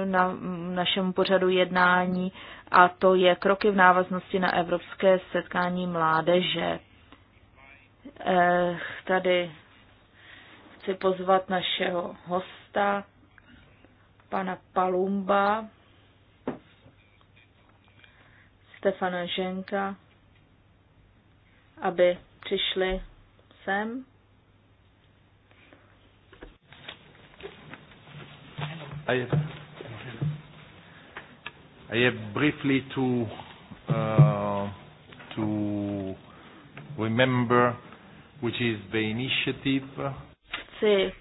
na našem pořadu jednání a to je kroky v návaznosti na Evropské setkání mládeže Eh, tady chci pozvat našeho hosta, pana Palumba, Stefana Ženka, aby přišli sem. I have, I have briefly to uh, to remember which is the initiative. Chci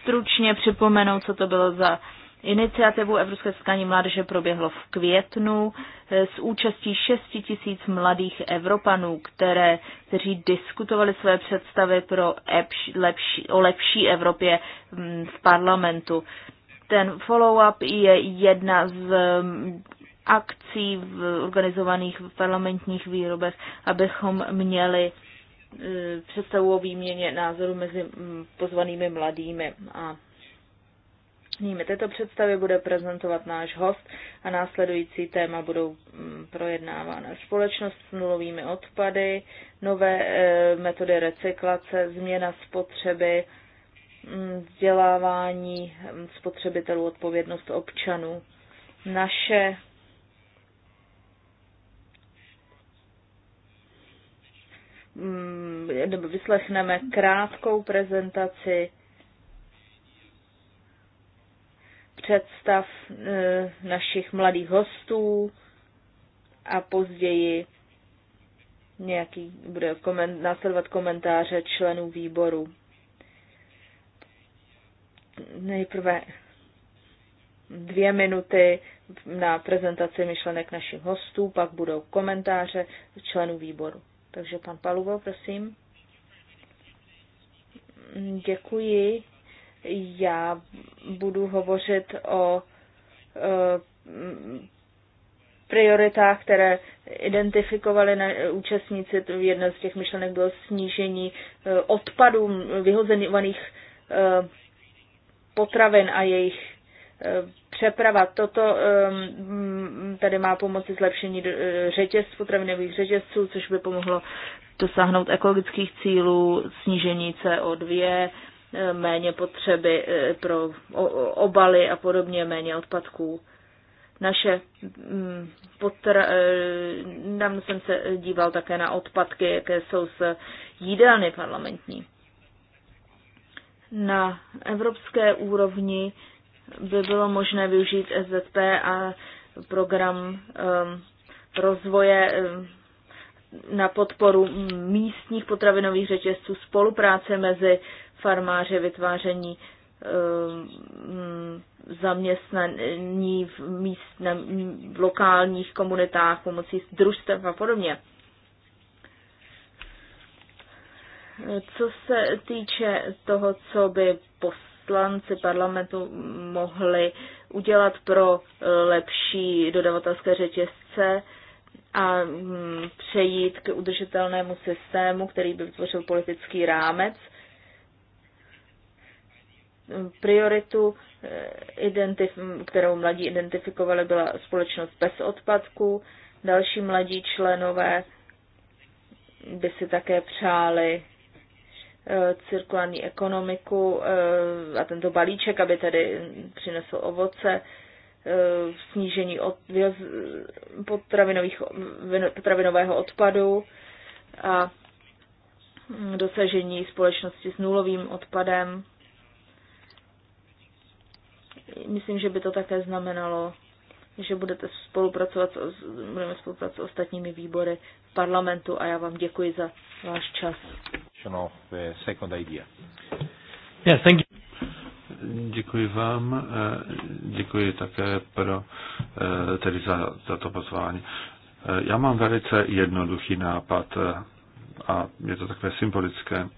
stručně připomenout, co to bylo za iniciativu Evropské skání mládeže proběhlo v květnu eh, s účastí 6 tisíc mladých Evropanů, které, kteří diskutovali své představy pro epš, lepší, o lepší Evropě mm, v parlamentu. Ten follow-up je jedna z mm, akcí v organizovaných parlamentních výrobech, abychom měli Eh, představu o výměně názoru mezi mm, pozvanými mladými a nimi. Této představy bude prezentovat náš host a následující téma budou mm, projednávána společnost s nulovými odpady, nové eh, metody recyklace, změna spotřeby, mm, vzdělávání spotřebitelů, odpovědnost občanů, naše Mm, nebo vyslechneme krátkou prezentaci představ e, našich mladých hostů a později nějaký bude koment, následovat komentáře členů výboru. Nejprve dvě minuty na prezentaci myšlenek našich hostů, pak budou komentáře členů výboru. Takže pan Paluvo, prosím. Děkuji. Já budu hovořit o prioritách, které identifikovali na účastníci. Jedna z těch myšlenek bylo snížení e, odpadů vyhozených e, potravin a jejich přeprava. Toto tady má pomoci zlepšení eh, řetězců, potravinových řetězců, což by pomohlo dosáhnout ekologických cílů, snížení CO2, eh, méně potřeby eh, pro obaly a podobně, méně odpadků. Naše mm, potra... Tam jsem se díval také na odpadky, jaké jsou z jídelny parlamentní. Na evropské úrovni by bylo možné využít SZP a program um, rozvoje um, na podporu místních potravinových řetězců, spolupráce mezi farmáři, vytváření um, zaměstnaní v, míst, na, v lokálních komunitách pomocí družstev a podobně. Co se týče toho, co by pos, poslanci parlamentu mohli udělat pro eh, lepší dodavatelské řetězce a mm, přejít k udržitelnému systému, který by vytvořil politický rámec. Prioritu, eh, kterou mladí identifikovali, byla společnost bez odpadků. Další mladí členové by si také přáli Eh, cirkulární ekonomiku eh, a tento balíček, aby tedy přinesl ovoce, eh, snížení potravinových, potravinového odpadu a mm, dosažení společnosti s nulovým odpadem. Myslím, že by to také znamenalo, že budete spolupracovat, budeme spolupracovat s ostatními výbory v parlamentu a já vám děkuji za váš čas question of the uh, second idea. Yeah, thank you. Děkuji vám, uh, děkuji také pro, uh, tedy za, za to pozvání. Já mám velice jednoduchý nápad a je to takové symbolické.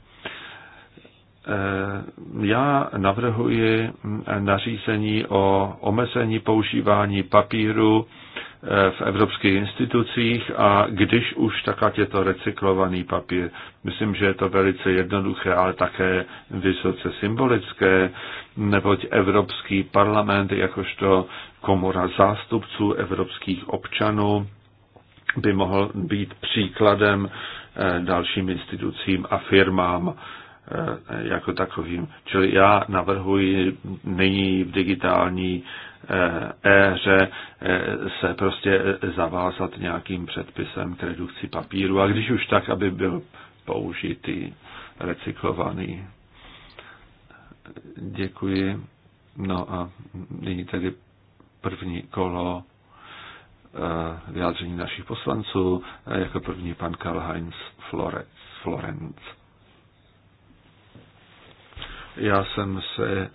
Já navrhuji mm, nařízení o omezení používání papíru v evropských institucích a když už tak, je to recyklovaný papír. Myslím, že je to velice jednoduché, ale také vysoce symbolické, neboť Evropský parlament jakožto komora zástupců evropských občanů by mohl být příkladem eh, dalším institucím a firmám Eh, jako takovým. Čili já navrhuji nyní v digitální eh, éře eh, se prostě zavázat nějakým předpisem k redukci papíru a když už tak, aby byl použitý, recyklovaný. Děkuji. No a nyní tedy první kolo vyjádření našich poslanců, jako první pan Karl Heinz Florenc. Já jsem se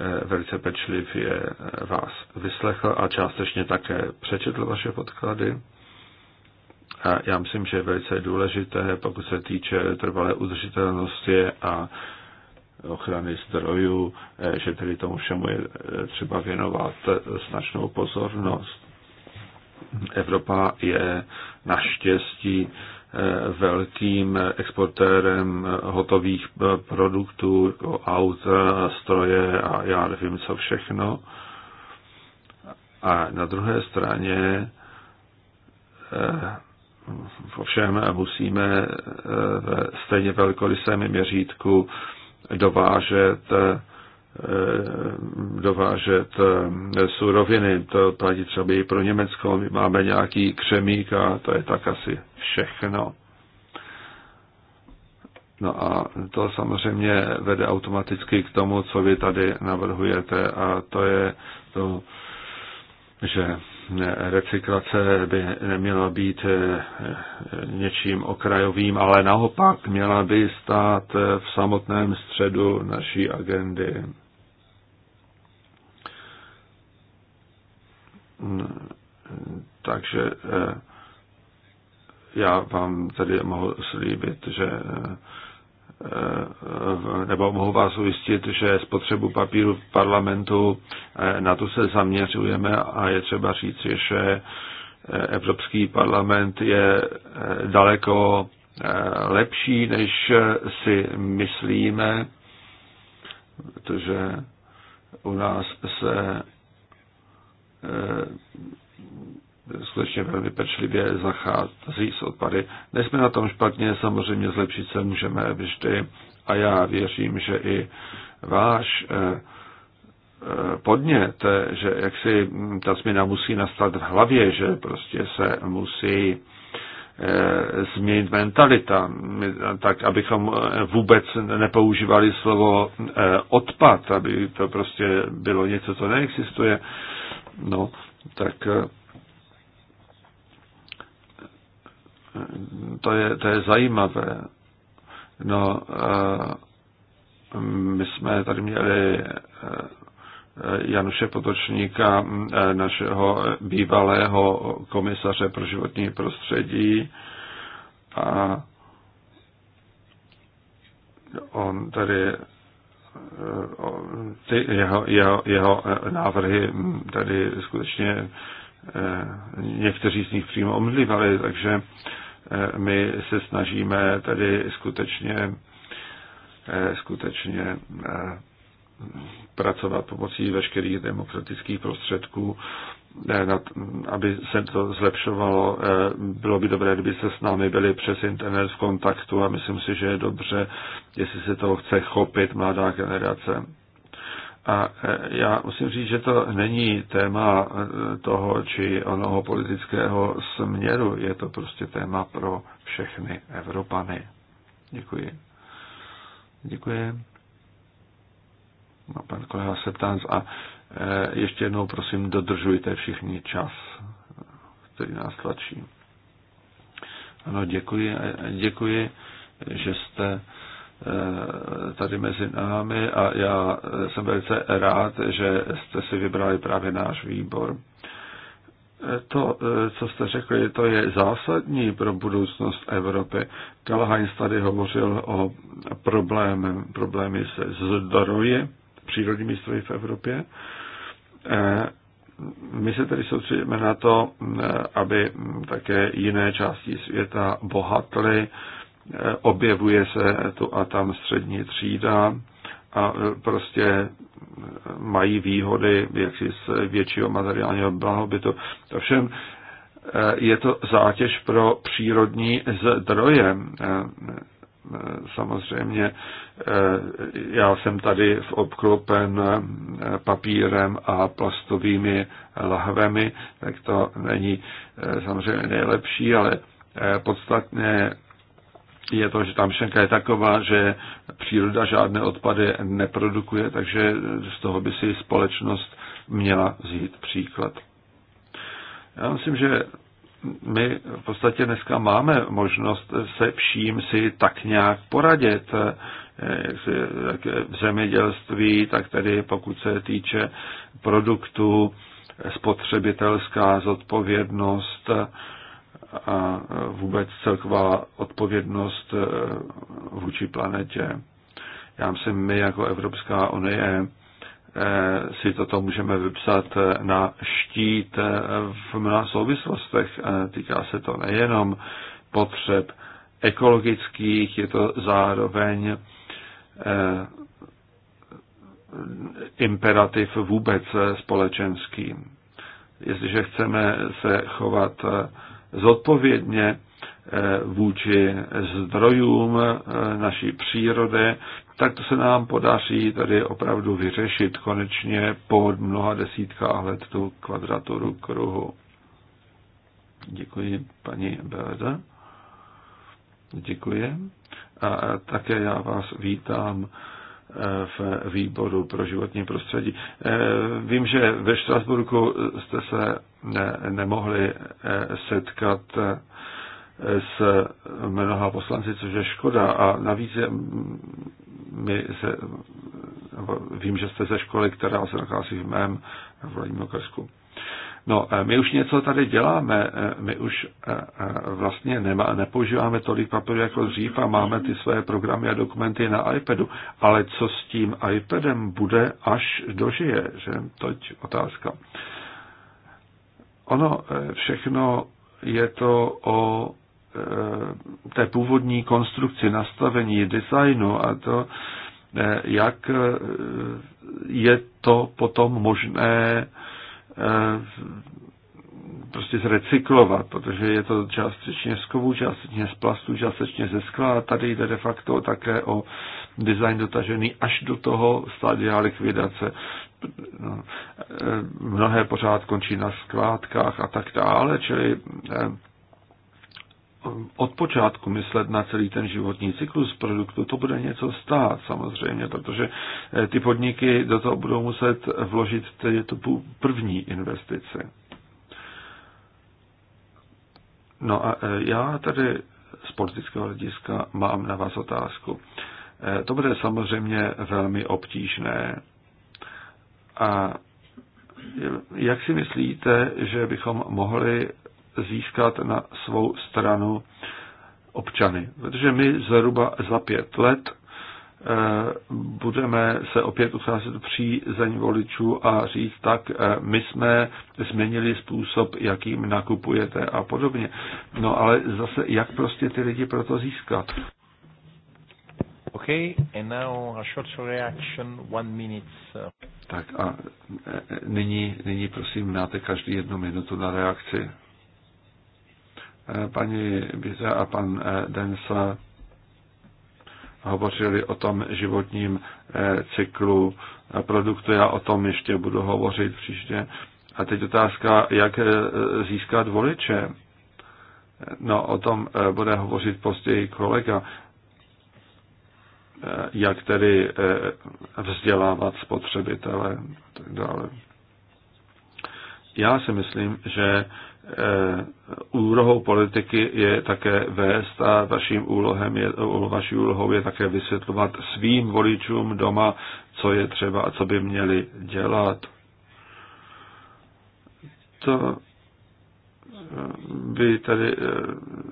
eh, velice pečlivě eh, vás vyslechl a částečně také přečetl vaše podklady. A já myslím, že je velice důležité, pokud se týče trvalé udržitelnosti a ochrany zdrojů, eh, že tedy tomu všemu je třeba věnovat značnou pozornost. Evropa je naštěstí velkým exportérem hotových produktů, jako aut, stroje a já nevím co všechno. A na druhé straně eh, ovšem musíme eh, ve stejně velkorysém měřítku dovážet eh, Eh, dovážet eh, suroviny. To platí třeba i pro Německo. My máme nějaký křemík a to je tak asi všechno. No a to samozřejmě vede automaticky k tomu, co vy tady navrhujete a to je to, že recyklace by neměla být eh, něčím okrajovým, ale naopak měla by stát v samotném středu naší agendy. Takže e, já vám tady mohu slíbit, že e, e, nebo mohu vás ujistit, že spotřebu papíru v parlamentu na to se zaměřujeme a je třeba říct, že Evropský parlament je daleko lepší, než si myslíme, protože u nás se Eh, skutečně velmi pečlivě zachází s odpady. Nejsme na tom špatně, samozřejmě zlepšit se můžeme vždy a já věřím, že i váš eh, eh, podnět, že jak si hm, ta změna musí nastat v hlavě, že prostě se musí změnit mentalita, tak abychom vůbec nepoužívali slovo odpad, aby to prostě bylo něco, co neexistuje, No, tak eh, to je, to je zajímavé. No, eh, my jsme tady měli eh, Januše Potočníka, našeho bývalého komisaře pro životní prostředí a on tady Eh, ty jeho, jeho, jeho eh, návrhy hm, tady skutečně eh, někteří z nich přímo omdlívali, takže my se snažíme tady skutečně skutečně pracovat pomocí veškerých demokratických prostředků aby se to zlepšovalo. Eh, bylo by dobré, kdyby se s námi byli přes internet v kontaktu a myslím si, že je dobře, jestli se toho chce chopit mladá generace. A eh, já musím říct, že to není téma eh, toho či onoho politického směru, je to prostě téma pro všechny Evropany. Děkuji. Děkuji. No, pan kolega Septánc. A Eh, ještě jednou prosím, dodržujte všichni čas, který nás tlačí. Ano, děkuji, eh, děkuji, že jste eh, tady mezi námi a já jsem velice rád, že jste si vybrali právě náš výbor. To, co jste řekli, to je zásadní pro budoucnost Evropy. Kalheinz tady hovořil o problémy, problémy se zdroji, přírodními zdroji v Evropě Eh, my se tedy soustředíme na to, eh, aby také jiné části světa bohatly, eh, objevuje se tu a tam střední třída a prostě mají výhody jaksi z většího materiálního blahobytu. To všem je to zátěž pro přírodní zdroje samozřejmě eh, já jsem tady obklopen eh, papírem a plastovými lahvemi, tak to není eh, samozřejmě nejlepší, ale podstatně je to, že ta myšlenka je taková, že příroda žádné odpady neprodukuje, takže z toho by si společnost měla vzít příklad. Já myslím, že my v podstatě dneska máme možnost se vším si tak nějak poradit eh, jak v zemědělství, tak tedy pokud se týče produktů, spotřebitelská zodpovědnost a vůbec celková odpovědnost eh, vůči planetě. Já myslím, my jako Evropská unie Eh, si toto můžeme vypsat eh, na štít eh, v mnoha souvislostech. Týká se to nejenom potřeb ekologických, je to zároveň imperativ vůbec společenský. Jestliže chceme se chovat zodpovědně vůči zdrojům naší přírody, tak to se nám podaří tady opravdu vyřešit konečně po mnoha desítkách let tu kvadraturu kruhu. Děkuji paní Belda. Děkuji. A také já vás vítám eh, v výboru pro životní prostředí. Eh, vím, že ve Štrasburku jste se ne, nemohli eh, setkat s mnoha poslanci, což je škoda. A navíc my se, vím, že jste ze školy, která se nachází v mém v okresku. No, eh, my už něco tady děláme, eh, my už eh, vlastně nemá, nepoužíváme tolik papíru jako dřív a máme ty své programy a dokumenty na iPadu, ale co s tím iPadem bude, až dožije, že? Toť otázka. Ono všechno je to o té původní konstrukci, nastavení, designu a to, eh, jak eh, je to potom možné eh, prostě zrecyklovat, protože je to částečně z kovu, částečně z plastu, částečně ze skla a tady jde de facto také o design dotažený až do toho stádia likvidace. No, mnohé pořád končí na skládkách a tak dále, čili od počátku myslet na celý ten životní cyklus produktu, to bude něco stát samozřejmě, protože eh, ty podniky do toho budou muset vložit tu první investici. No a eh, já tady z politického hlediska mám na vás otázku. Eh, to bude samozřejmě velmi obtížné. A jak si myslíte, že bychom mohli získat na svou stranu občany. Protože my zhruba za pět let eh, budeme se opět ucházet přízeň voličů a říct tak, eh, my jsme změnili způsob, jakým nakupujete a podobně. No ale zase, jak prostě ty lidi pro to získat? Okay, and now a short reaction, one minute. Tak a eh, nyní, nyní prosím, máte každý jednu minutu na reakci. Eh, paní Biza a pan eh, Densa hovořili o tom životním eh, cyklu produktu. Já o tom ještě budu hovořit příště. A teď otázka, jak získat voliče. No, o tom bude hovořit později kolega. Jak tedy vzdělávat spotřebitele a tak dále. Já si myslím, že Eh, úlohou politiky je také vést a vaším úlohem je, eh, vaší úlohou je také vysvětlovat svým voličům doma, co je třeba a co by měli dělat. To by eh, tady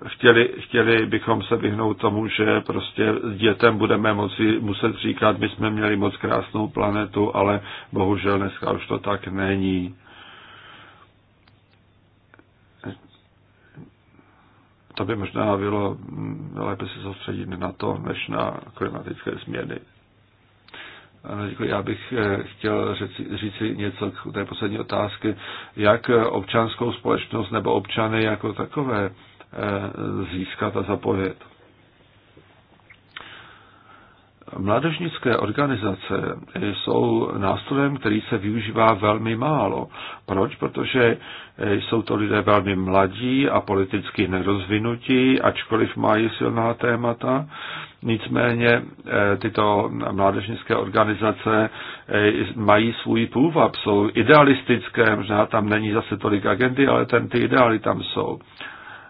chtěli, chtěli bychom se vyhnout tomu, že prostě dětem budeme moci, muset říkat, my jsme měli moc krásnou planetu, ale bohužel dneska už to tak není. to by možná bylo mm, lépe se soustředit na to, než na klimatické změny. Jako já bych eh, chtěl říct něco k té poslední otázky, jak eh, občanskou společnost nebo občany jako takové eh, získat a zapojit. Mládežnické organizace jsou nástrojem, který se využívá velmi málo. Proč? Protože jsou to lidé velmi mladí a politicky nerozvinutí, ačkoliv mají silná témata. Nicméně eh, tyto mládežnické organizace eh, mají svůj půvab, jsou idealistické, možná tam není zase tolik agendy, ale ten, ty ideály tam jsou.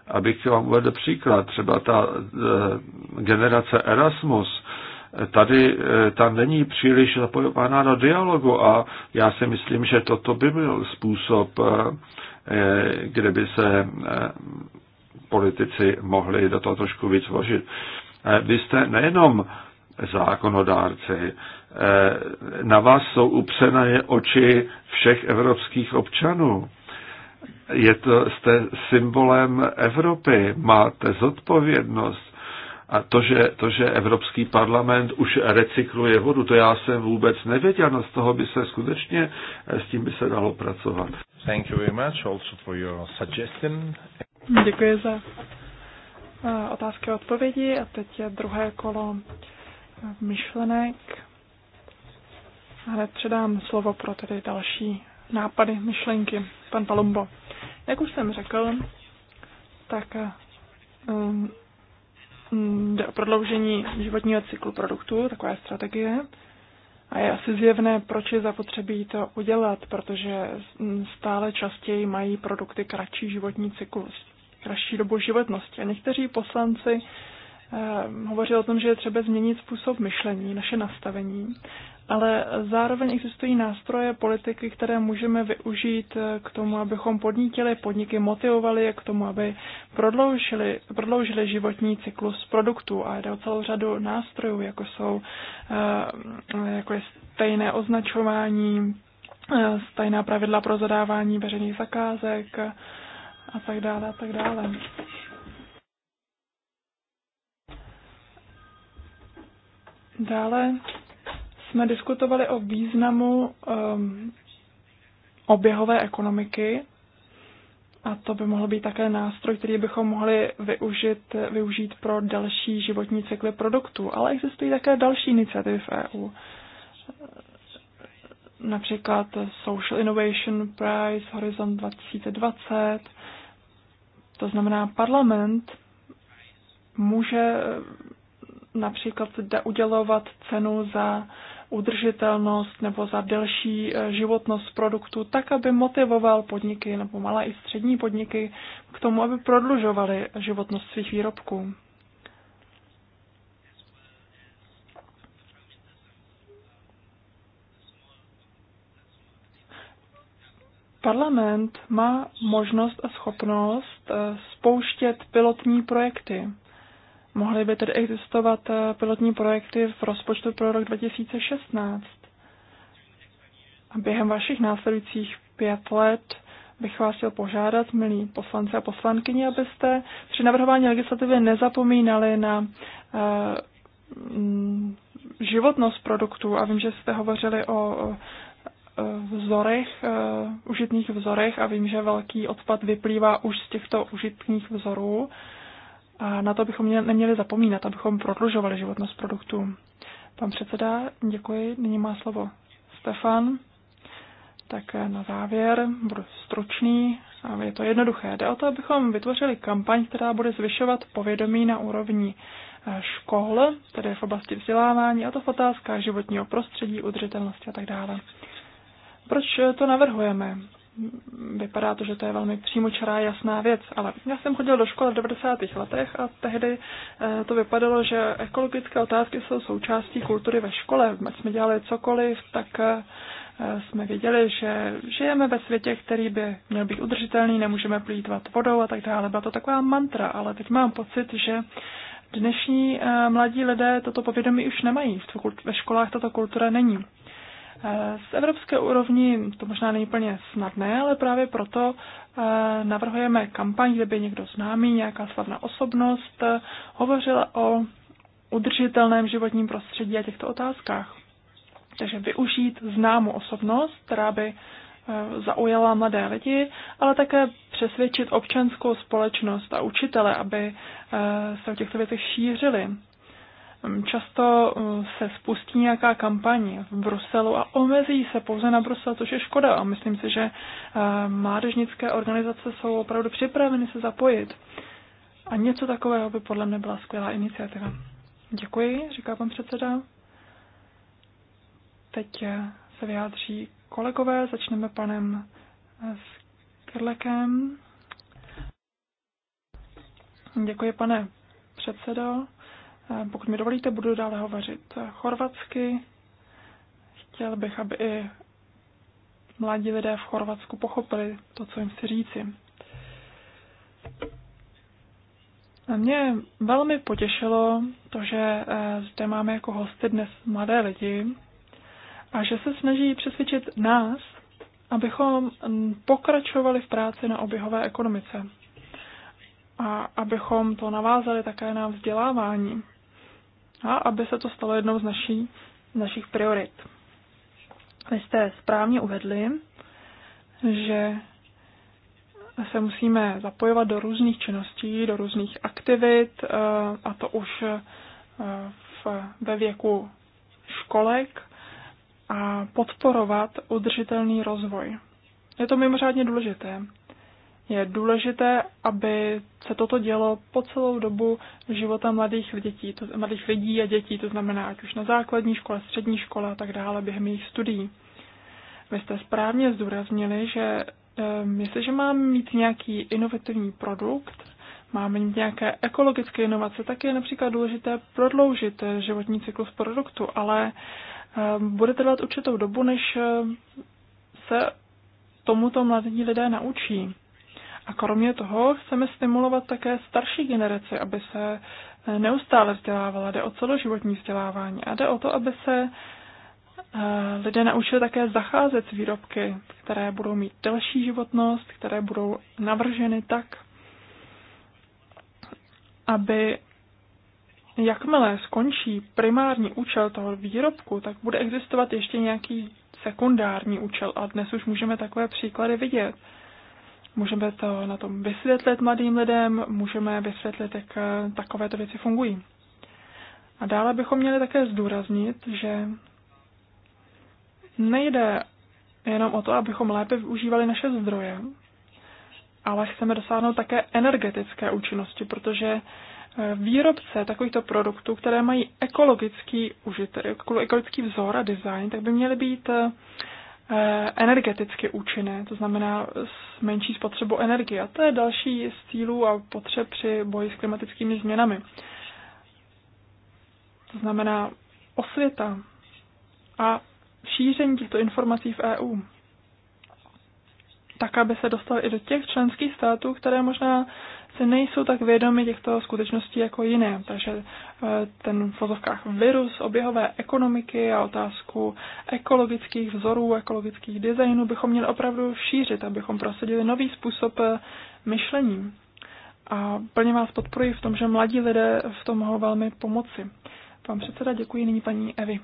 Abych vám uvedl příklad, třeba ta eh, generace Erasmus, tady eh, ta není příliš zapojována do dialogu a já si myslím, že toto by byl způsob, eh, kde by se eh, politici mohli do toho trošku víc vložit. Vy jste nejenom zákonodárci, na vás jsou upřené oči všech evropských občanů. Je to, jste symbolem Evropy, máte zodpovědnost, a to že, to, že Evropský parlament už recykluje vodu, to já jsem vůbec nevěděl, no z toho by se skutečně, eh, s tím by se dalo pracovat. Thank you very much also for your suggestion. Děkuji za eh, otázky a odpovědi a teď je druhé kolo eh, myšlenek. Hned předám slovo pro tedy další nápady, myšlenky. Pan Palumbo, jak už jsem řekl, tak um, Mm, jde o prodloužení životního cyklu produktu, taková je strategie. A je asi zjevné, proč je zapotřebí to udělat, protože stále častěji mají produkty kratší životní cyklus, kratší dobu životnosti. A někteří poslanci eh, hovořili o tom, že je třeba změnit způsob myšlení, naše nastavení ale zároveň existují nástroje politiky, které můžeme využít eh, k tomu, abychom podnítili podniky, motivovali je k tomu, aby prodloužili, prodloužili životní cyklus produktů. A jde o celou řadu nástrojů, jako jsou eh, jako je stejné označování, eh, stejná pravidla pro zadávání veřejných zakázek a tak dále a tak dále. Dále jsme diskutovali o významu um, oběhové ekonomiky a to by mohl být také nástroj, který bychom mohli využít, využít pro další životní cykly produktů. Ale existují také další iniciativy v EU. Například Social Innovation Prize, Horizon 2020. To znamená, parlament může eh, například udělovat cenu za udržitelnost nebo za delší eh, životnost produktu, tak aby motivoval podniky nebo malé i střední podniky k tomu, aby prodlužovali životnost svých výrobků. Parlament má možnost a schopnost eh, spouštět pilotní projekty Mohly by tedy existovat eh, pilotní projekty v rozpočtu pro rok 2016. A během vašich následujících pět let bych vás chtěl požádat, milí poslanci a poslankyni, abyste při navrhování legislativy nezapomínali na eh, životnost produktů. A vím, že jste hovořili o vzorech, eh, užitných vzorech a vím, že velký odpad vyplývá už z těchto užitných vzorů. A na to bychom neměli zapomínat, abychom prodlužovali životnost produktů. Pan předseda, děkuji. Nyní má slovo Stefan. Tak na závěr budu stručný je to jednoduché. Jde o to, abychom vytvořili kampaň, která bude zvyšovat povědomí na úrovni eh, škol, tedy v oblasti vzdělávání, a to v otázkách životního prostředí, udržitelnosti a tak dále. Proč to navrhujeme? vypadá to, že to je velmi přímočará jasná věc, ale já jsem chodil do školy v 90. letech a tehdy eh, to vypadalo, že ekologické otázky jsou součástí kultury ve škole. Ať jsme dělali cokoliv, tak eh, jsme věděli, že žijeme ve světě, který by měl být udržitelný, nemůžeme plítvat vodou a tak dále. Byla to taková mantra, ale teď mám pocit, že dnešní eh, mladí lidé toto povědomí už nemají. Ve školách tato kultura není. Z evropské úrovni to možná není úplně snadné, ale právě proto eh, navrhujeme kampaň, kde by někdo známý, nějaká slavná osobnost, eh, hovořila o udržitelném životním prostředí a těchto otázkách. Takže využít známou osobnost, která by eh, zaujala mladé lidi, ale také přesvědčit občanskou společnost a učitele, aby se o těchto věcech šířili. Hm, často hm, se spustí nějaká kampaň v Bruselu a omezí se pouze na Brusel, což je škoda. A myslím si, že eh, mládežnické organizace jsou opravdu připraveny se zapojit. A něco takového by podle mě byla skvělá iniciativa. Děkuji, říká pan předseda. Teď eh, se vyjádří kolegové. Začneme panem eh, Skrlekem. Děkuji, pane předsedo. Eh, pokud mi dovolíte, budu dále hovořit chorvatsky. Chtěl bych, aby i mladí lidé v Chorvatsku pochopili to, co jim chci říci. Mě velmi potěšilo to, že eh, zde máme jako hosty dnes mladé lidi a že se snaží přesvědčit nás, abychom pokračovali v práci na oběhové ekonomice a abychom to navázali také na vzdělávání a aby se to stalo jednou z, naší, z našich priorit. Vy jste správně uvedli, že se musíme zapojovat do různých činností, do různých aktivit, eh, a to už eh, v, ve věku školek a podporovat udržitelný rozvoj. Je to mimořádně důležité. Je důležité, aby se toto dělo po celou dobu života mladých, dětí, to, mladých lidí a dětí, to znamená ať už na základní škole, střední škole a tak dále během jejich studií. Vy jste správně zdůraznili, že um, jestliže mám mít nějaký inovativní produkt, máme mít nějaké ekologické inovace, tak je například důležité prodloužit eh, životní cyklus produktu, ale um, bude trvat určitou dobu, než um, se tomuto mladí lidé naučí. A kromě toho chceme stimulovat také starší generaci, aby se eh, neustále vzdělávala. Jde o celoživotní vzdělávání a jde o to, aby se eh, lidé naučili také zacházet s výrobky, které budou mít delší životnost, které budou navrženy tak, aby jakmile skončí primární účel toho výrobku, tak bude existovat ještě nějaký sekundární účel a dnes už můžeme takové příklady vidět. Můžeme to na tom vysvětlit mladým lidem, můžeme vysvětlit, jak eh, takovéto věci fungují. A dále bychom měli také zdůraznit, že nejde jenom o to, abychom lépe využívali naše zdroje, ale chceme dosáhnout také energetické účinnosti, protože eh, výrobce takovýchto produktů, které mají ekologický užitek, ekologický vzor a design, tak by měly být eh, Eh, energeticky účinné, to znamená s menší spotřebou energie. A to je další z cílů a potřeb při boji s klimatickými změnami. To znamená osvěta a šíření těchto informací v EU. Tak, aby se dostal i do těch členských států, které možná si nejsou tak vědomi těchto skutečností jako jiné. Takže eh, ten v vozovkách virus oběhové ekonomiky a otázku ekologických vzorů, ekologických designů bychom měli opravdu šířit, abychom prosadili nový způsob eh, myšlení. A plně vás podporuji v tom, že mladí lidé v tom mohou velmi pomoci. Pan předseda, děkuji nyní paní Evi.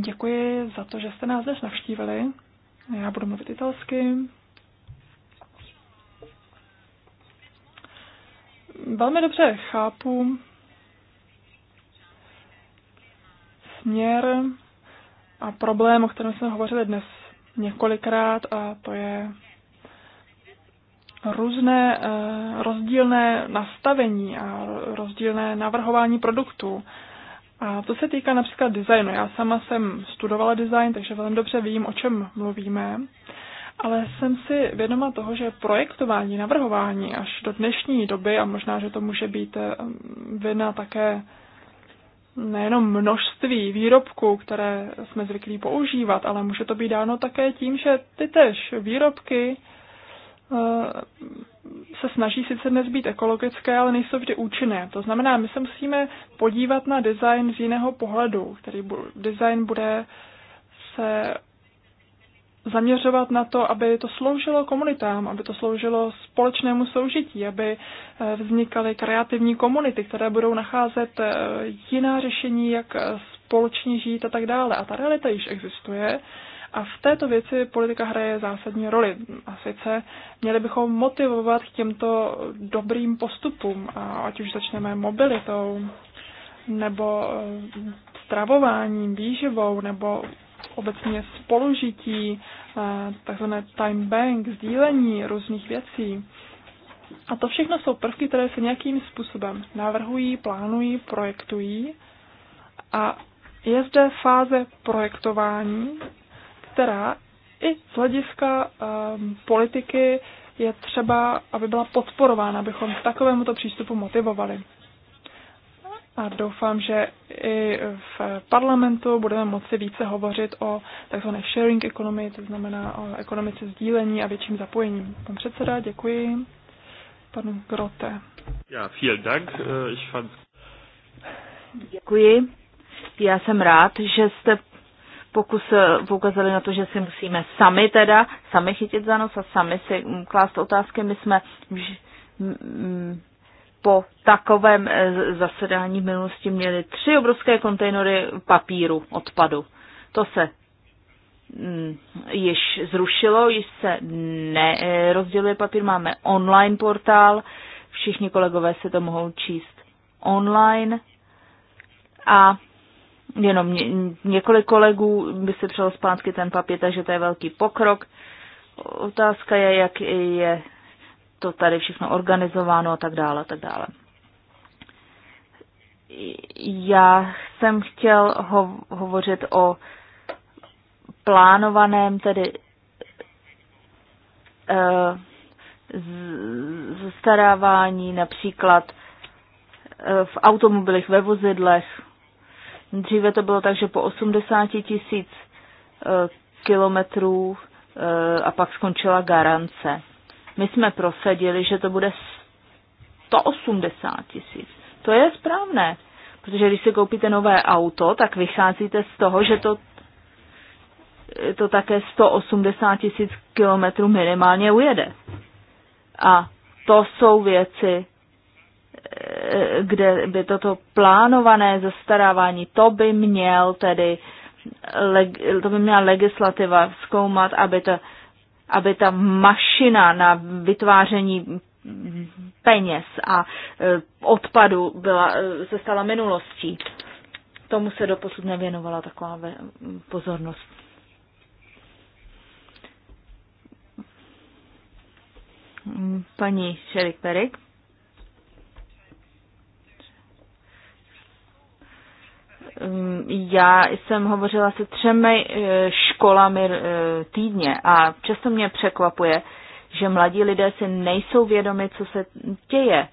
Děkuji za to, že jste nás dnes navštívili. Já budu mluvit italsky. velmi dobře chápu směr a problém, o kterém jsme hovořili dnes několikrát, a to je různé eh, rozdílné nastavení a rozdílné navrhování produktů. A to se týká například designu. Já sama jsem studovala design, takže velmi dobře vím, o čem mluvíme ale jsem si vědoma toho, že projektování, navrhování až do dnešní doby, a možná, že to může být ehm, vina také nejenom množství výrobků, které jsme zvyklí používat, ale může to být dáno také tím, že ty tež výrobky ehm, se snaží sice dnes být ekologické, ale nejsou vždy účinné. To znamená, my se musíme podívat na design z jiného pohledu, který design bude se zaměřovat na to, aby to sloužilo komunitám, aby to sloužilo společnému soužití, aby eh, vznikaly kreativní komunity, které budou nacházet eh, jiná řešení, jak eh, společně žít a tak dále. A ta realita již existuje. A v této věci politika hraje zásadní roli. A sice měli bychom motivovat k těmto dobrým postupům, a ať už začneme mobilitou, nebo stravováním, výživou, nebo obecně spolužití, eh, takzvané time bank, sdílení různých věcí. A to všechno jsou prvky, které se nějakým způsobem navrhují, plánují, projektují. A je zde fáze projektování, která i z hlediska um, politiky je třeba, aby byla podporována, abychom k takovémuto přístupu motivovali a doufám, že i v parlamentu budeme moci více hovořit o tzv. sharing economy, to znamená o ekonomice sdílení a větším zapojením. Pan předseda, děkuji. Pan Grote. Já, vielen Dank. Äh, ich fand... Děkuji. Já jsem rád, že jste pokus poukazali na to, že si musíme sami teda, sami chytit za nos a sami si klást otázky. My jsme po takovém eh, zasedání v minulosti měli tři obrovské kontejnery papíru, odpadu. To se mm, již zrušilo, již se nerozděluje eh, papír, máme online portál, všichni kolegové se to mohou číst online a jenom několik kolegů by se přelo zpátky ten papír, takže to je velký pokrok. Otázka je, jak je to tady všechno organizováno a tak dále, a tak dále. Já jsem chtěl ho- hovořit o plánovaném tedy uh, eh, zastarávání například eh, v automobilech, ve vozidlech. Dříve to bylo tak, že po 80 tisíc eh, kilometrů a pak skončila garance. My jsme prosadili, že to bude 180 tisíc. To je správné, protože když si koupíte nové auto, tak vycházíte z toho, že to, to také 180 tisíc kilometrů minimálně ujede. A to jsou věci, e, kde by toto plánované zastarávání, to by měl tedy, to by měla legislativa zkoumat, aby to aby ta mašina na vytváření peněz a e, odpadu byla, e, se stala minulostí. Tomu se doposud nevěnovala taková pozornost. Paní Šerik Perik. Mm, já jsem hovořila se třemi eh, školami eh, týdně a často mě překvapuje, že mladí lidé si nejsou vědomi, co se děje.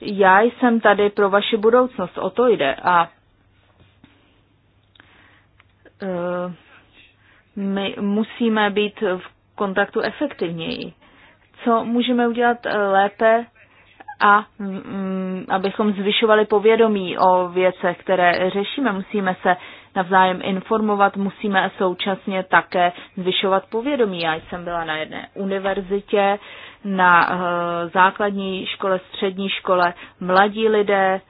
Já jsem tady pro vaši budoucnost, o to jde. A eh, my musíme být v kontaktu efektivněji. Co můžeme udělat lépe a mm, mm, abychom zvyšovali povědomí o věcech, které řešíme. Musíme se navzájem informovat, musíme současně také zvyšovat povědomí. Já jsem byla na jedné univerzitě, na eh, základní škole, střední škole, mladí lidé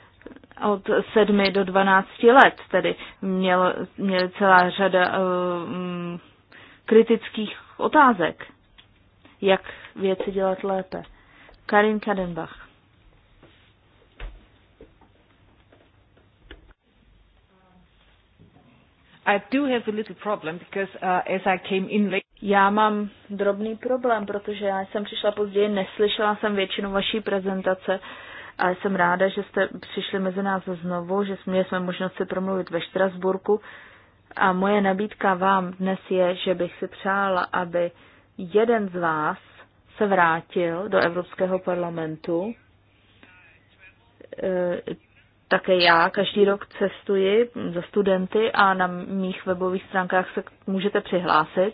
od 7 do 12 let, tedy měl, měli celá řada eh, mm, kritických otázek, jak věci dělat lépe. Karin Kadenbach. I do have a little problem because uh, as I came in late. Já mám drobný problém, protože já jsem přišla později, neslyšela jsem většinu vaší prezentace a jsem ráda, že jste přišli mezi nás znovu, že jsme, jsme možnost si promluvit ve Štrasburku. A moje nabídka vám dnes je, že bych si přála, aby jeden z vás se vrátil do Evropského parlamentu eh, také já každý rok cestuji za studenty a na mých webových stránkách se můžete přihlásit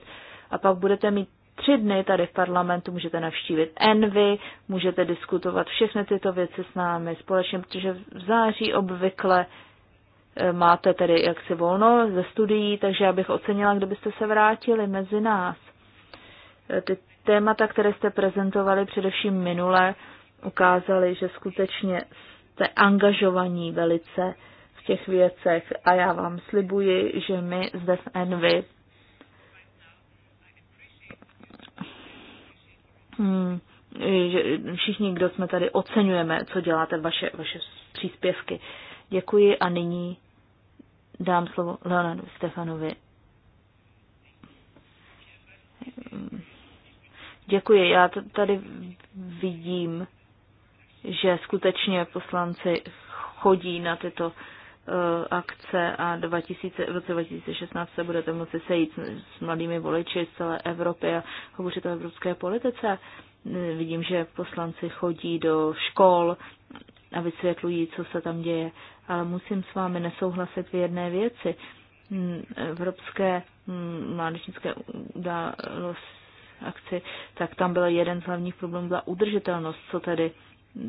a pak budete mít tři dny tady v parlamentu, můžete navštívit Envy, můžete diskutovat všechny tyto věci s námi společně, protože v září obvykle eh, máte tedy jaksi volno ze studií, takže já bych ocenila, kdybyste se vrátili mezi nás. Eh, ty témata, které jste prezentovali především minule, ukázaly, že skutečně jste angažovaní velice v těch věcech a já vám slibuji, že my zde v Envy hmm, že všichni, kdo jsme tady, oceňujeme, co děláte, vaše, vaše příspěvky. Děkuji a nyní dám slovo Leonardu Stefanovi. Hmm, děkuji. Já tady vidím že skutečně poslanci chodí na tyto uh, akce a 2000, v roce 2016 se budete moci sejít s mladými voliči z celé Evropy a hovořit o evropské politice. Vidím, že poslanci chodí do škol a vysvětlují, co se tam děje, ale musím s vámi nesouhlasit v jedné věci. Hmm, evropské hmm, mládežnické akci, tak tam byl jeden z hlavních problémů byla udržitelnost, co tedy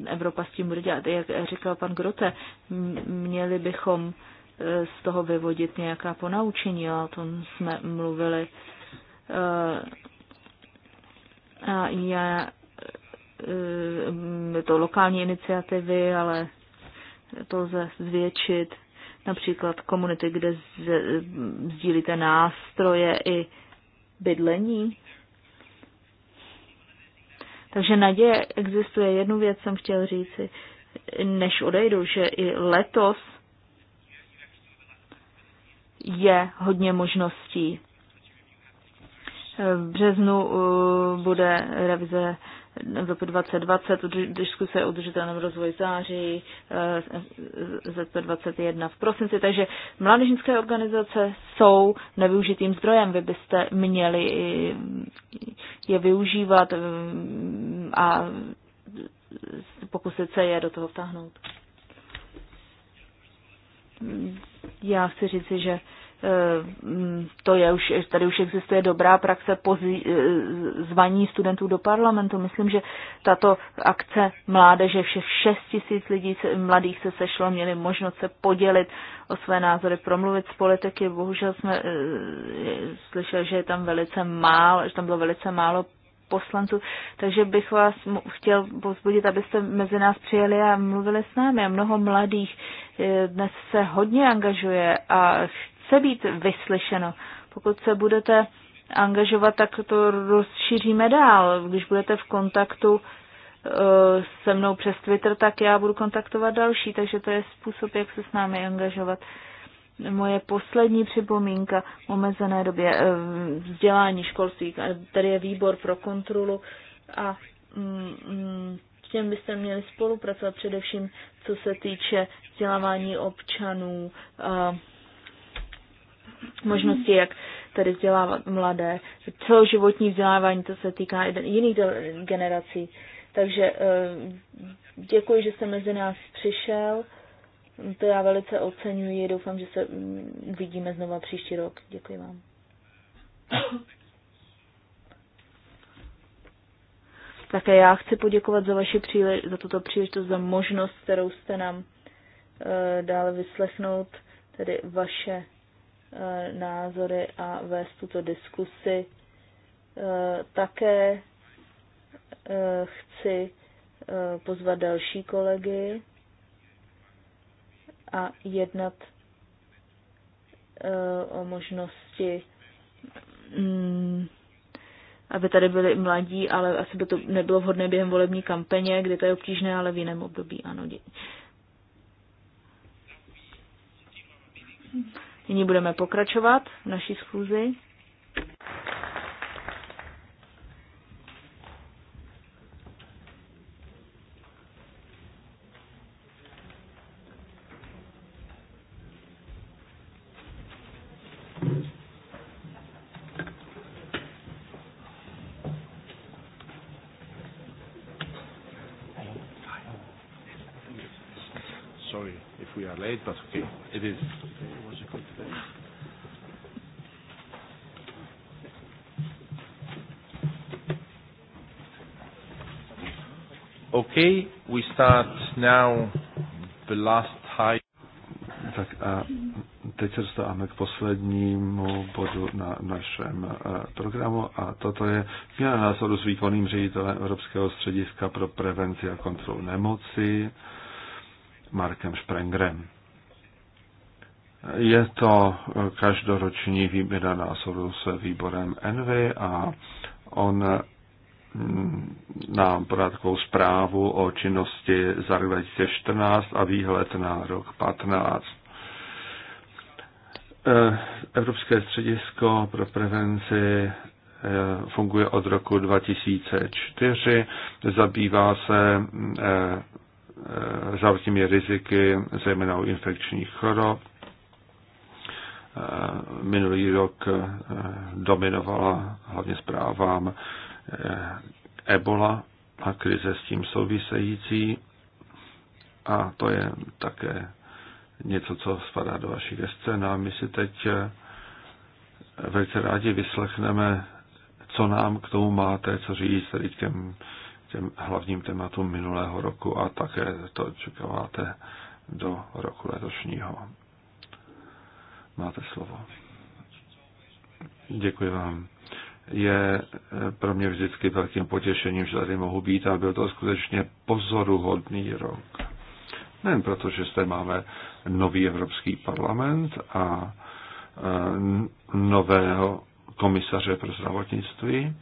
Evropa s tím bude dělat. Jak říkal pan Grote, měli bychom e, z toho vyvodit nějaká ponaučení, o tom jsme mluvili. E, a já, e, to lokální iniciativy, ale to lze zvětšit. Například komunity, kde sdílíte nástroje i bydlení, takže naděje existuje. Jednu věc jsem chtěl říci, než odejdu, že i letos je hodně možností. V březnu uh, bude revize roce 2020, diskuse o udržitelném rozvoji září, eh, ZP21 v prosinci. Takže mládežnické organizace jsou nevyužitým zdrojem. Vy byste měli eh, je využívat mm, a pokusit se je do toho vtáhnout. Já chci říci, že Eh, to je už, tady už existuje dobrá praxe pozí, eh, zvaní studentů do parlamentu. Myslím, že tato akce mládeže, všech 6 tisíc lidí se, mladých se sešlo, měli možnost se podělit o své názory, promluvit z politiky. Bohužel jsme e, slyšeli, že je tam velice málo, že tam bylo velice málo poslanců, takže bych vás chtěl pozbudit, abyste mezi nás přijeli a mluvili s námi. A mnoho mladých dnes se hodně angažuje a chce být vyslyšeno. Pokud se budete angažovat, tak to rozšíříme dál. Když budete v kontaktu uh, se mnou přes Twitter, tak já budu kontaktovat další, takže to je způsob, jak se s námi angažovat. Moje poslední připomínka v omezené době eh, vzdělání školství, tady je výbor pro kontrolu a mm, mm, s těm byste měli spolupracovat především, co se týče vzdělávání občanů, eh, možnosti, jak tady vzdělávat mladé. Celoživotní vzdělávání, to se týká jiných generací. Takže eh, děkuji, že jste mezi nás přišel. To já velice oceňuji. Doufám, že se mm, vidíme znova příští rok. Děkuji vám. Také já chci poděkovat za, vaši příle, za tuto příležitost, za možnost, kterou jste nám e, eh, dále vyslechnout, tedy vaše Eh, názory a vést tuto diskusi. Eh, také eh, chci pozvat další kolegy a jednat o možnosti, mm, aby tady byli mladí, ale asi by to nebylo vhodné během volební kampaně, kdy to je obtížné, ale v jiném období ano. Děkuji. Nyní budeme pokračovat v naší schůzi. Sorry if we are late, but Okay, we start now the last high. Tak a teď se dostáváme k poslednímu bodu na našem eh, programu a toto je měna názoru s výkonným ředitelem Evropského střediska pro prevenci a kontrolu nemoci Markem Sprengrem. Je to eh, každoroční výměna názoru se výborem NV a on Mm, nám podatkovou takovou zprávu o činnosti za rok 2014 a výhled na rok 2015. E, Evropské středisko pro prevenci e, funguje od roku 2004, zabývá se e, závažnými riziky, zejména u infekčních chorob. Minulý rok dominovala hlavně zprávám Eh, ebola a krize s tím související a to je také něco, co spadá do vaší gestce. No a my si teď eh, velice rádi vyslechneme, co nám k tomu máte, co říct tedy k těm, těm hlavním tématům minulého roku a také to očekáváte do roku letošního. Máte slovo. Děkuji vám je eh, pro mě vždycky velkým potěšením, že tady mohu být a byl to skutečně pozoruhodný rok. Nejen proto, že zde máme nový Evropský parlament a eh, nového komisaře pro zdravotnictví,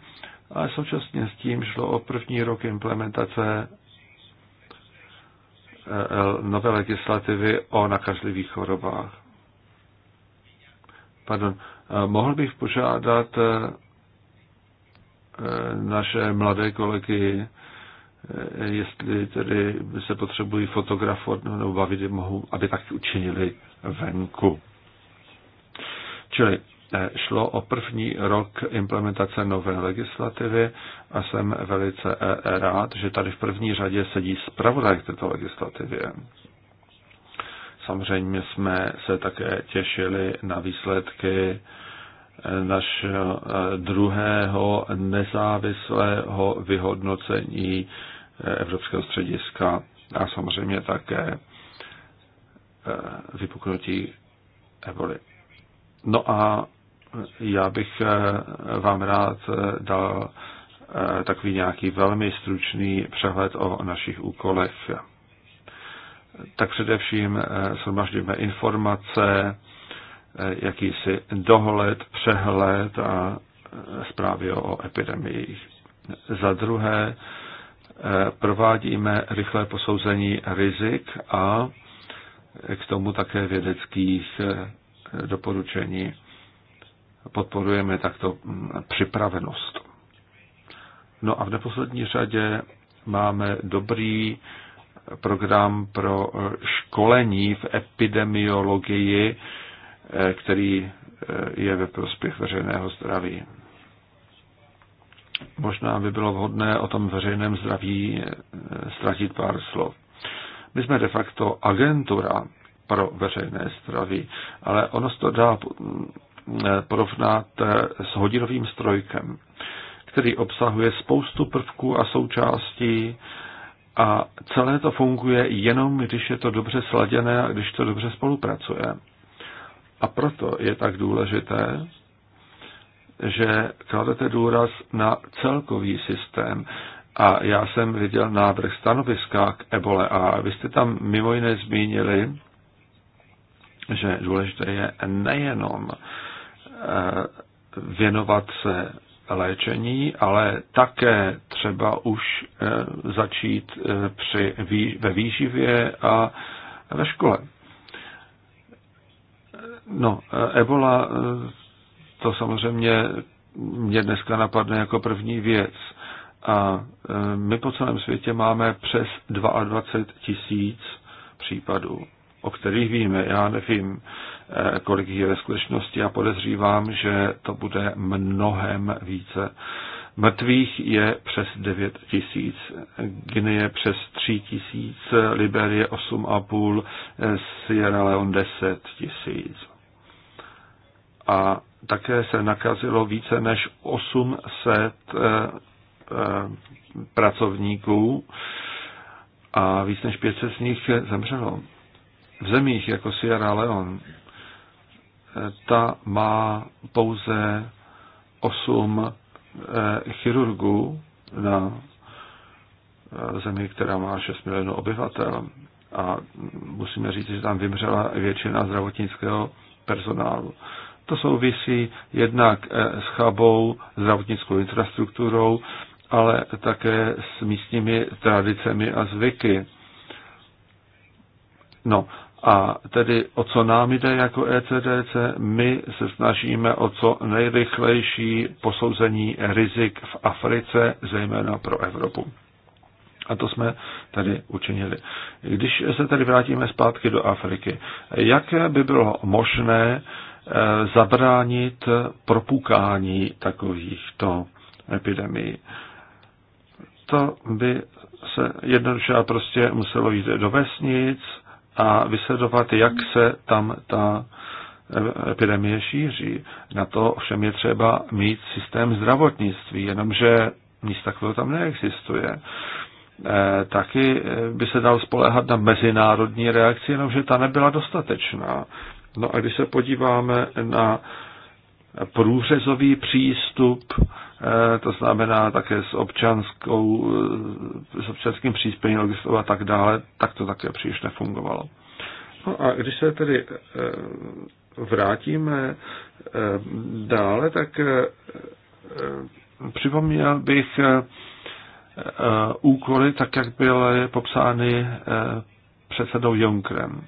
ale současně s tím šlo o první rok implementace eh, nové legislativy o nakažlivých chorobách. Pardon, mohl bych požádat naše mladé kolegy, eh, jestli tedy se potřebují fotografovat no, nebo bavit, mohou, aby tak učinili venku. Čili eh, šlo o první rok implementace nové legislativy a jsem velice eh, rád, že tady v první řadě sedí zpravodaj k této legislativě. Samozřejmě jsme se také těšili na výsledky našeho eh, druhého nezávislého vyhodnocení eh, Evropského střediska a samozřejmě také eh, vypuknutí eboli. No a já bych vám rád dal takový nějaký velmi stručný přehled o našich úkolech. Tak především shromažďujeme informace, Eh, jakýsi dohled, přehled a eh, zprávy o epidemiích. Za druhé, eh, provádíme rychlé posouzení rizik a k tomu také vědeckých doporučení. Podporujeme takto mm, připravenost. No a v neposlední řadě máme dobrý program pro školení v epidemiologii Eh, který eh, je ve prospěch veřejného zdraví. Možná by bylo vhodné o tom veřejném zdraví eh, ztratit pár slov. My jsme de facto agentura pro veřejné zdraví, ale ono se to dá mm, porovnat s hodinovým strojkem, který obsahuje spoustu prvků a součástí a celé to funguje jenom, když je to dobře sladěné a když to dobře spolupracuje. A proto je tak důležité, že kladete důraz na celkový systém. A já jsem viděl návrh stanoviska k ebole a vy jste tam mimo jiné zmínili, že důležité je nejenom eh, věnovat se léčení, ale také třeba už eh, začít eh, při, ve výživě a ve škole. No, eh, Ebola, eh, to samozřejmě mě dneska napadne jako první věc. A eh, my po celém světě máme přes 22 tisíc případů, o kterých víme. Já nevím, kolik je ve skutečnosti a podezřívám, že to bude mnohem více. Mrtvých je přes 9 tisíc, Gnie přes 3 tisíc, Liberie 8,5, Sierra Leone 10 tisíc a také se nakazilo více než 800 eh, eh, pracovníků a víc než 500 z nich zemřelo. V zemích jako Sierra Leone eh, ta má pouze 8 chirurgů na zemi, která má 6 milionů obyvatel. A musíme říct, že tam vymřela většina zdravotnického personálu. To souvisí jednak eh, s chabou, zdravotnickou infrastrukturou, ale také s místními tradicemi a zvyky. No a tedy o co nám jde jako ECDC, my se snažíme o co nejrychlejší posouzení rizik v Africe, zejména pro Evropu. A to jsme tady učinili. Když se tady vrátíme zpátky do Afriky, jak by bylo možné Eh, zabránit propukání takovýchto epidemií. To by se jednoduše a prostě muselo jít do vesnic a vysledovat, jak se tam ta epidemie šíří. Na to všem je třeba mít systém zdravotnictví, jenomže nic takového tam neexistuje. Eh, taky by se dal spolehat na mezinárodní reakci, jenomže ta nebyla dostatečná. No a když se podíváme na průřezový přístup, eh, to znamená také s, občanskou, eh, s občanským příspěním logistou a tak dále, tak to také příliš nefungovalo. No a když se tedy eh, vrátíme dále, tak připomněl bych úkoly, tak jak byly popsány předsedou Junkrem.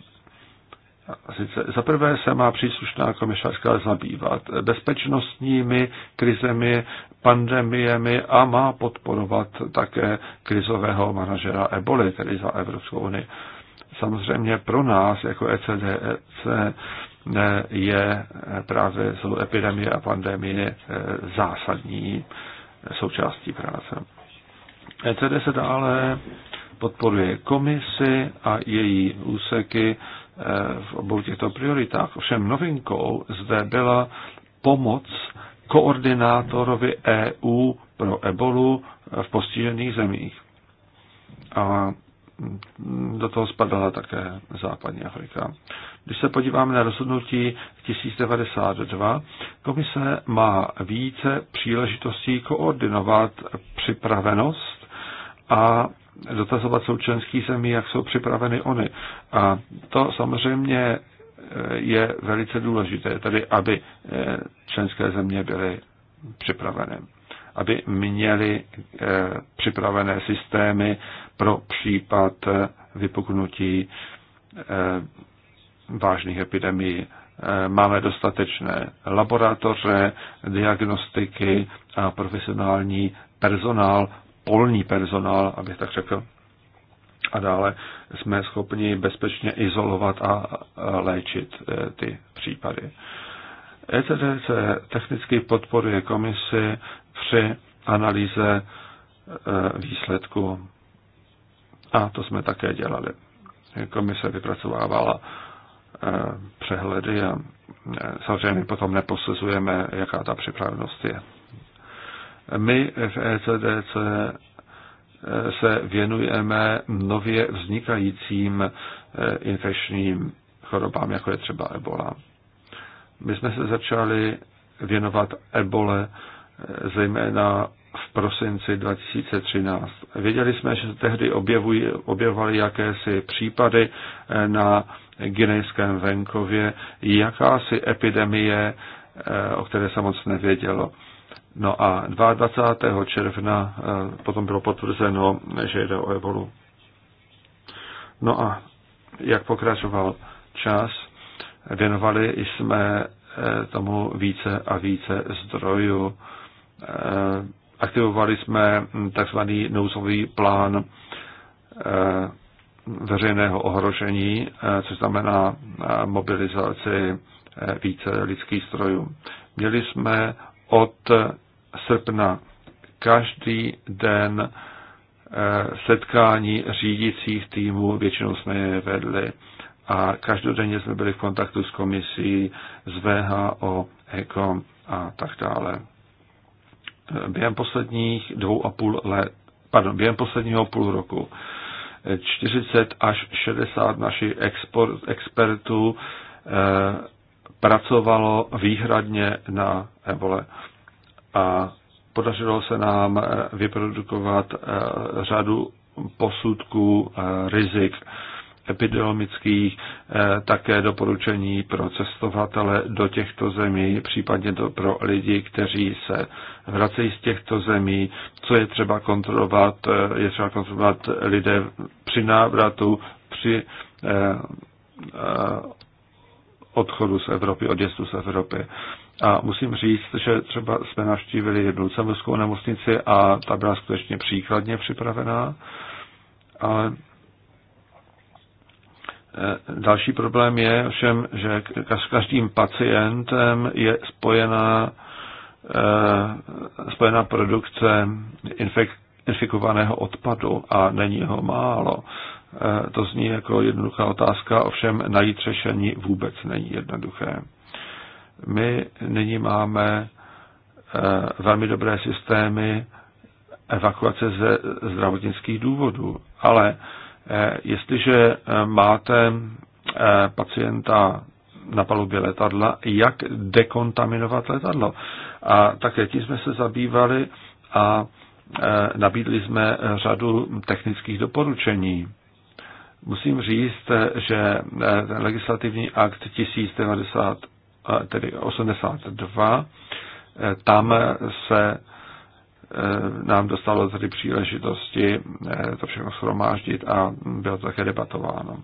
A sice za prvé se má příslušná komisařka zabývat bezpečnostními krizemi, pandemiemi a má podporovat také krizového manažera Eboli, tedy za Evropskou unii. Samozřejmě pro nás jako ECDC e eh, je právě jsou epidemie a pandemie eh, zásadní eh, součástí práce. ECD se dále podporuje komisi a její úseky v obou těchto prioritách. Ovšem novinkou zde byla pomoc koordinátorovi EU pro ebolu v postižených zemích. A do toho spadala také západní Afrika. Když se podíváme na rozhodnutí 1092, komise má více příležitostí koordinovat připravenost a dotazovat součlenských zemí, jak jsou připraveny oni. A to samozřejmě eh, je velice důležité, tedy aby eh, členské země byly připraveny, aby měly eh, připravené systémy pro případ vypuknutí vážných epidemií. Máme dostatečné laboratoře, diagnostiky a profesionální personál polní personál, abych tak řekl. A dále jsme schopni bezpečně izolovat a léčit e, ty případy. ECDC technicky podporuje komisi při analýze e, výsledku a to jsme také dělali. Komise vypracovávala e, přehledy a samozřejmě potom neposuzujeme, jaká ta připravenost je. My v ECDC e, se věnujeme nově vznikajícím e, infekčním chorobám, jako je třeba ebola. My jsme se začali věnovat ebole e, zejména v prosinci 2013. Věděli jsme, že tehdy objevují, objevovali jakési případy na ginejském venkově, jakási epidemie, o které se moc nevědělo. No a 22. června eh, potom bylo potvrzeno, že jde o ebolu. No a jak pokračoval čas, věnovali jsme eh, tomu více a více zdrojů. Eh, aktivovali jsme takzvaný nouzový plán veřejného ohrožení, což znamená mobilizaci více lidských strojů. Měli jsme od srpna každý den eh, setkání řídících týmů, většinou jsme je vedli a každodenně jsme byli v kontaktu s komisí, s VHO, ECOM a tak dále. Během posledních dvou a půl let, pardon, během posledního půl roku 40 až 60 našich expertů eh, pracovalo výhradně na ebole. A podařilo se nám eh, vyprodukovat eh, řadu posudků eh, rizik epidemiologických, také doporučení pro cestovatele do těchto zemí, případně do pro lidi, kteří se vracejí z těchto zemí, co je třeba kontrolovat, je třeba kontrolovat lidé při návratu, při odchodu z Evropy, odjezdu z Evropy. A musím říct, že třeba jsme navštívili jednu lucemburskou nemocnici a ta byla skutečně příkladně připravená. Ale další problém je všem, že s každým pacientem je spojená, e, spojená produkce infekce infikovaného odpadu a není ho málo. Eh, to zní jako jednoduchá otázka, ovšem najít řešení vůbec není jednoduché. My nyní máme eh, velmi dobré systémy evakuace ze zdravotnických důvodů, ale eh, jestliže máte pacienta na palubě letadla, jak dekontaminovat letadlo. A také tím jsme se zabývali a nabídli jsme řadu technických doporučení. Musím říct, že eh, ten legislativní akt 1082, eh, eh, tam se nám dostalo tady příležitosti to všechno shromáždit a bylo to také debatováno.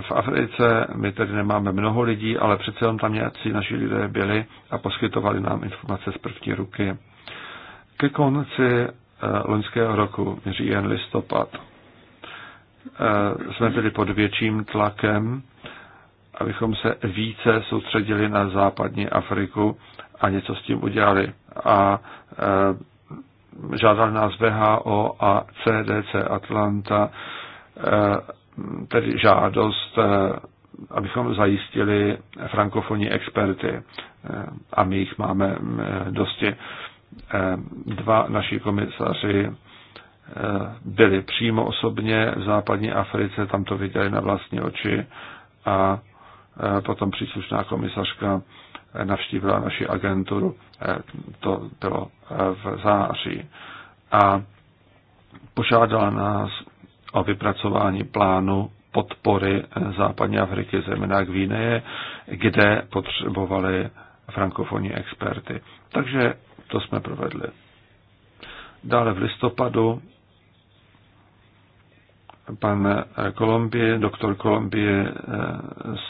V Africe my tedy nemáme mnoho lidí, ale přece jenom tam nějací naši lidé byli a poskytovali nám informace z první ruky. Ke konci Eh, loňského roku, říjen listopad, eh, jsme byli pod větším tlakem, abychom se více soustředili na západní Afriku a něco s tím udělali. A eh, žádal nás VHO a CDC Atlanta, tedy žádost, abychom zajistili frankofonní experty. A my jich máme dosti. Eh, dva naši komisaři eh, byli přímo osobně v západní Africe, tam to viděli na vlastní oči a eh, potom příslušná komisařka navštívila naši agenturu, to bylo v září, a požádala nás o vypracování plánu podpory západní Afriky, zejména Gvíneje, kde potřebovali frankofonní experty. Takže to jsme provedli. Dále v listopadu pan Kolumbie, doktor Kolumbie eh,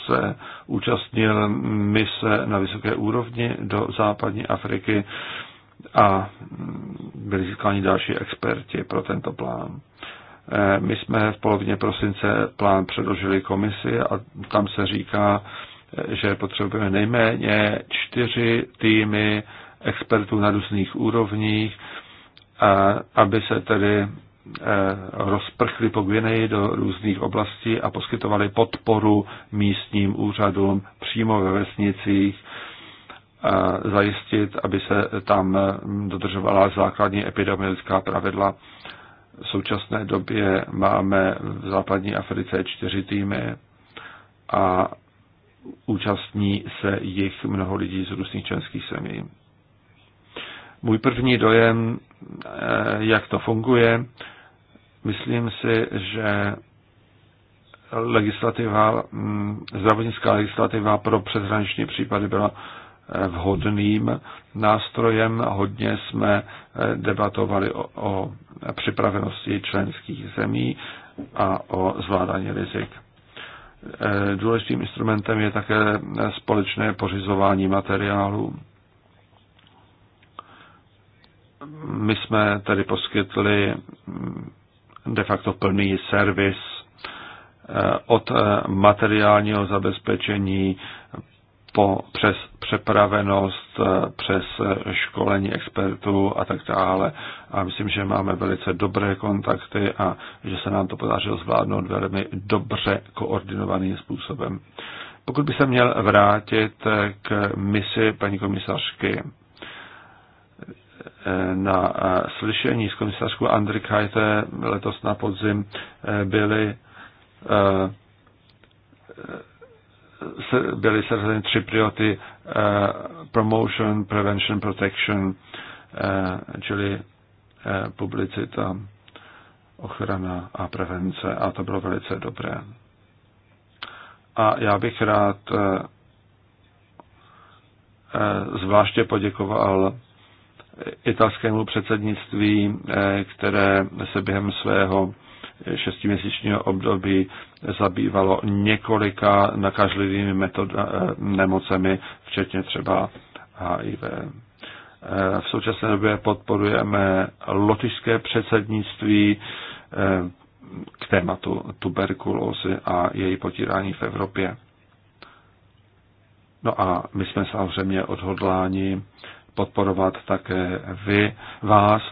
se účastnil mise na vysoké úrovni do západní Afriky a byli získáni další experti pro tento plán. Eh, my jsme v polovině prosince plán předložili komisi a tam se říká, eh, že potřebujeme nejméně čtyři týmy expertů na různých úrovních, aby se tedy eh, rozprchli po Gvineji do různých oblastí a poskytovali podporu místním úřadům přímo ve vesnicích, a zajistit, aby se tam dodržovala základní epidemiologická pravidla. V současné době máme v západní Africe čtyři týmy a účastní se jich mnoho lidí z různých členských zemí. Můj první dojem, eh, jak to funguje, myslím si, že legislativa, mm, zdravotnická legislativa pro přeshraniční případy byla eh, vhodným nástrojem. Hodně jsme eh, debatovali o, o připravenosti členských zemí a o zvládání rizik. Důležitým instrumentem je také společné pořizování materiálu my jsme tady poskytli de facto plný servis eh, od eh, materiálního zabezpečení po, přes přepravenost, eh, přes školení expertů a tak dále. A myslím, že máme velice dobré kontakty a že se nám to podařilo zvládnout velmi dobře koordinovaným způsobem. Pokud by se měl vrátit k misi paní komisařky na eh, slyšení s komisařkou Andrikajte letos na podzim eh, byly eh, byly srazeny tři priority promotion, prevention, protection, čili publicita, ochrana a prevence a to bylo velice dobré. A já bych rád zvláště poděkoval italskému předsednictví, eh, které se během svého šestiměsíčního období zabývalo několika nakažlivými metod, eh, nemocemi, včetně třeba HIV. Eh, v současné době podporujeme lotyšské předsednictví k tématu tuberkulózy a její potírání v Evropě. No a my jsme samozřejmě odhodláni podporovat také vy, vás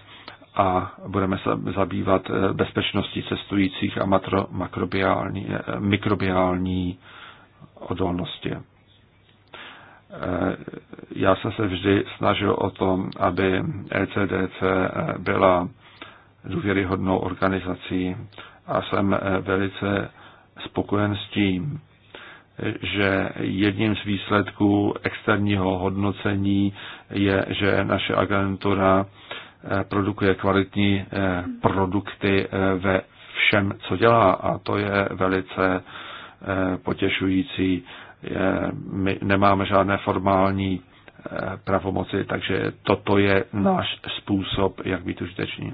a budeme se zabývat eh, bezpečností cestujících a matro, makrobiální, eh, mikrobiální odolnosti. Eh, já jsem se vždy snažil o to, aby ECDC byla důvěryhodnou organizací a jsem velice spokojen s tím, že jedním z výsledků externího hodnocení je, že naše agentura eh, produkuje kvalitní eh, produkty eh, ve všem, co dělá a to je velice potěšující. My nemáme žádné formální pravomoci, takže toto je náš způsob, jak být užiteční.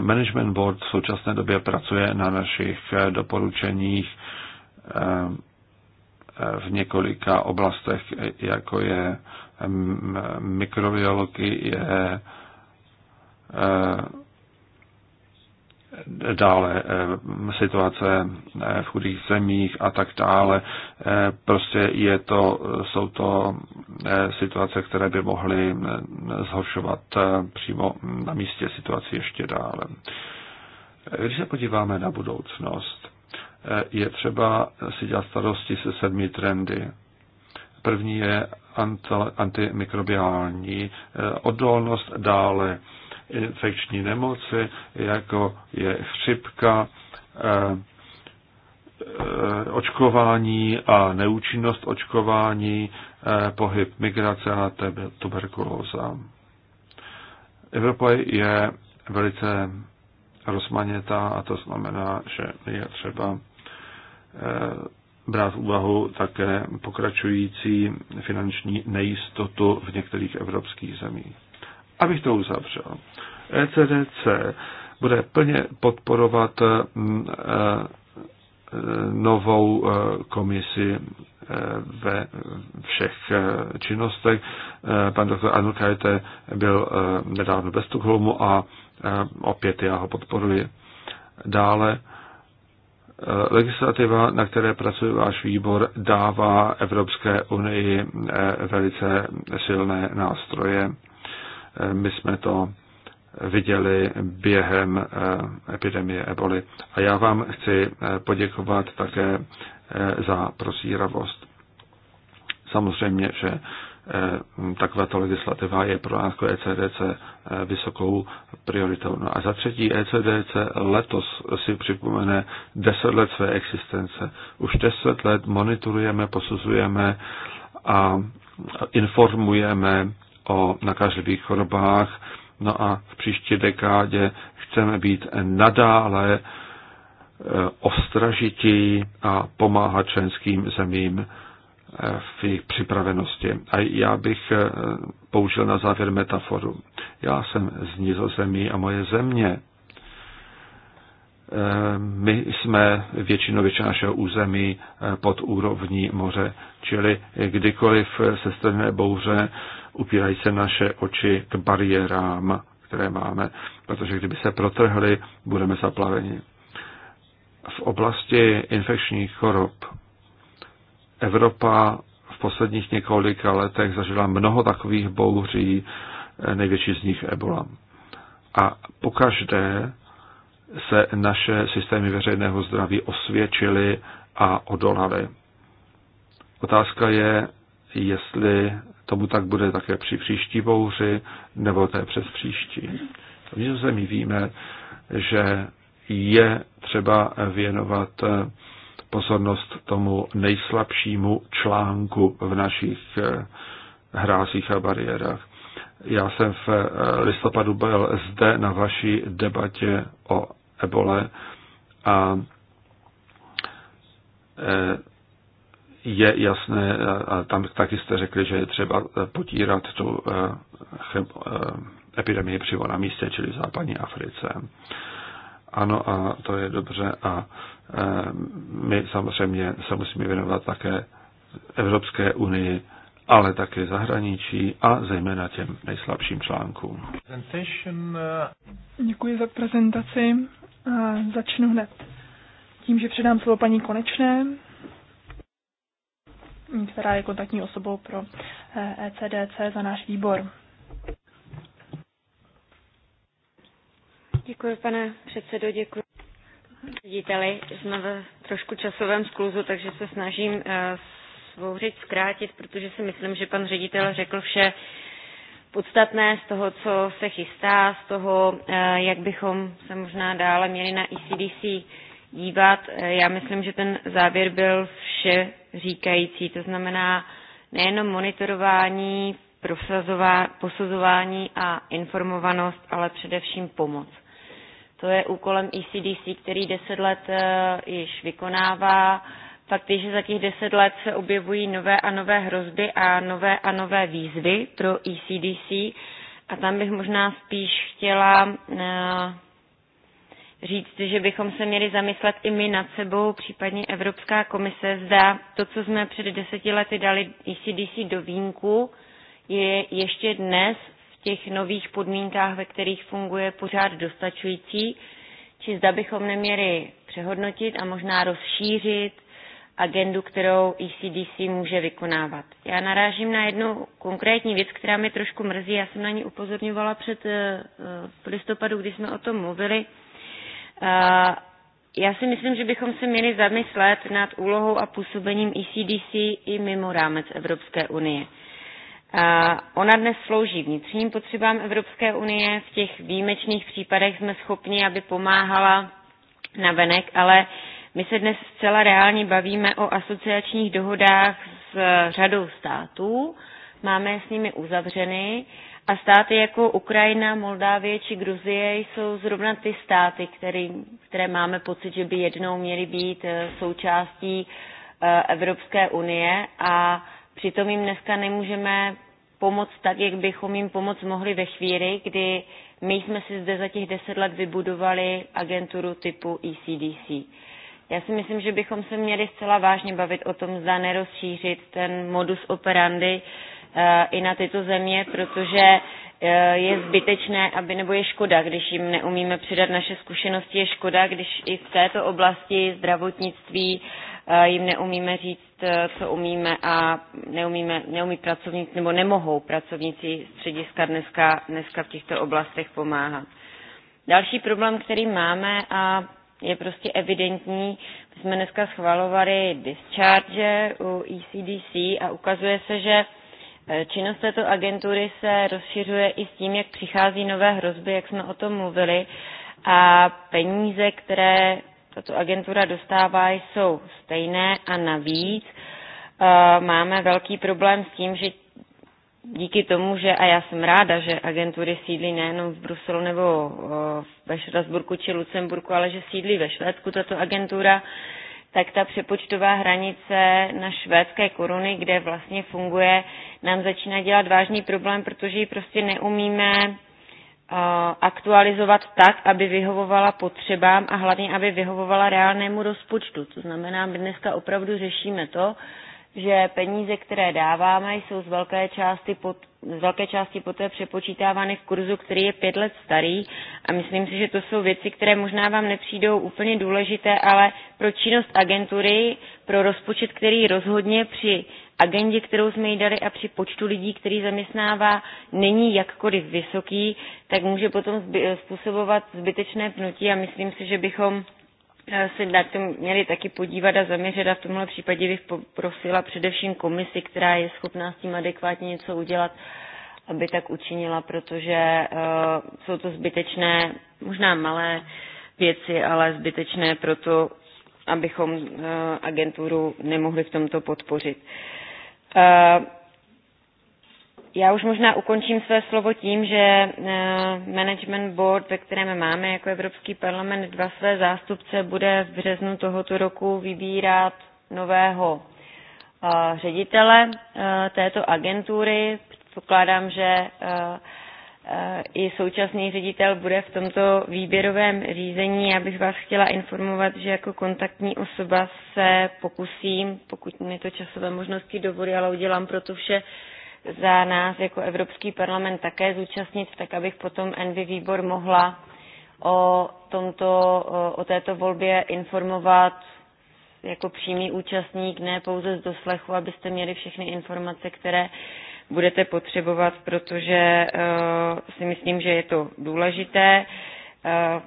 Management Board v současné době pracuje na našich doporučeních Eh, v několika oblastech, jako je mikrobiologie, eh, dále eh, situace v chudých zemích a tak dále. Prostě je to, jsou to situace, které by mohly zhoršovat přímo na místě situaci ještě dále. Když se podíváme na budoucnost, je třeba si dělat starosti se sedmi trendy. První je antimikrobiální eh, odolnost, dále infekční nemoci, jako je chřipka, eh, eh, očkování a neúčinnost očkování, pohyb migrace a tuberkulóza. Evropa je velice rozmanětá a to znamená, že je třeba Eh, brát v úvahu také pokračující finanční nejistotu v některých evropských zemích. Abych to uzavřel. ECDC bude plně podporovat mm, eh, novou eh, komisi ve všech činnostech. Pan doktor Anukajte byl nedávno ve Stockholmu a opět já ho podporuji. Dále Eh, legislativa, na které pracuje váš výbor, dává Evropské unii eh, velice silné nástroje. Eh, my jsme to viděli během epidemie eboli. A já vám chci poděkovat také za prosíravost. Samozřejmě, že Eh, takováto legislativa je pro nás jako ECDC eh, vysokou prioritou. No a za třetí ECDC letos si připomene deset let své existence. Už deset let monitorujeme, posuzujeme a informujeme o nakažlivých chorobách. No a v příští dekádě chceme být nadále eh, ostražití a pomáhat členským zemím v jejich připravenosti. A já bych eh, použil na závěr metaforu. Já jsem z Nizozemí a moje země. Eh, my jsme většinou většina našeho území eh, pod úrovní moře, čili kdykoliv se strhne bouře, upírají se naše oči k bariérám, které máme, protože kdyby se protrhly, budeme zaplaveni. V oblasti infekčních chorob Evropa v posledních několika letech zažila mnoho takových bouří, eh, největší z nich Ebola. A pokaždé se naše systémy veřejného zdraví osvědčily a odolaly. Otázka je, jestli tomu tak bude také při příští bouři nebo té přes příští. V Nizozemí víme, že je třeba věnovat eh, pozornost tomu nejslabšímu článku v našich eh, hrázích a bariérách. Já jsem v eh, listopadu byl zde na vaší debatě o ebole a eh, je jasné, a tam taky jste řekli, že je třeba potírat tu epidemii přímo na místě, čili v západní Africe. Ano, a to je dobře. A Eh, my samozřejmě se musíme věnovat také Evropské unii, ale také zahraničí a zejména těm nejslabším článkům. Eh. Děkuji za prezentaci. A začnu hned tím, že předám slovo paní Konečné, která je kontaktní osobou pro ECDC eh, e za náš výbor. Děkuji, pane předsedo, děkuji Vidíte, jsme ve trošku časovém skluzu, takže se snažím eh, svou řeč zkrátit, protože si myslím, že pan ředitel řekl vše podstatné z toho, co se chystá, z toho, eh, jak bychom se možná dále měli na ECDC dívat. Eh, já myslím, že ten závěr byl vše říkající, to znamená nejenom monitorování, prosazování, posuzování a informovanost, ale především pomoc. To je úkolem ECDC, který deset let eh, již vykonává. Fakt je, že za těch deset let se objevují nové a nové hrozby a nové a nové výzvy pro ECDC. A tam bych možná spíš chtěla eh, říct, že bychom se měli zamyslet i my nad sebou, případně Evropská komise, zda to, co jsme před deseti lety dali ECDC do výjimku, je ještě dnes těch nových podmínkách, ve kterých funguje pořád dostačující, či zda bychom neměli přehodnotit a možná rozšířit agendu, kterou ECDC může vykonávat. Já narážím na jednu konkrétní věc, která mě trošku mrzí. Já jsem na ní upozorňovala před eh, v listopadu, kdy jsme o tom mluvili. Eh, já si myslím, že bychom se měli zamyslet nad úlohou a působením ECDC i mimo rámec Evropské unie. Ona dnes slouží vnitřním potřebám Evropské unie. V těch výjimečných případech jsme schopni, aby pomáhala na venek, ale my se dnes zcela reálně bavíme o asociačních dohodách s řadou států. Máme s nimi uzavřeny a státy jako Ukrajina, Moldávie či Gruzie jsou zrovna ty státy, který, které máme pocit, že by jednou měly být eh, součástí eh, Evropské unie a Přitom jim dneska nemůžeme pomoct tak, jak bychom jim pomoct mohli ve chvíli, kdy my jsme si zde za těch deset let vybudovali agenturu typu ECDC. Já si myslím, že bychom se měli zcela vážně bavit o tom, zda nerozšířit ten modus operandi eh, i na tyto země, protože eh, je zbytečné, aby, nebo je škoda, když jim neumíme přidat naše zkušenosti, je škoda, když i v této oblasti zdravotnictví uh, Eh, jim neumíme říct, eh, co umíme a neumíme, neumí pracovníci nebo nemohou pracovníci střediska dneska, dneska v těchto oblastech pomáhat. Další problém, který máme a je prostě evidentní, my jsme dneska schvalovali discharge u ECDC a ukazuje se, že eh, Činnost této agentury se rozšiřuje i s tím, jak přichází nové hrozby, jak jsme o tom mluvili, a peníze, které tato agentura dostává, jsou stejné a navíc eh, máme velký problém s tím, že díky tomu, že, a já jsem ráda, že agentury sídlí nejenom v Bruselu nebo eh, ve Štrasburku či Lucemburku, ale že sídlí ve Švédsku tato agentura, tak ta přepočtová hranice na švédské koruny, kde vlastně funguje, nám začíná dělat vážný problém, protože ji prostě neumíme Eh, aktualizovat tak, aby vyhovovala potřebám a hlavně, aby vyhovovala reálnému rozpočtu. To znamená, my dneska opravdu řešíme to, že peníze, které dáváme, jsou z velké části, pod, z velké části poté přepočítávány v kurzu, který je pět let starý a myslím si, že to jsou věci, které možná vám nepřijdou úplně důležité, ale pro činnost agentury, pro rozpočet, který rozhodně při agendě, kterou jsme jí dali a při počtu lidí, který zaměstnává, není jakkoliv vysoký, tak může potom eh, způsobovat zbytečné pnutí a myslím si, že bychom eh, se na to měli taky podívat a zaměřit a v tomhle případě bych poprosila především komisi, která je schopná s tím adekvátně něco udělat, aby tak učinila, protože uh, jsou to zbytečné, možná malé věci, ale zbytečné proto, abychom uh, agenturu nemohli v tomto podpořit. Uh, Eh, já už možná ukončím své slovo tím, že eh, management board, ve kterém máme jako Evropský parlament dva své zástupce, bude v březnu tohoto roku vybírat nového eh, ředitele této agentury. Pokládám, že Eh, i současný ředitel bude v tomto výběrovém řízení. Já bych vás chtěla informovat, že jako kontaktní osoba se pokusím, pokud mi to časové možnosti dovolí, ale udělám pro to vše za nás jako Evropský parlament také zúčastnit, tak abych potom Envy výbor mohla o, tomto, o této volbě informovat jako přímý účastník, ne pouze z doslechu, abyste měli všechny informace, které uh, budete potřebovat, protože eh, si myslím, že je to důležité. Eh,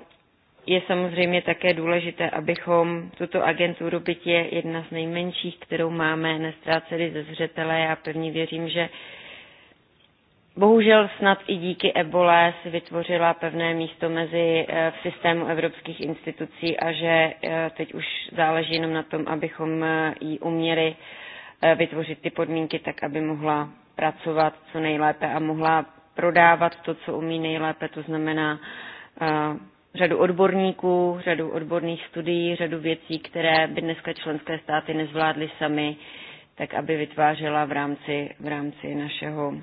je samozřejmě také důležité, abychom tuto agenturu, byť je jedna z nejmenších, kterou máme, nestráceli ze zřetele. Já pevně věřím, že bohužel snad i díky ebole si vytvořila pevné místo mezi eh, v systému evropských institucí a že teď už záleží jenom na tom, abychom jí uměli vytvořit ty podmínky tak, aby mohla pracovat co nejlépe a mohla prodávat to, co umí nejlépe, to znamená eh, řadu odborníků, řadu odborných studií, řadu věcí, které by dneska členské státy nezvládly sami, tak aby vytvářela v rámci, v rámci našeho,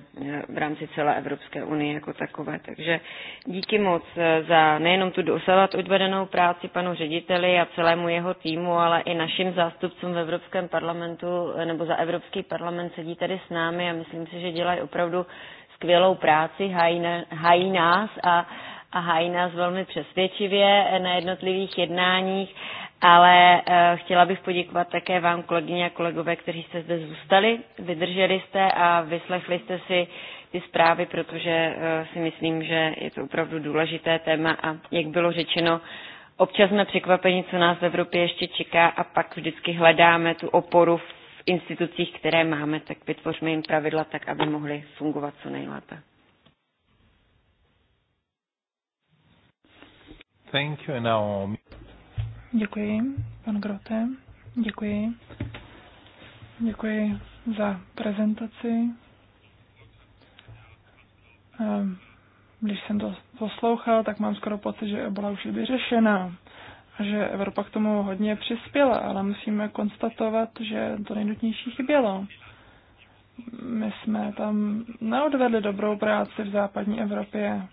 v rámci celé Evropské unie jako takové. Takže díky moc eh, za nejenom tu dosavat odvedenou práci panu řediteli a celému jeho týmu, ale i našim zástupcům v Evropském parlamentu eh, nebo za Evropský parlament sedí tady s námi a myslím si, že dělají opravdu skvělou práci, hájí, na, hají nás a, a hájí nás velmi přesvědčivě na jednotlivých jednáních ale eh, chtěla bych poděkovat také vám, kolegyně a kolegové, kteří jste zde zůstali, vydrželi jste a vyslechli jste si ty zprávy, protože eh, si myslím, že je to opravdu důležité téma a jak bylo řečeno, občas jsme překvapeni, co nás v Evropě ještě čeká a pak vždycky hledáme tu oporu v institucích, které máme, tak vytvořme jim pravidla tak, aby mohly fungovat co nejlépe. Thank you. Now... Děkuji, pan Grote. Děkuji. Děkuji za prezentaci. Ehm, když jsem to poslouchal, tak mám skoro pocit, že byla už vyřešena a že Evropa k tomu hodně přispěla, ale musíme konstatovat, že to nejnutnější chybělo. My jsme tam neodvedli dobrou práci v západní Evropě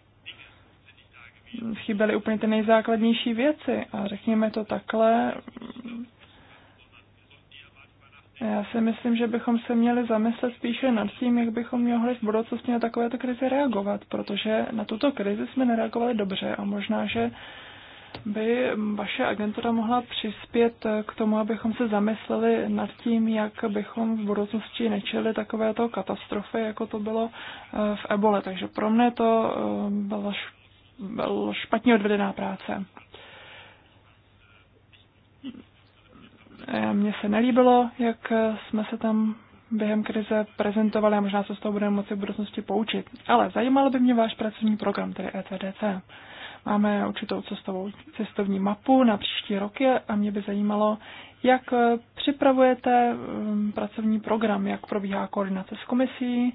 chyběly úplně ty nejzákladnější věci. A řekněme to takhle, já si myslím, že bychom se měli zamyslet spíše nad tím, jak bychom mohli v budoucnosti na takovéto krizi reagovat, protože na tuto krizi jsme nereagovali dobře a možná, že by vaše agentura mohla přispět k tomu, abychom se zamysleli nad tím, jak bychom v budoucnosti nečeli takovéto katastrofy, jako to bylo eh, v ebole. Takže pro mne to eh, byla váš špatně odvedená práce. Eh, mně se nelíbilo, jak jsme se tam během krize prezentovali a možná se z toho budeme moci v budoucnosti poučit. Ale zajímal by mě váš pracovní program, tedy ETDC. Máme určitou cestovou, cestovní mapu na příští roky a mě by zajímalo, jak eh, připravujete eh, pracovní program, jak probíhá koordinace s komisí,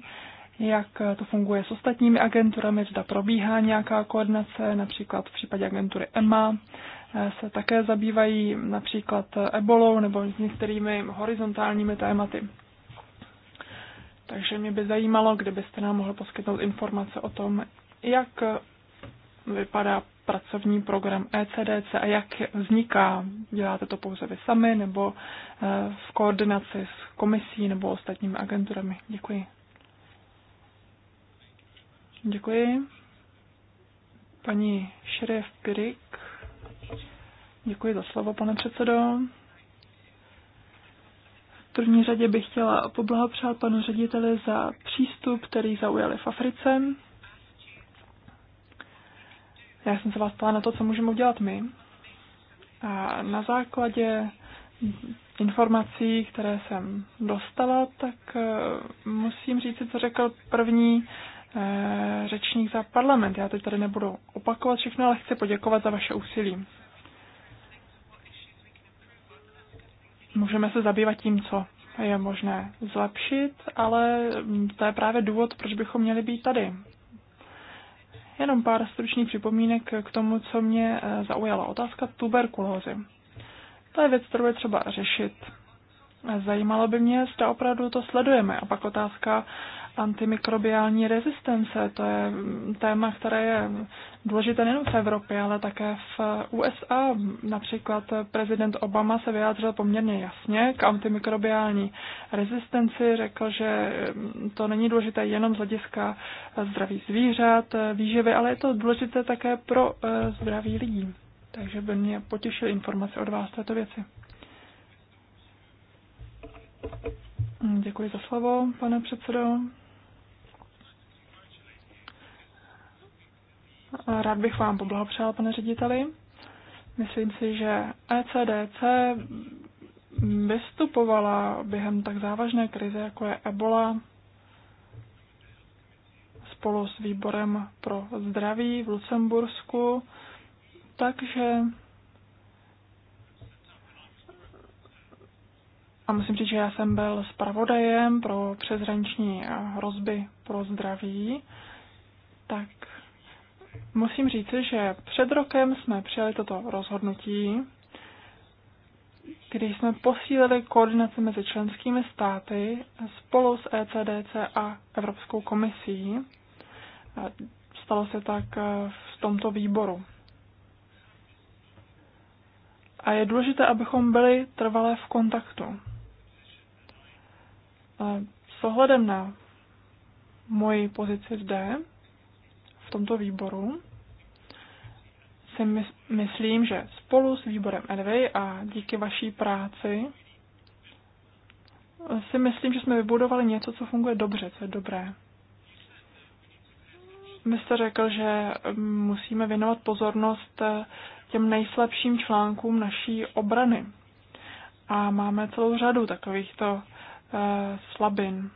jak to funguje s ostatními agenturami, zda probíhá nějaká koordinace, například v případě agentury EMA eh, se také zabývají například ebolou nebo s některými horizontálními tématy. Takže mě by zajímalo, kdybyste nám mohl poskytnout informace o tom, jak vypadá pracovní program ECDC a jak vzniká. Děláte to pouze vy sami nebo eh, v koordinaci s komisí nebo ostatními agenturami? Děkuji. Děkuji. Paní šerif Pirik. Děkuji za slovo, pane předsedo. V první řadě bych chtěla poblahopřát panu řediteli za přístup, který zaujali v Africe. Já jsem se vás ptala na to, co můžeme udělat my. A na základě informací, které jsem dostala, tak eh, musím říct, co řekl první Eh, řečník za parlament. Já teď tady nebudu opakovat všechno, ale chci poděkovat za vaše úsilí. Můžeme se zabývat tím, co je možné zlepšit, ale to je právě důvod, proč bychom měli být tady. Jenom pár stručných připomínek k tomu, co mě eh, zaujala otázka tuberkulózy. To je věc, kterou je třeba řešit. Zajímalo by mě, zda opravdu to sledujeme. A pak otázka antimikrobiální rezistence. To je téma, které je důležité nejen v Evropě, ale také v USA. Například prezident Obama se vyjádřil poměrně jasně k antimikrobiální rezistenci. Řekl, že to není důležité jenom z hlediska zdraví zvířat, výživy, ale je to důležité také pro eh, zdraví lidí. Takže by mě potěšil informace od vás této věci. Děkuji za slovo, pane předsedo. Rád bych vám poblahopřál, pane řediteli. Myslím si, že ECDC vystupovala během tak závažné krize, jako je Ebola, spolu s výborem pro zdraví v Lucembursku, takže A musím říct, že já jsem byl zpravodajem pro přezranční hrozby pro zdraví, tak Musím říci, že před rokem jsme přijali toto rozhodnutí, kdy jsme posílili koordinaci mezi členskými státy spolu s ECDC a Evropskou komisí. Stalo se tak e, v tomto výboru. A je důležité, abychom byli trvalé v kontaktu. E, s ohledem na moji pozici zde, tomto výboru si myslím, že spolu s výborem Edvy a díky vaší práci si myslím, že jsme vybudovali něco, co funguje dobře, co je dobré. Vy jste řekl, že musíme věnovat pozornost eh, těm nejslabším článkům naší obrany. A máme celou řadu takovýchto eh, slabin.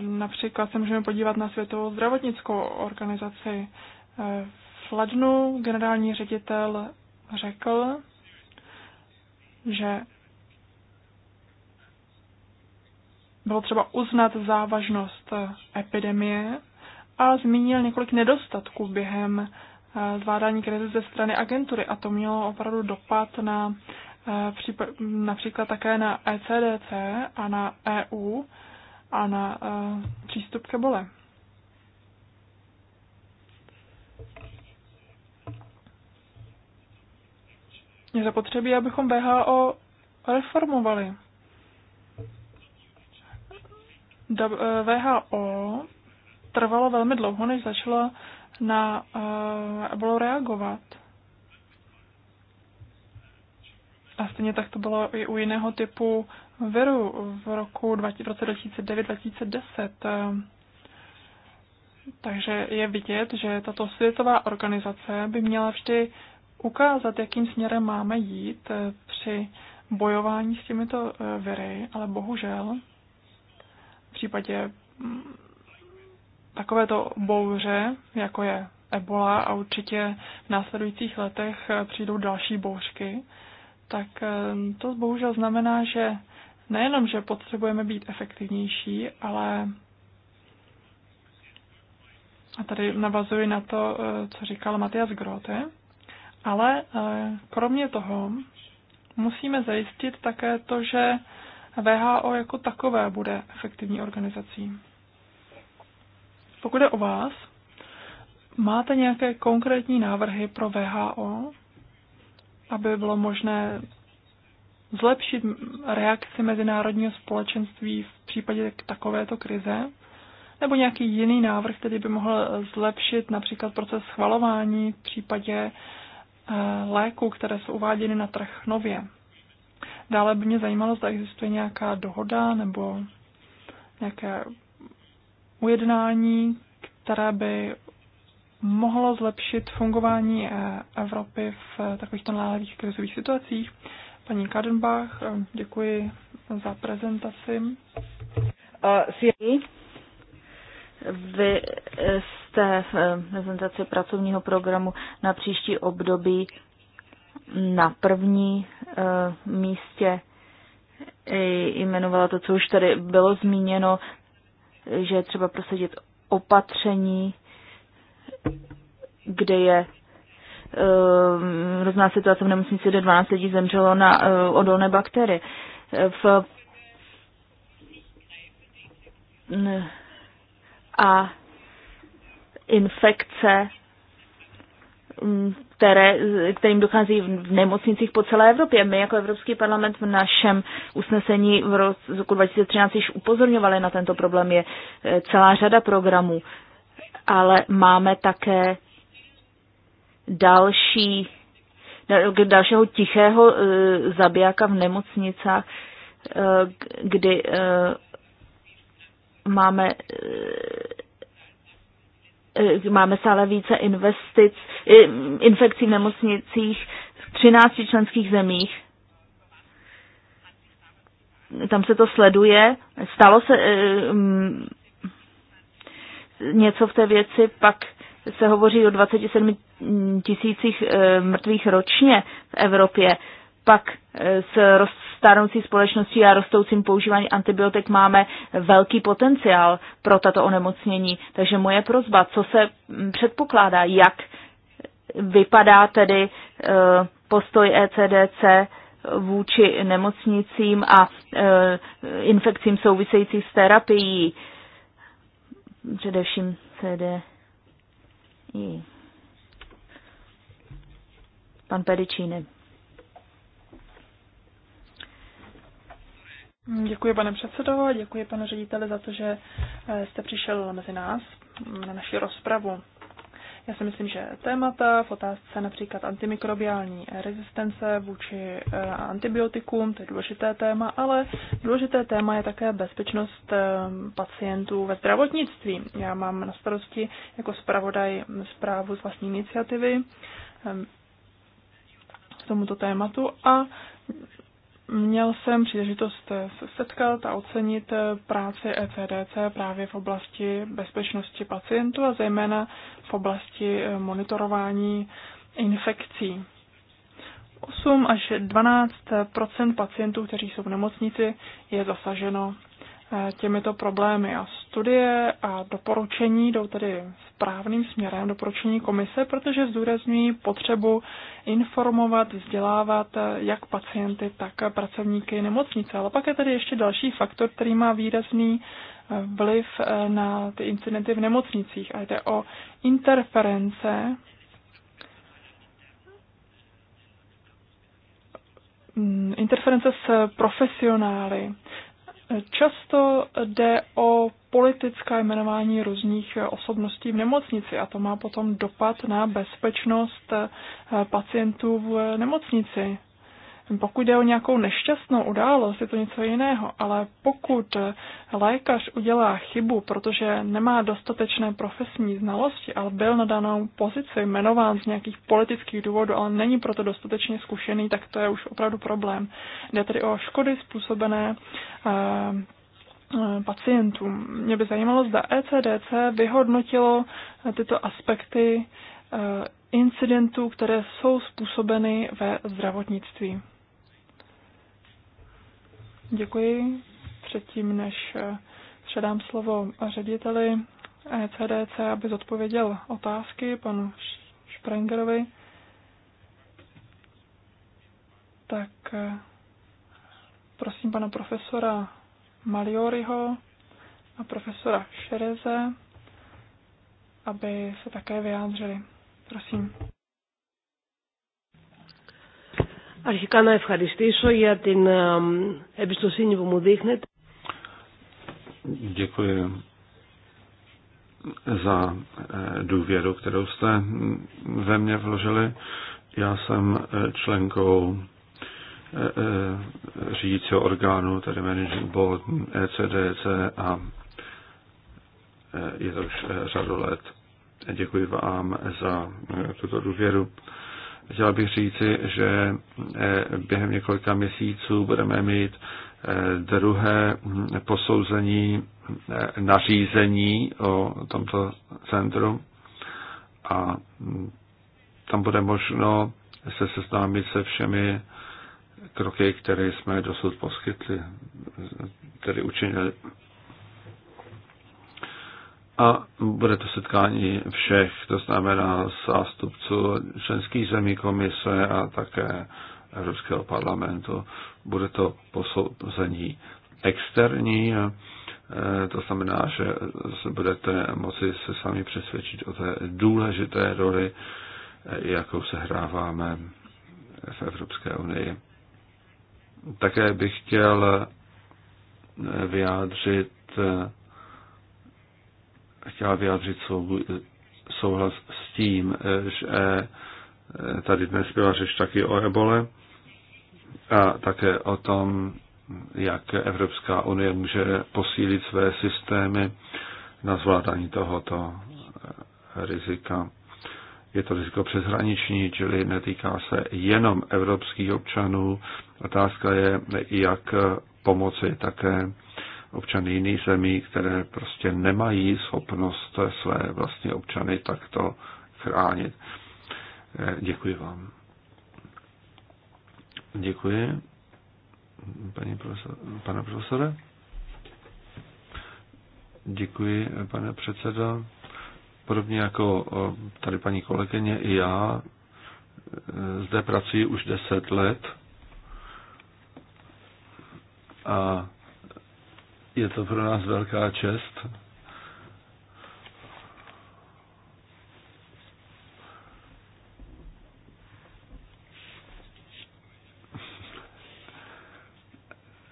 Například se můžeme podívat na Světovou zdravotnickou organizaci. Eh, v lednu generální ředitel řekl, že bylo třeba uznat závažnost epidemie a zmínil několik nedostatků během eh, zvládání krize ze strany agentury a to mělo opravdu dopad na eh, například také na ECDC a na EU, a na uh, přístup ke bole. Je zapotřebí, abychom VHO reformovali. Eh, VHO trvalo velmi dlouho, než začalo na uh, eh, bylo reagovat. A stejně tak to bylo i u jiného typu viru v roku 2009-2010. Takže je vidět, že tato světová organizace by měla vždy ukázat, jakým směrem máme jít při bojování s těmito eh, viry, ale bohužel v případě mm, takovéto bouře, jako je ebola a určitě v následujících letech eh, přijdou další bouřky, tak eh, to bohužel znamená, že nejenom, že potřebujeme být efektivnější, ale a tady navazuji na to, eh, co říkal Matias Grote, ale eh, kromě toho musíme zajistit také to, že VHO jako takové bude efektivní organizací. Pokud je o vás, máte nějaké konkrétní návrhy pro VHO, aby bylo možné zlepšit reakci mezinárodního společenství v případě takovéto krize? Nebo nějaký jiný návrh, který by mohl zlepšit například proces schvalování v případě eh, léků, které jsou uváděny na trh nově? Dále by mě zajímalo, zda existuje nějaká dohoda nebo nějaké ujednání, které by mohlo zlepšit fungování eh, Evropy v takovýchto náhlých krizových situacích. Paní Kadenbach, eh, děkuji za prezentaci. Vy jste v eh, prezentaci pracovního programu na příští období na první eh, místě jmenovala to, co už tady bylo zmíněno, že je třeba prosadit opatření, kde je Eh, různá situace v nemocnici, kde 12 lidí zemřelo na eh, odolné bakterie. Eh, v, a infekce, mm, které, kterým dochází v nemocnicích po celé Evropě. My jako Evropský parlament v našem usnesení v roku 2013 již upozorňovali na tento problém. Je celá řada programů, ale máme také další, dalšího tichého e, zabijáka v nemocnicách, e, kdy e, máme máme stále více investic, infekcí v nemocnicích v 13 členských zemích. Tam se to sleduje. Stalo se něco v té věci, pak se hovoří o 27 Mm, tisících eh, mrtvých ročně v Evropě, pak eh, s starnoucí společností a rostoucím používání antibiotik máme velký potenciál pro tato onemocnění. Takže moje prozba, co se mm, předpokládá, jak vypadá tedy eh, postoj ECDC vůči nemocnicím a infekcím související s terapií, především CD pan Pedicini. Děkuji, pane předsedo, děkuji, pane řediteli, za to, že eh, jste přišel mezi nás mm, na naši rozpravu. Já si myslím, že témata v otázce například antimikrobiální rezistence vůči eh, antibiotikům, to je důležité téma, ale důležité téma je také bezpečnost eh, pacientů ve zdravotnictví. Já mám na starosti jako zpravodaj zprávu z vlastní iniciativy tomuto tématu a měl jsem příležitost se setkat a ocenit práci ECDC právě v oblasti bezpečnosti pacientů a zejména v oblasti eh, monitorování infekcí. 8 až 12 pacientů, kteří jsou v nemocnici, je zasaženo Eh, těmito problémy. A studie a doporučení jdou tedy správným směrem, doporučení komise, protože zdůrazňují potřebu informovat, vzdělávat eh, jak pacienty, tak pracovníky nemocnice. Ale pak je tady ještě další faktor, který má výrazný eh, vliv na ty incidenty v nemocnicích. A jde o interference mm, interference s profesionály. Často jde o politická jmenování různých osobností v nemocnici a to má potom dopad na bezpečnost pacientů v nemocnici. Pokud jde o nějakou nešťastnou událost, je to něco jiného, ale pokud lékař udělá chybu, protože nemá dostatečné profesní znalosti, ale byl na danou pozici jmenován z nějakých politických důvodů, ale není proto dostatečně zkušený, tak to je už opravdu problém. Jde tedy o škody způsobené eh, eh, pacientům. Mě by zajímalo, zda ECDC vyhodnotilo eh, tyto aspekty incidentů, které jsou způsobeny ve zdravotnictví. Děkuji. Předtím, než eh, předám slovo řediteli ECDC, aby zodpověděl otázky panu Sprengerovi, tak eh, prosím pana profesora Malioriho a profesora Šereze, aby se také vyjádřili. Prosím. Αρχικά να ευχαριστήσω για την εμπιστοσύνη που μου δείχνετε. Děkuji za e, důvěru, kterou jste ve mě vložili. Já jsem e, členkou e, řídícího orgánu, tedy Managing Board ECDC a je to už řadu let. Děkuji vám za tuto důvěru chtěl bych říci, že eh, během několika měsíců budeme mít eh, druhé hm, posouzení eh, nařízení o tomto centru a hm, tam bude možno se seznámit se všemi kroky, které jsme dosud poskytli, tedy učinili. A bude to setkání všech, to znamená zástupců členských zemí komise a také Evropského parlamentu. Bude to posouzení externí, eh, to znamená, že budete moci se sami přesvědčit o té důležité roli, eh, jakou se hráváme v Evropské unii. Také bych chtěl eh, vyjádřit chtěla vyjádřit souhlas s tím, eh, že eh, tady dnes byla řeč taky o ebole a také o tom, jak Evropská unie může posílit své systémy na zvládání tohoto eh, rizika. Je to riziko přeshraniční, čili netýká se jenom evropských občanů. Otázka je, jak pomoci také občany jiných zemí, které prostě nemají schopnost své vlastní občany takto chránit. Eh, děkuji vám. Děkuji, paní profesor, pane profesore. Děkuji, pane předsedo. Podobně jako eh, tady paní kolegyně i já, eh, zde pracuji už deset let a je to pro nás velká čest.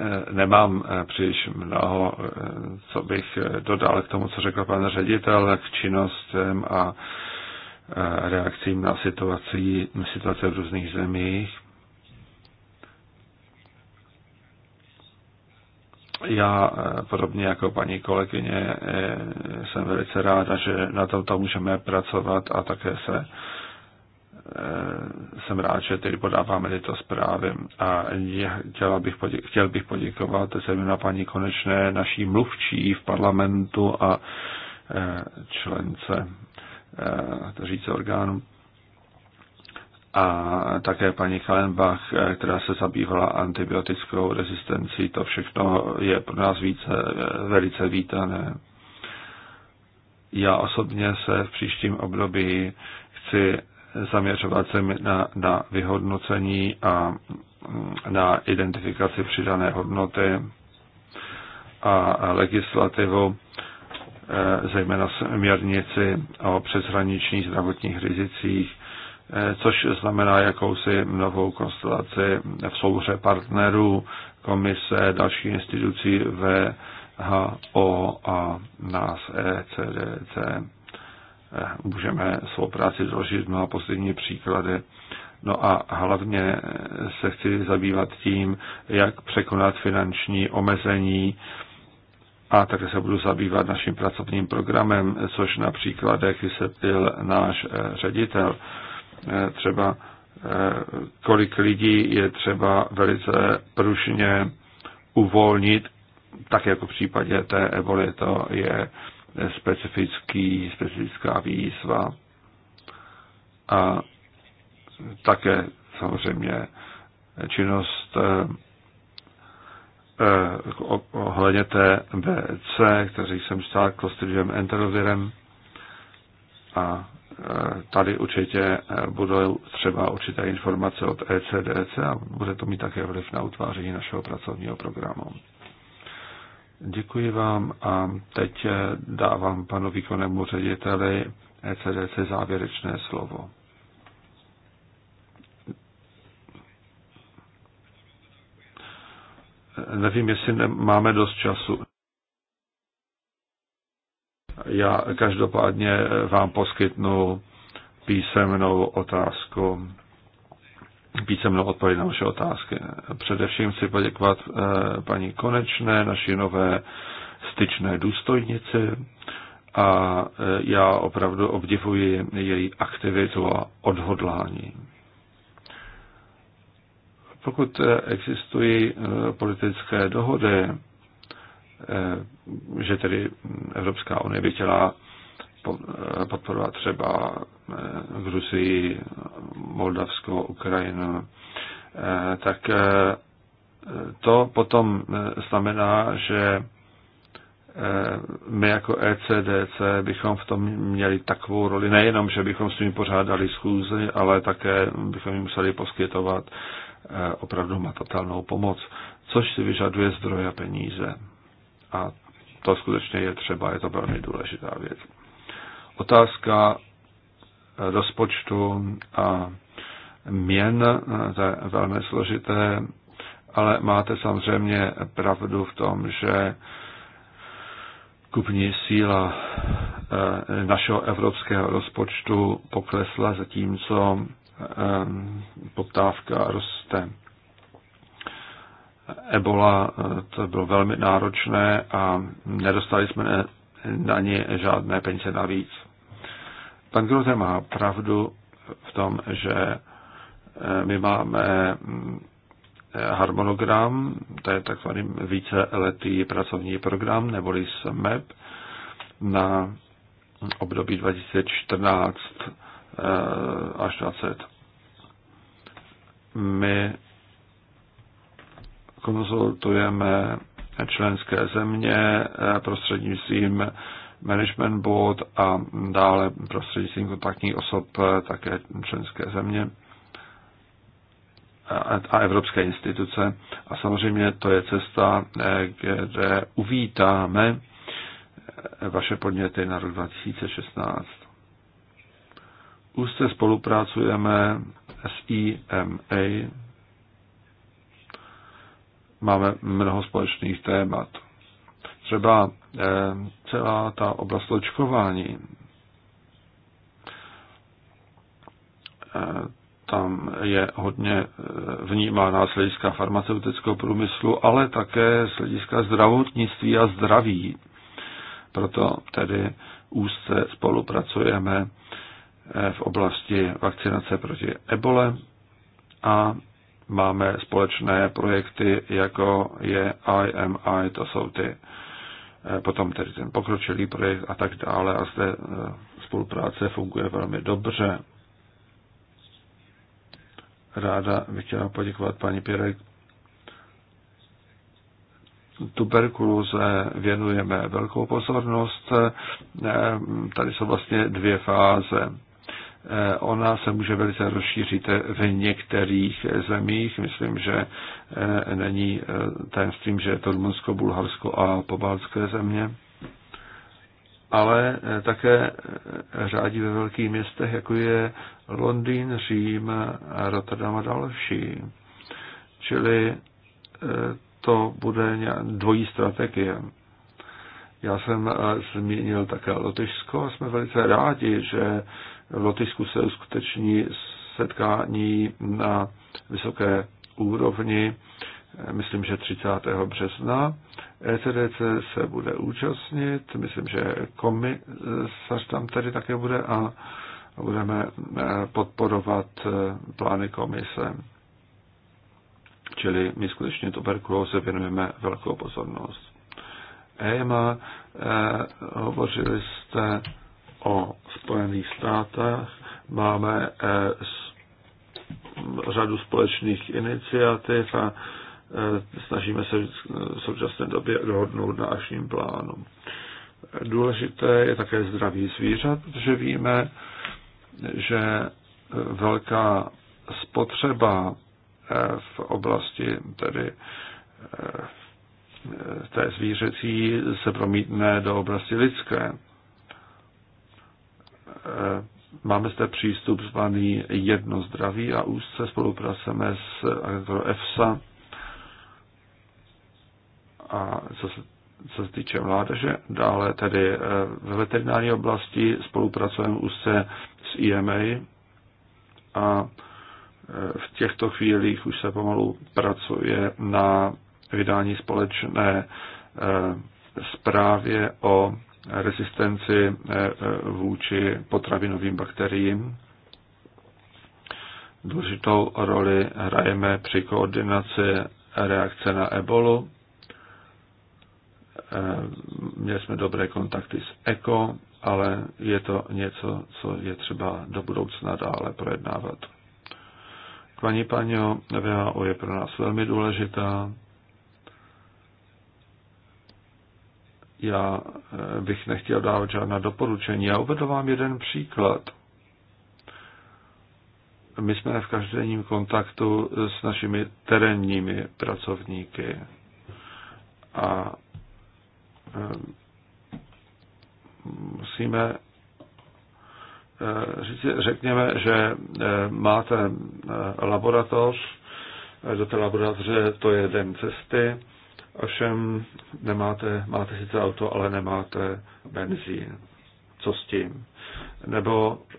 Eh, nemám eh, příliš mnoho, eh, co bych dodal k tomu, co řekl pan ředitel, k činnostem a reakcím na situaci, situace v různých zemích. Já eh, podobně jako paní kolegyně eh, jsem velice ráda, že na tomto můžeme pracovat a také se eh, jsem rád, že tedy podáváme tyto zprávy a chtěl bych podě- chtěl bych poděkovat zejména paní Konečné, naší mluvčí v parlamentu a člence říct orgánu a také paní Kalenbach, eh, která se zabývala antibiotickou rezistencí. To všechno je pro nás více, eh, velice vítané. Já osobně se v příštím období chci zaměřovat se na, na vyhodnocení a mm, na identifikaci přidané hodnoty a legislativu, eh, zejména směrnici o přeshraničních zdravotních rizicích, Eh, což znamená jakousi novou konstelaci v souhře partnerů, komise, další institucí VHO a nás ECDC. Eh, můžeme svou práci zložit mnoha pozitivní příklady. No a hlavně se chci zabývat tím, jak překonat finanční omezení a také se budu zabývat naším pracovním programem, což na příkladech vysvětlil náš eh, ředitel. Eh, třeba eh, kolik lidí je třeba velice prušně uvolnit, tak jako v případě té eboli to je specifický, specifická výzva. A také samozřejmě činnost eh, ohledně té BC, kteří jsem stál klostridium enterovirem a tady určitě eh, budou třeba určité informace od ECDC a bude to mít také vliv na utváření našeho pracovního programu. Děkuji vám a teď eh, dávám panu výkonnému řediteli ECDC závěrečné slovo. Nevím, jestli máme dost času. Já každopádně vám poskytnu písemnou otázku, písemnou odpověď na vaše otázky. Především chci poděkovat eh, paní Konečné, naší nové styčné důstojnici a eh, já opravdu obdivuji její aktivitu a odhodlání. Pokud eh, existují politické dohody, Eh, že tedy Evropská unie by chtěla eh, podporovat třeba eh, Gruzii, Moldavsko, Ukrajinu, tak to potom znamená, že my jako ECDC bychom v tom měli takovou roli, nejenom, že bychom s nimi pořádali schůzy, ale také bychom jim museli poskytovat opravdu matatelnou pomoc, což si vyžaduje zdroje a peníze. A to skutečně je třeba, je to velmi důležitá věc. Otázka eh, rozpočtu a měn, eh, to je velmi složité, ale máte samozřejmě pravdu v tom, že kupní síla eh, našeho evropského rozpočtu poklesla, zatímco poptávka roste. Ebola eh, to bylo velmi náročné a nedostali jsme na ně žádné peníze navíc. Pan Grote má pravdu v tom, že eh, my máme eh, harmonogram, to je takzvaný víceletý pracovní program, neboli SMEP, na období 2014 až 2020. My konzultujeme členské země eh, prostřednictvím management board a dále prostřednictvím kontaktních osob eh, také členské země a evropské instituce. A samozřejmě to je cesta, eh, kde uvítáme vaše podněty na rok 2016. Úzce spolupracujeme s EMA, máme mnoho společných témat. Třeba eh, celá ta oblast očkování. Eh, tam je hodně eh, vnímána z hlediska farmaceutického průmyslu, ale také z hlediska zdravotnictví a zdraví. Proto tedy úzce spolupracujeme v oblasti vakcinace proti ebole a máme společné projekty, jako je IMI, to jsou ty eh, potom tedy ten pokročilý projekt a tak dále a zde eh, spolupráce funguje velmi dobře. Ráda bych chtěla poděkovat paní Pirek. Tuberkulóze věnujeme velkou pozornost. Eh, tady jsou vlastně dvě fáze. Eh, ona se může velice rozšířit v některých zemích. Myslím, že eh, není eh, tajemstvím, že je to Rumunsko, Bulharsko a pobaltské země. Ale také řádí ve velkých městech, jako je Londýn, Řím, Rotterdam a další. Čili to bude dvojí strategie. Já jsem zmínil také Lotyšsko a jsme velice rádi, že v Lotyšsku se uskuteční setkání na vysoké úrovni, myslím, že 30. března. ECDC se bude účastnit, myslím, že komisař tam tady také bude a budeme eh, podporovat eh, plány komise. Čili my skutečně tuberkulóze věnujeme velkou pozornost. EMA, eh, hovořili jste o Spojených státech, máme eh, řadu společných iniciativ a eh, snažíme se v současné době dohodnout na naším plánu. Důležité je také zdraví zvířat, protože víme, že eh, velká spotřeba v oblasti tedy té zvířecí se promítne do oblasti lidské. Eh, máme zde přístup zvaný jedno zdraví a úzce spolupracujeme s agenturou EFSA a co se, co se týče mládeže. Dále tedy eh, ve veterinární oblasti spolupracujeme úzce s EMA a eh, v těchto chvílích už se pomalu pracuje na vydání společné zprávě o rezistenci eh, eh, vůči potravinovým bakteriím. Důležitou roli hrajeme při koordinaci reakce na ebolu. Eh, měli jsme dobré kontakty s ECO, ale je to něco, co je třeba do budoucna dále projednávat. Paní paňo, VHO je pro nás velmi důležitá. Já eh, bych nechtěl dávat žádná doporučení. Já uvedu vám jeden příklad. My jsme v každodenním kontaktu s našimi terénními pracovníky a eh, musíme eh, říct, řekněme, že máte laboratoř, do té laboratoře to je den cesty Ovšem nemáte, máte sice auto, ale nemáte benzín. Co s tím? Nebo e,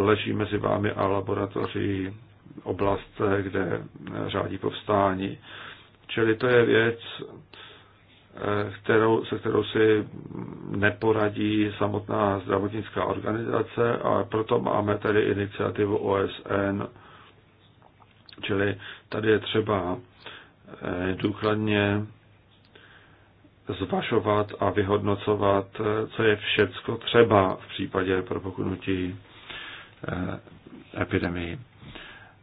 leží mezi vámi a laboratoří oblast, kde řádí povstání. Čili to je věc, e, kterou, se kterou si neporadí samotná zdravotnická organizace a proto máme tady iniciativu OSN, čili tady je třeba e, důkladně zvažovat a vyhodnocovat, eh, co je všecko třeba v případě propuknutí eh, epidemii.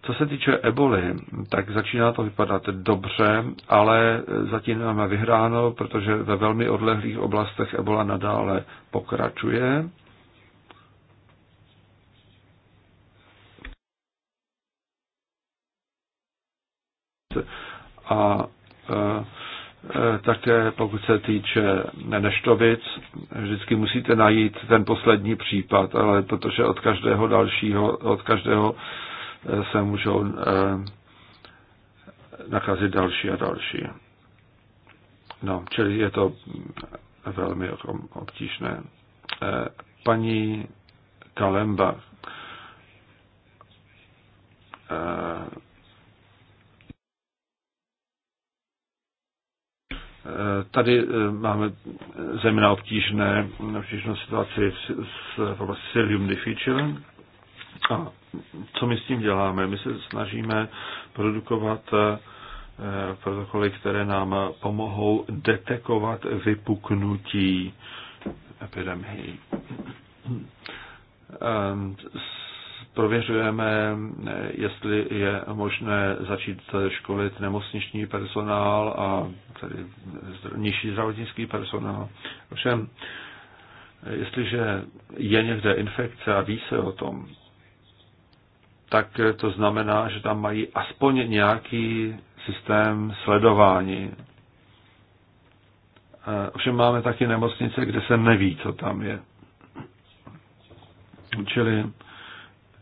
Co se týče eboli, tak začíná to vypadat dobře, ale zatím máme vyhráno, protože ve velmi odlehlých oblastech ebola nadále pokračuje. A eh, E, také pokud se týče Neštovic, vždycky musíte najít ten poslední případ, ale protože od každého dalšího, od každého e, se můžou e, nakazit další a další. No, čili je to velmi obtížné. Paní Kalemba Tady eh, máme zejména obtížné, obtížnou situaci s oblasti Sirium difficile. A co my s tím děláme? My se snažíme produkovat eh, protokoly, které nám pomohou detekovat vypuknutí epidemii. Ehm, prověřujeme, jestli je možné začít školit nemocniční personál a tedy nižší zdravotnický personál. Ovšem, jestliže je někde infekce a ví se o tom, tak to znamená, že tam mají aspoň nějaký systém sledování. Ovšem máme taky nemocnice, kde se neví, co tam je. Čili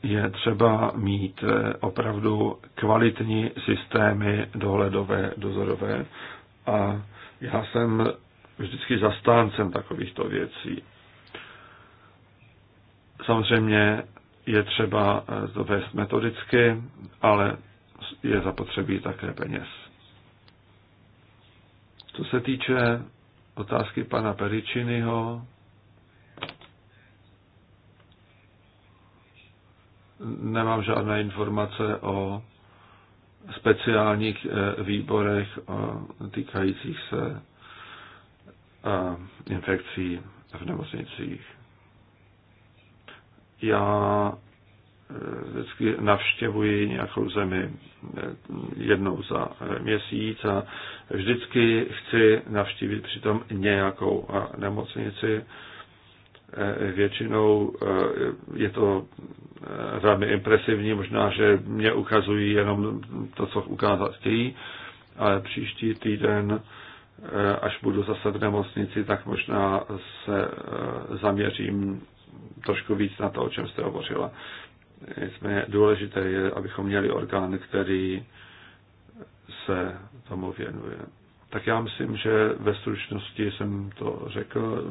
je třeba mít eh, opravdu kvalitní systémy dohledové, dozorové a já jsem vždycky zastáncem takovýchto věcí. Samozřejmě je třeba eh, to metodicky, ale je zapotřebí také peněz. Co se týče otázky pana Peričinyho, nemám žádné informace o speciálních eh, výborech eh, týkajících se eh, infekcí v nemocnicích. Já vždycky navštěvuji nějakou zemi jednou za měsíc a vždycky chci navštívit přitom nějakou nemocnici, Eh, většinou eh, je to eh, velmi impresivní, možná, že mě ukazují jenom to, co ukázat chtějí, ale příští týden, až budu zase v nemocnici, tak možná se zaměřím trošku víc na to, o čem jste hovořila. Nicméně důležité je, abychom měli orgán, který se tomu věnuje. Tak já myslím, že ve stručnosti jsem to řekl.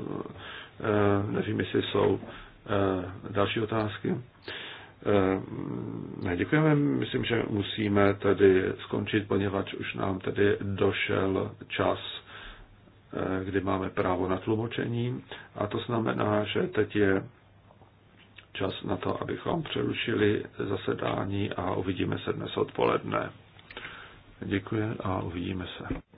Eh, nevím, jestli jsou eh, další otázky. Eh, ne, děkujeme. Myslím, že musíme tady skončit, poněvadž už nám tedy došel čas, kdy máme právo na tlumočení. A to znamená, že teď je čas na to, abychom přerušili zasedání a uvidíme se dnes odpoledne. Děkuji a uvidíme se.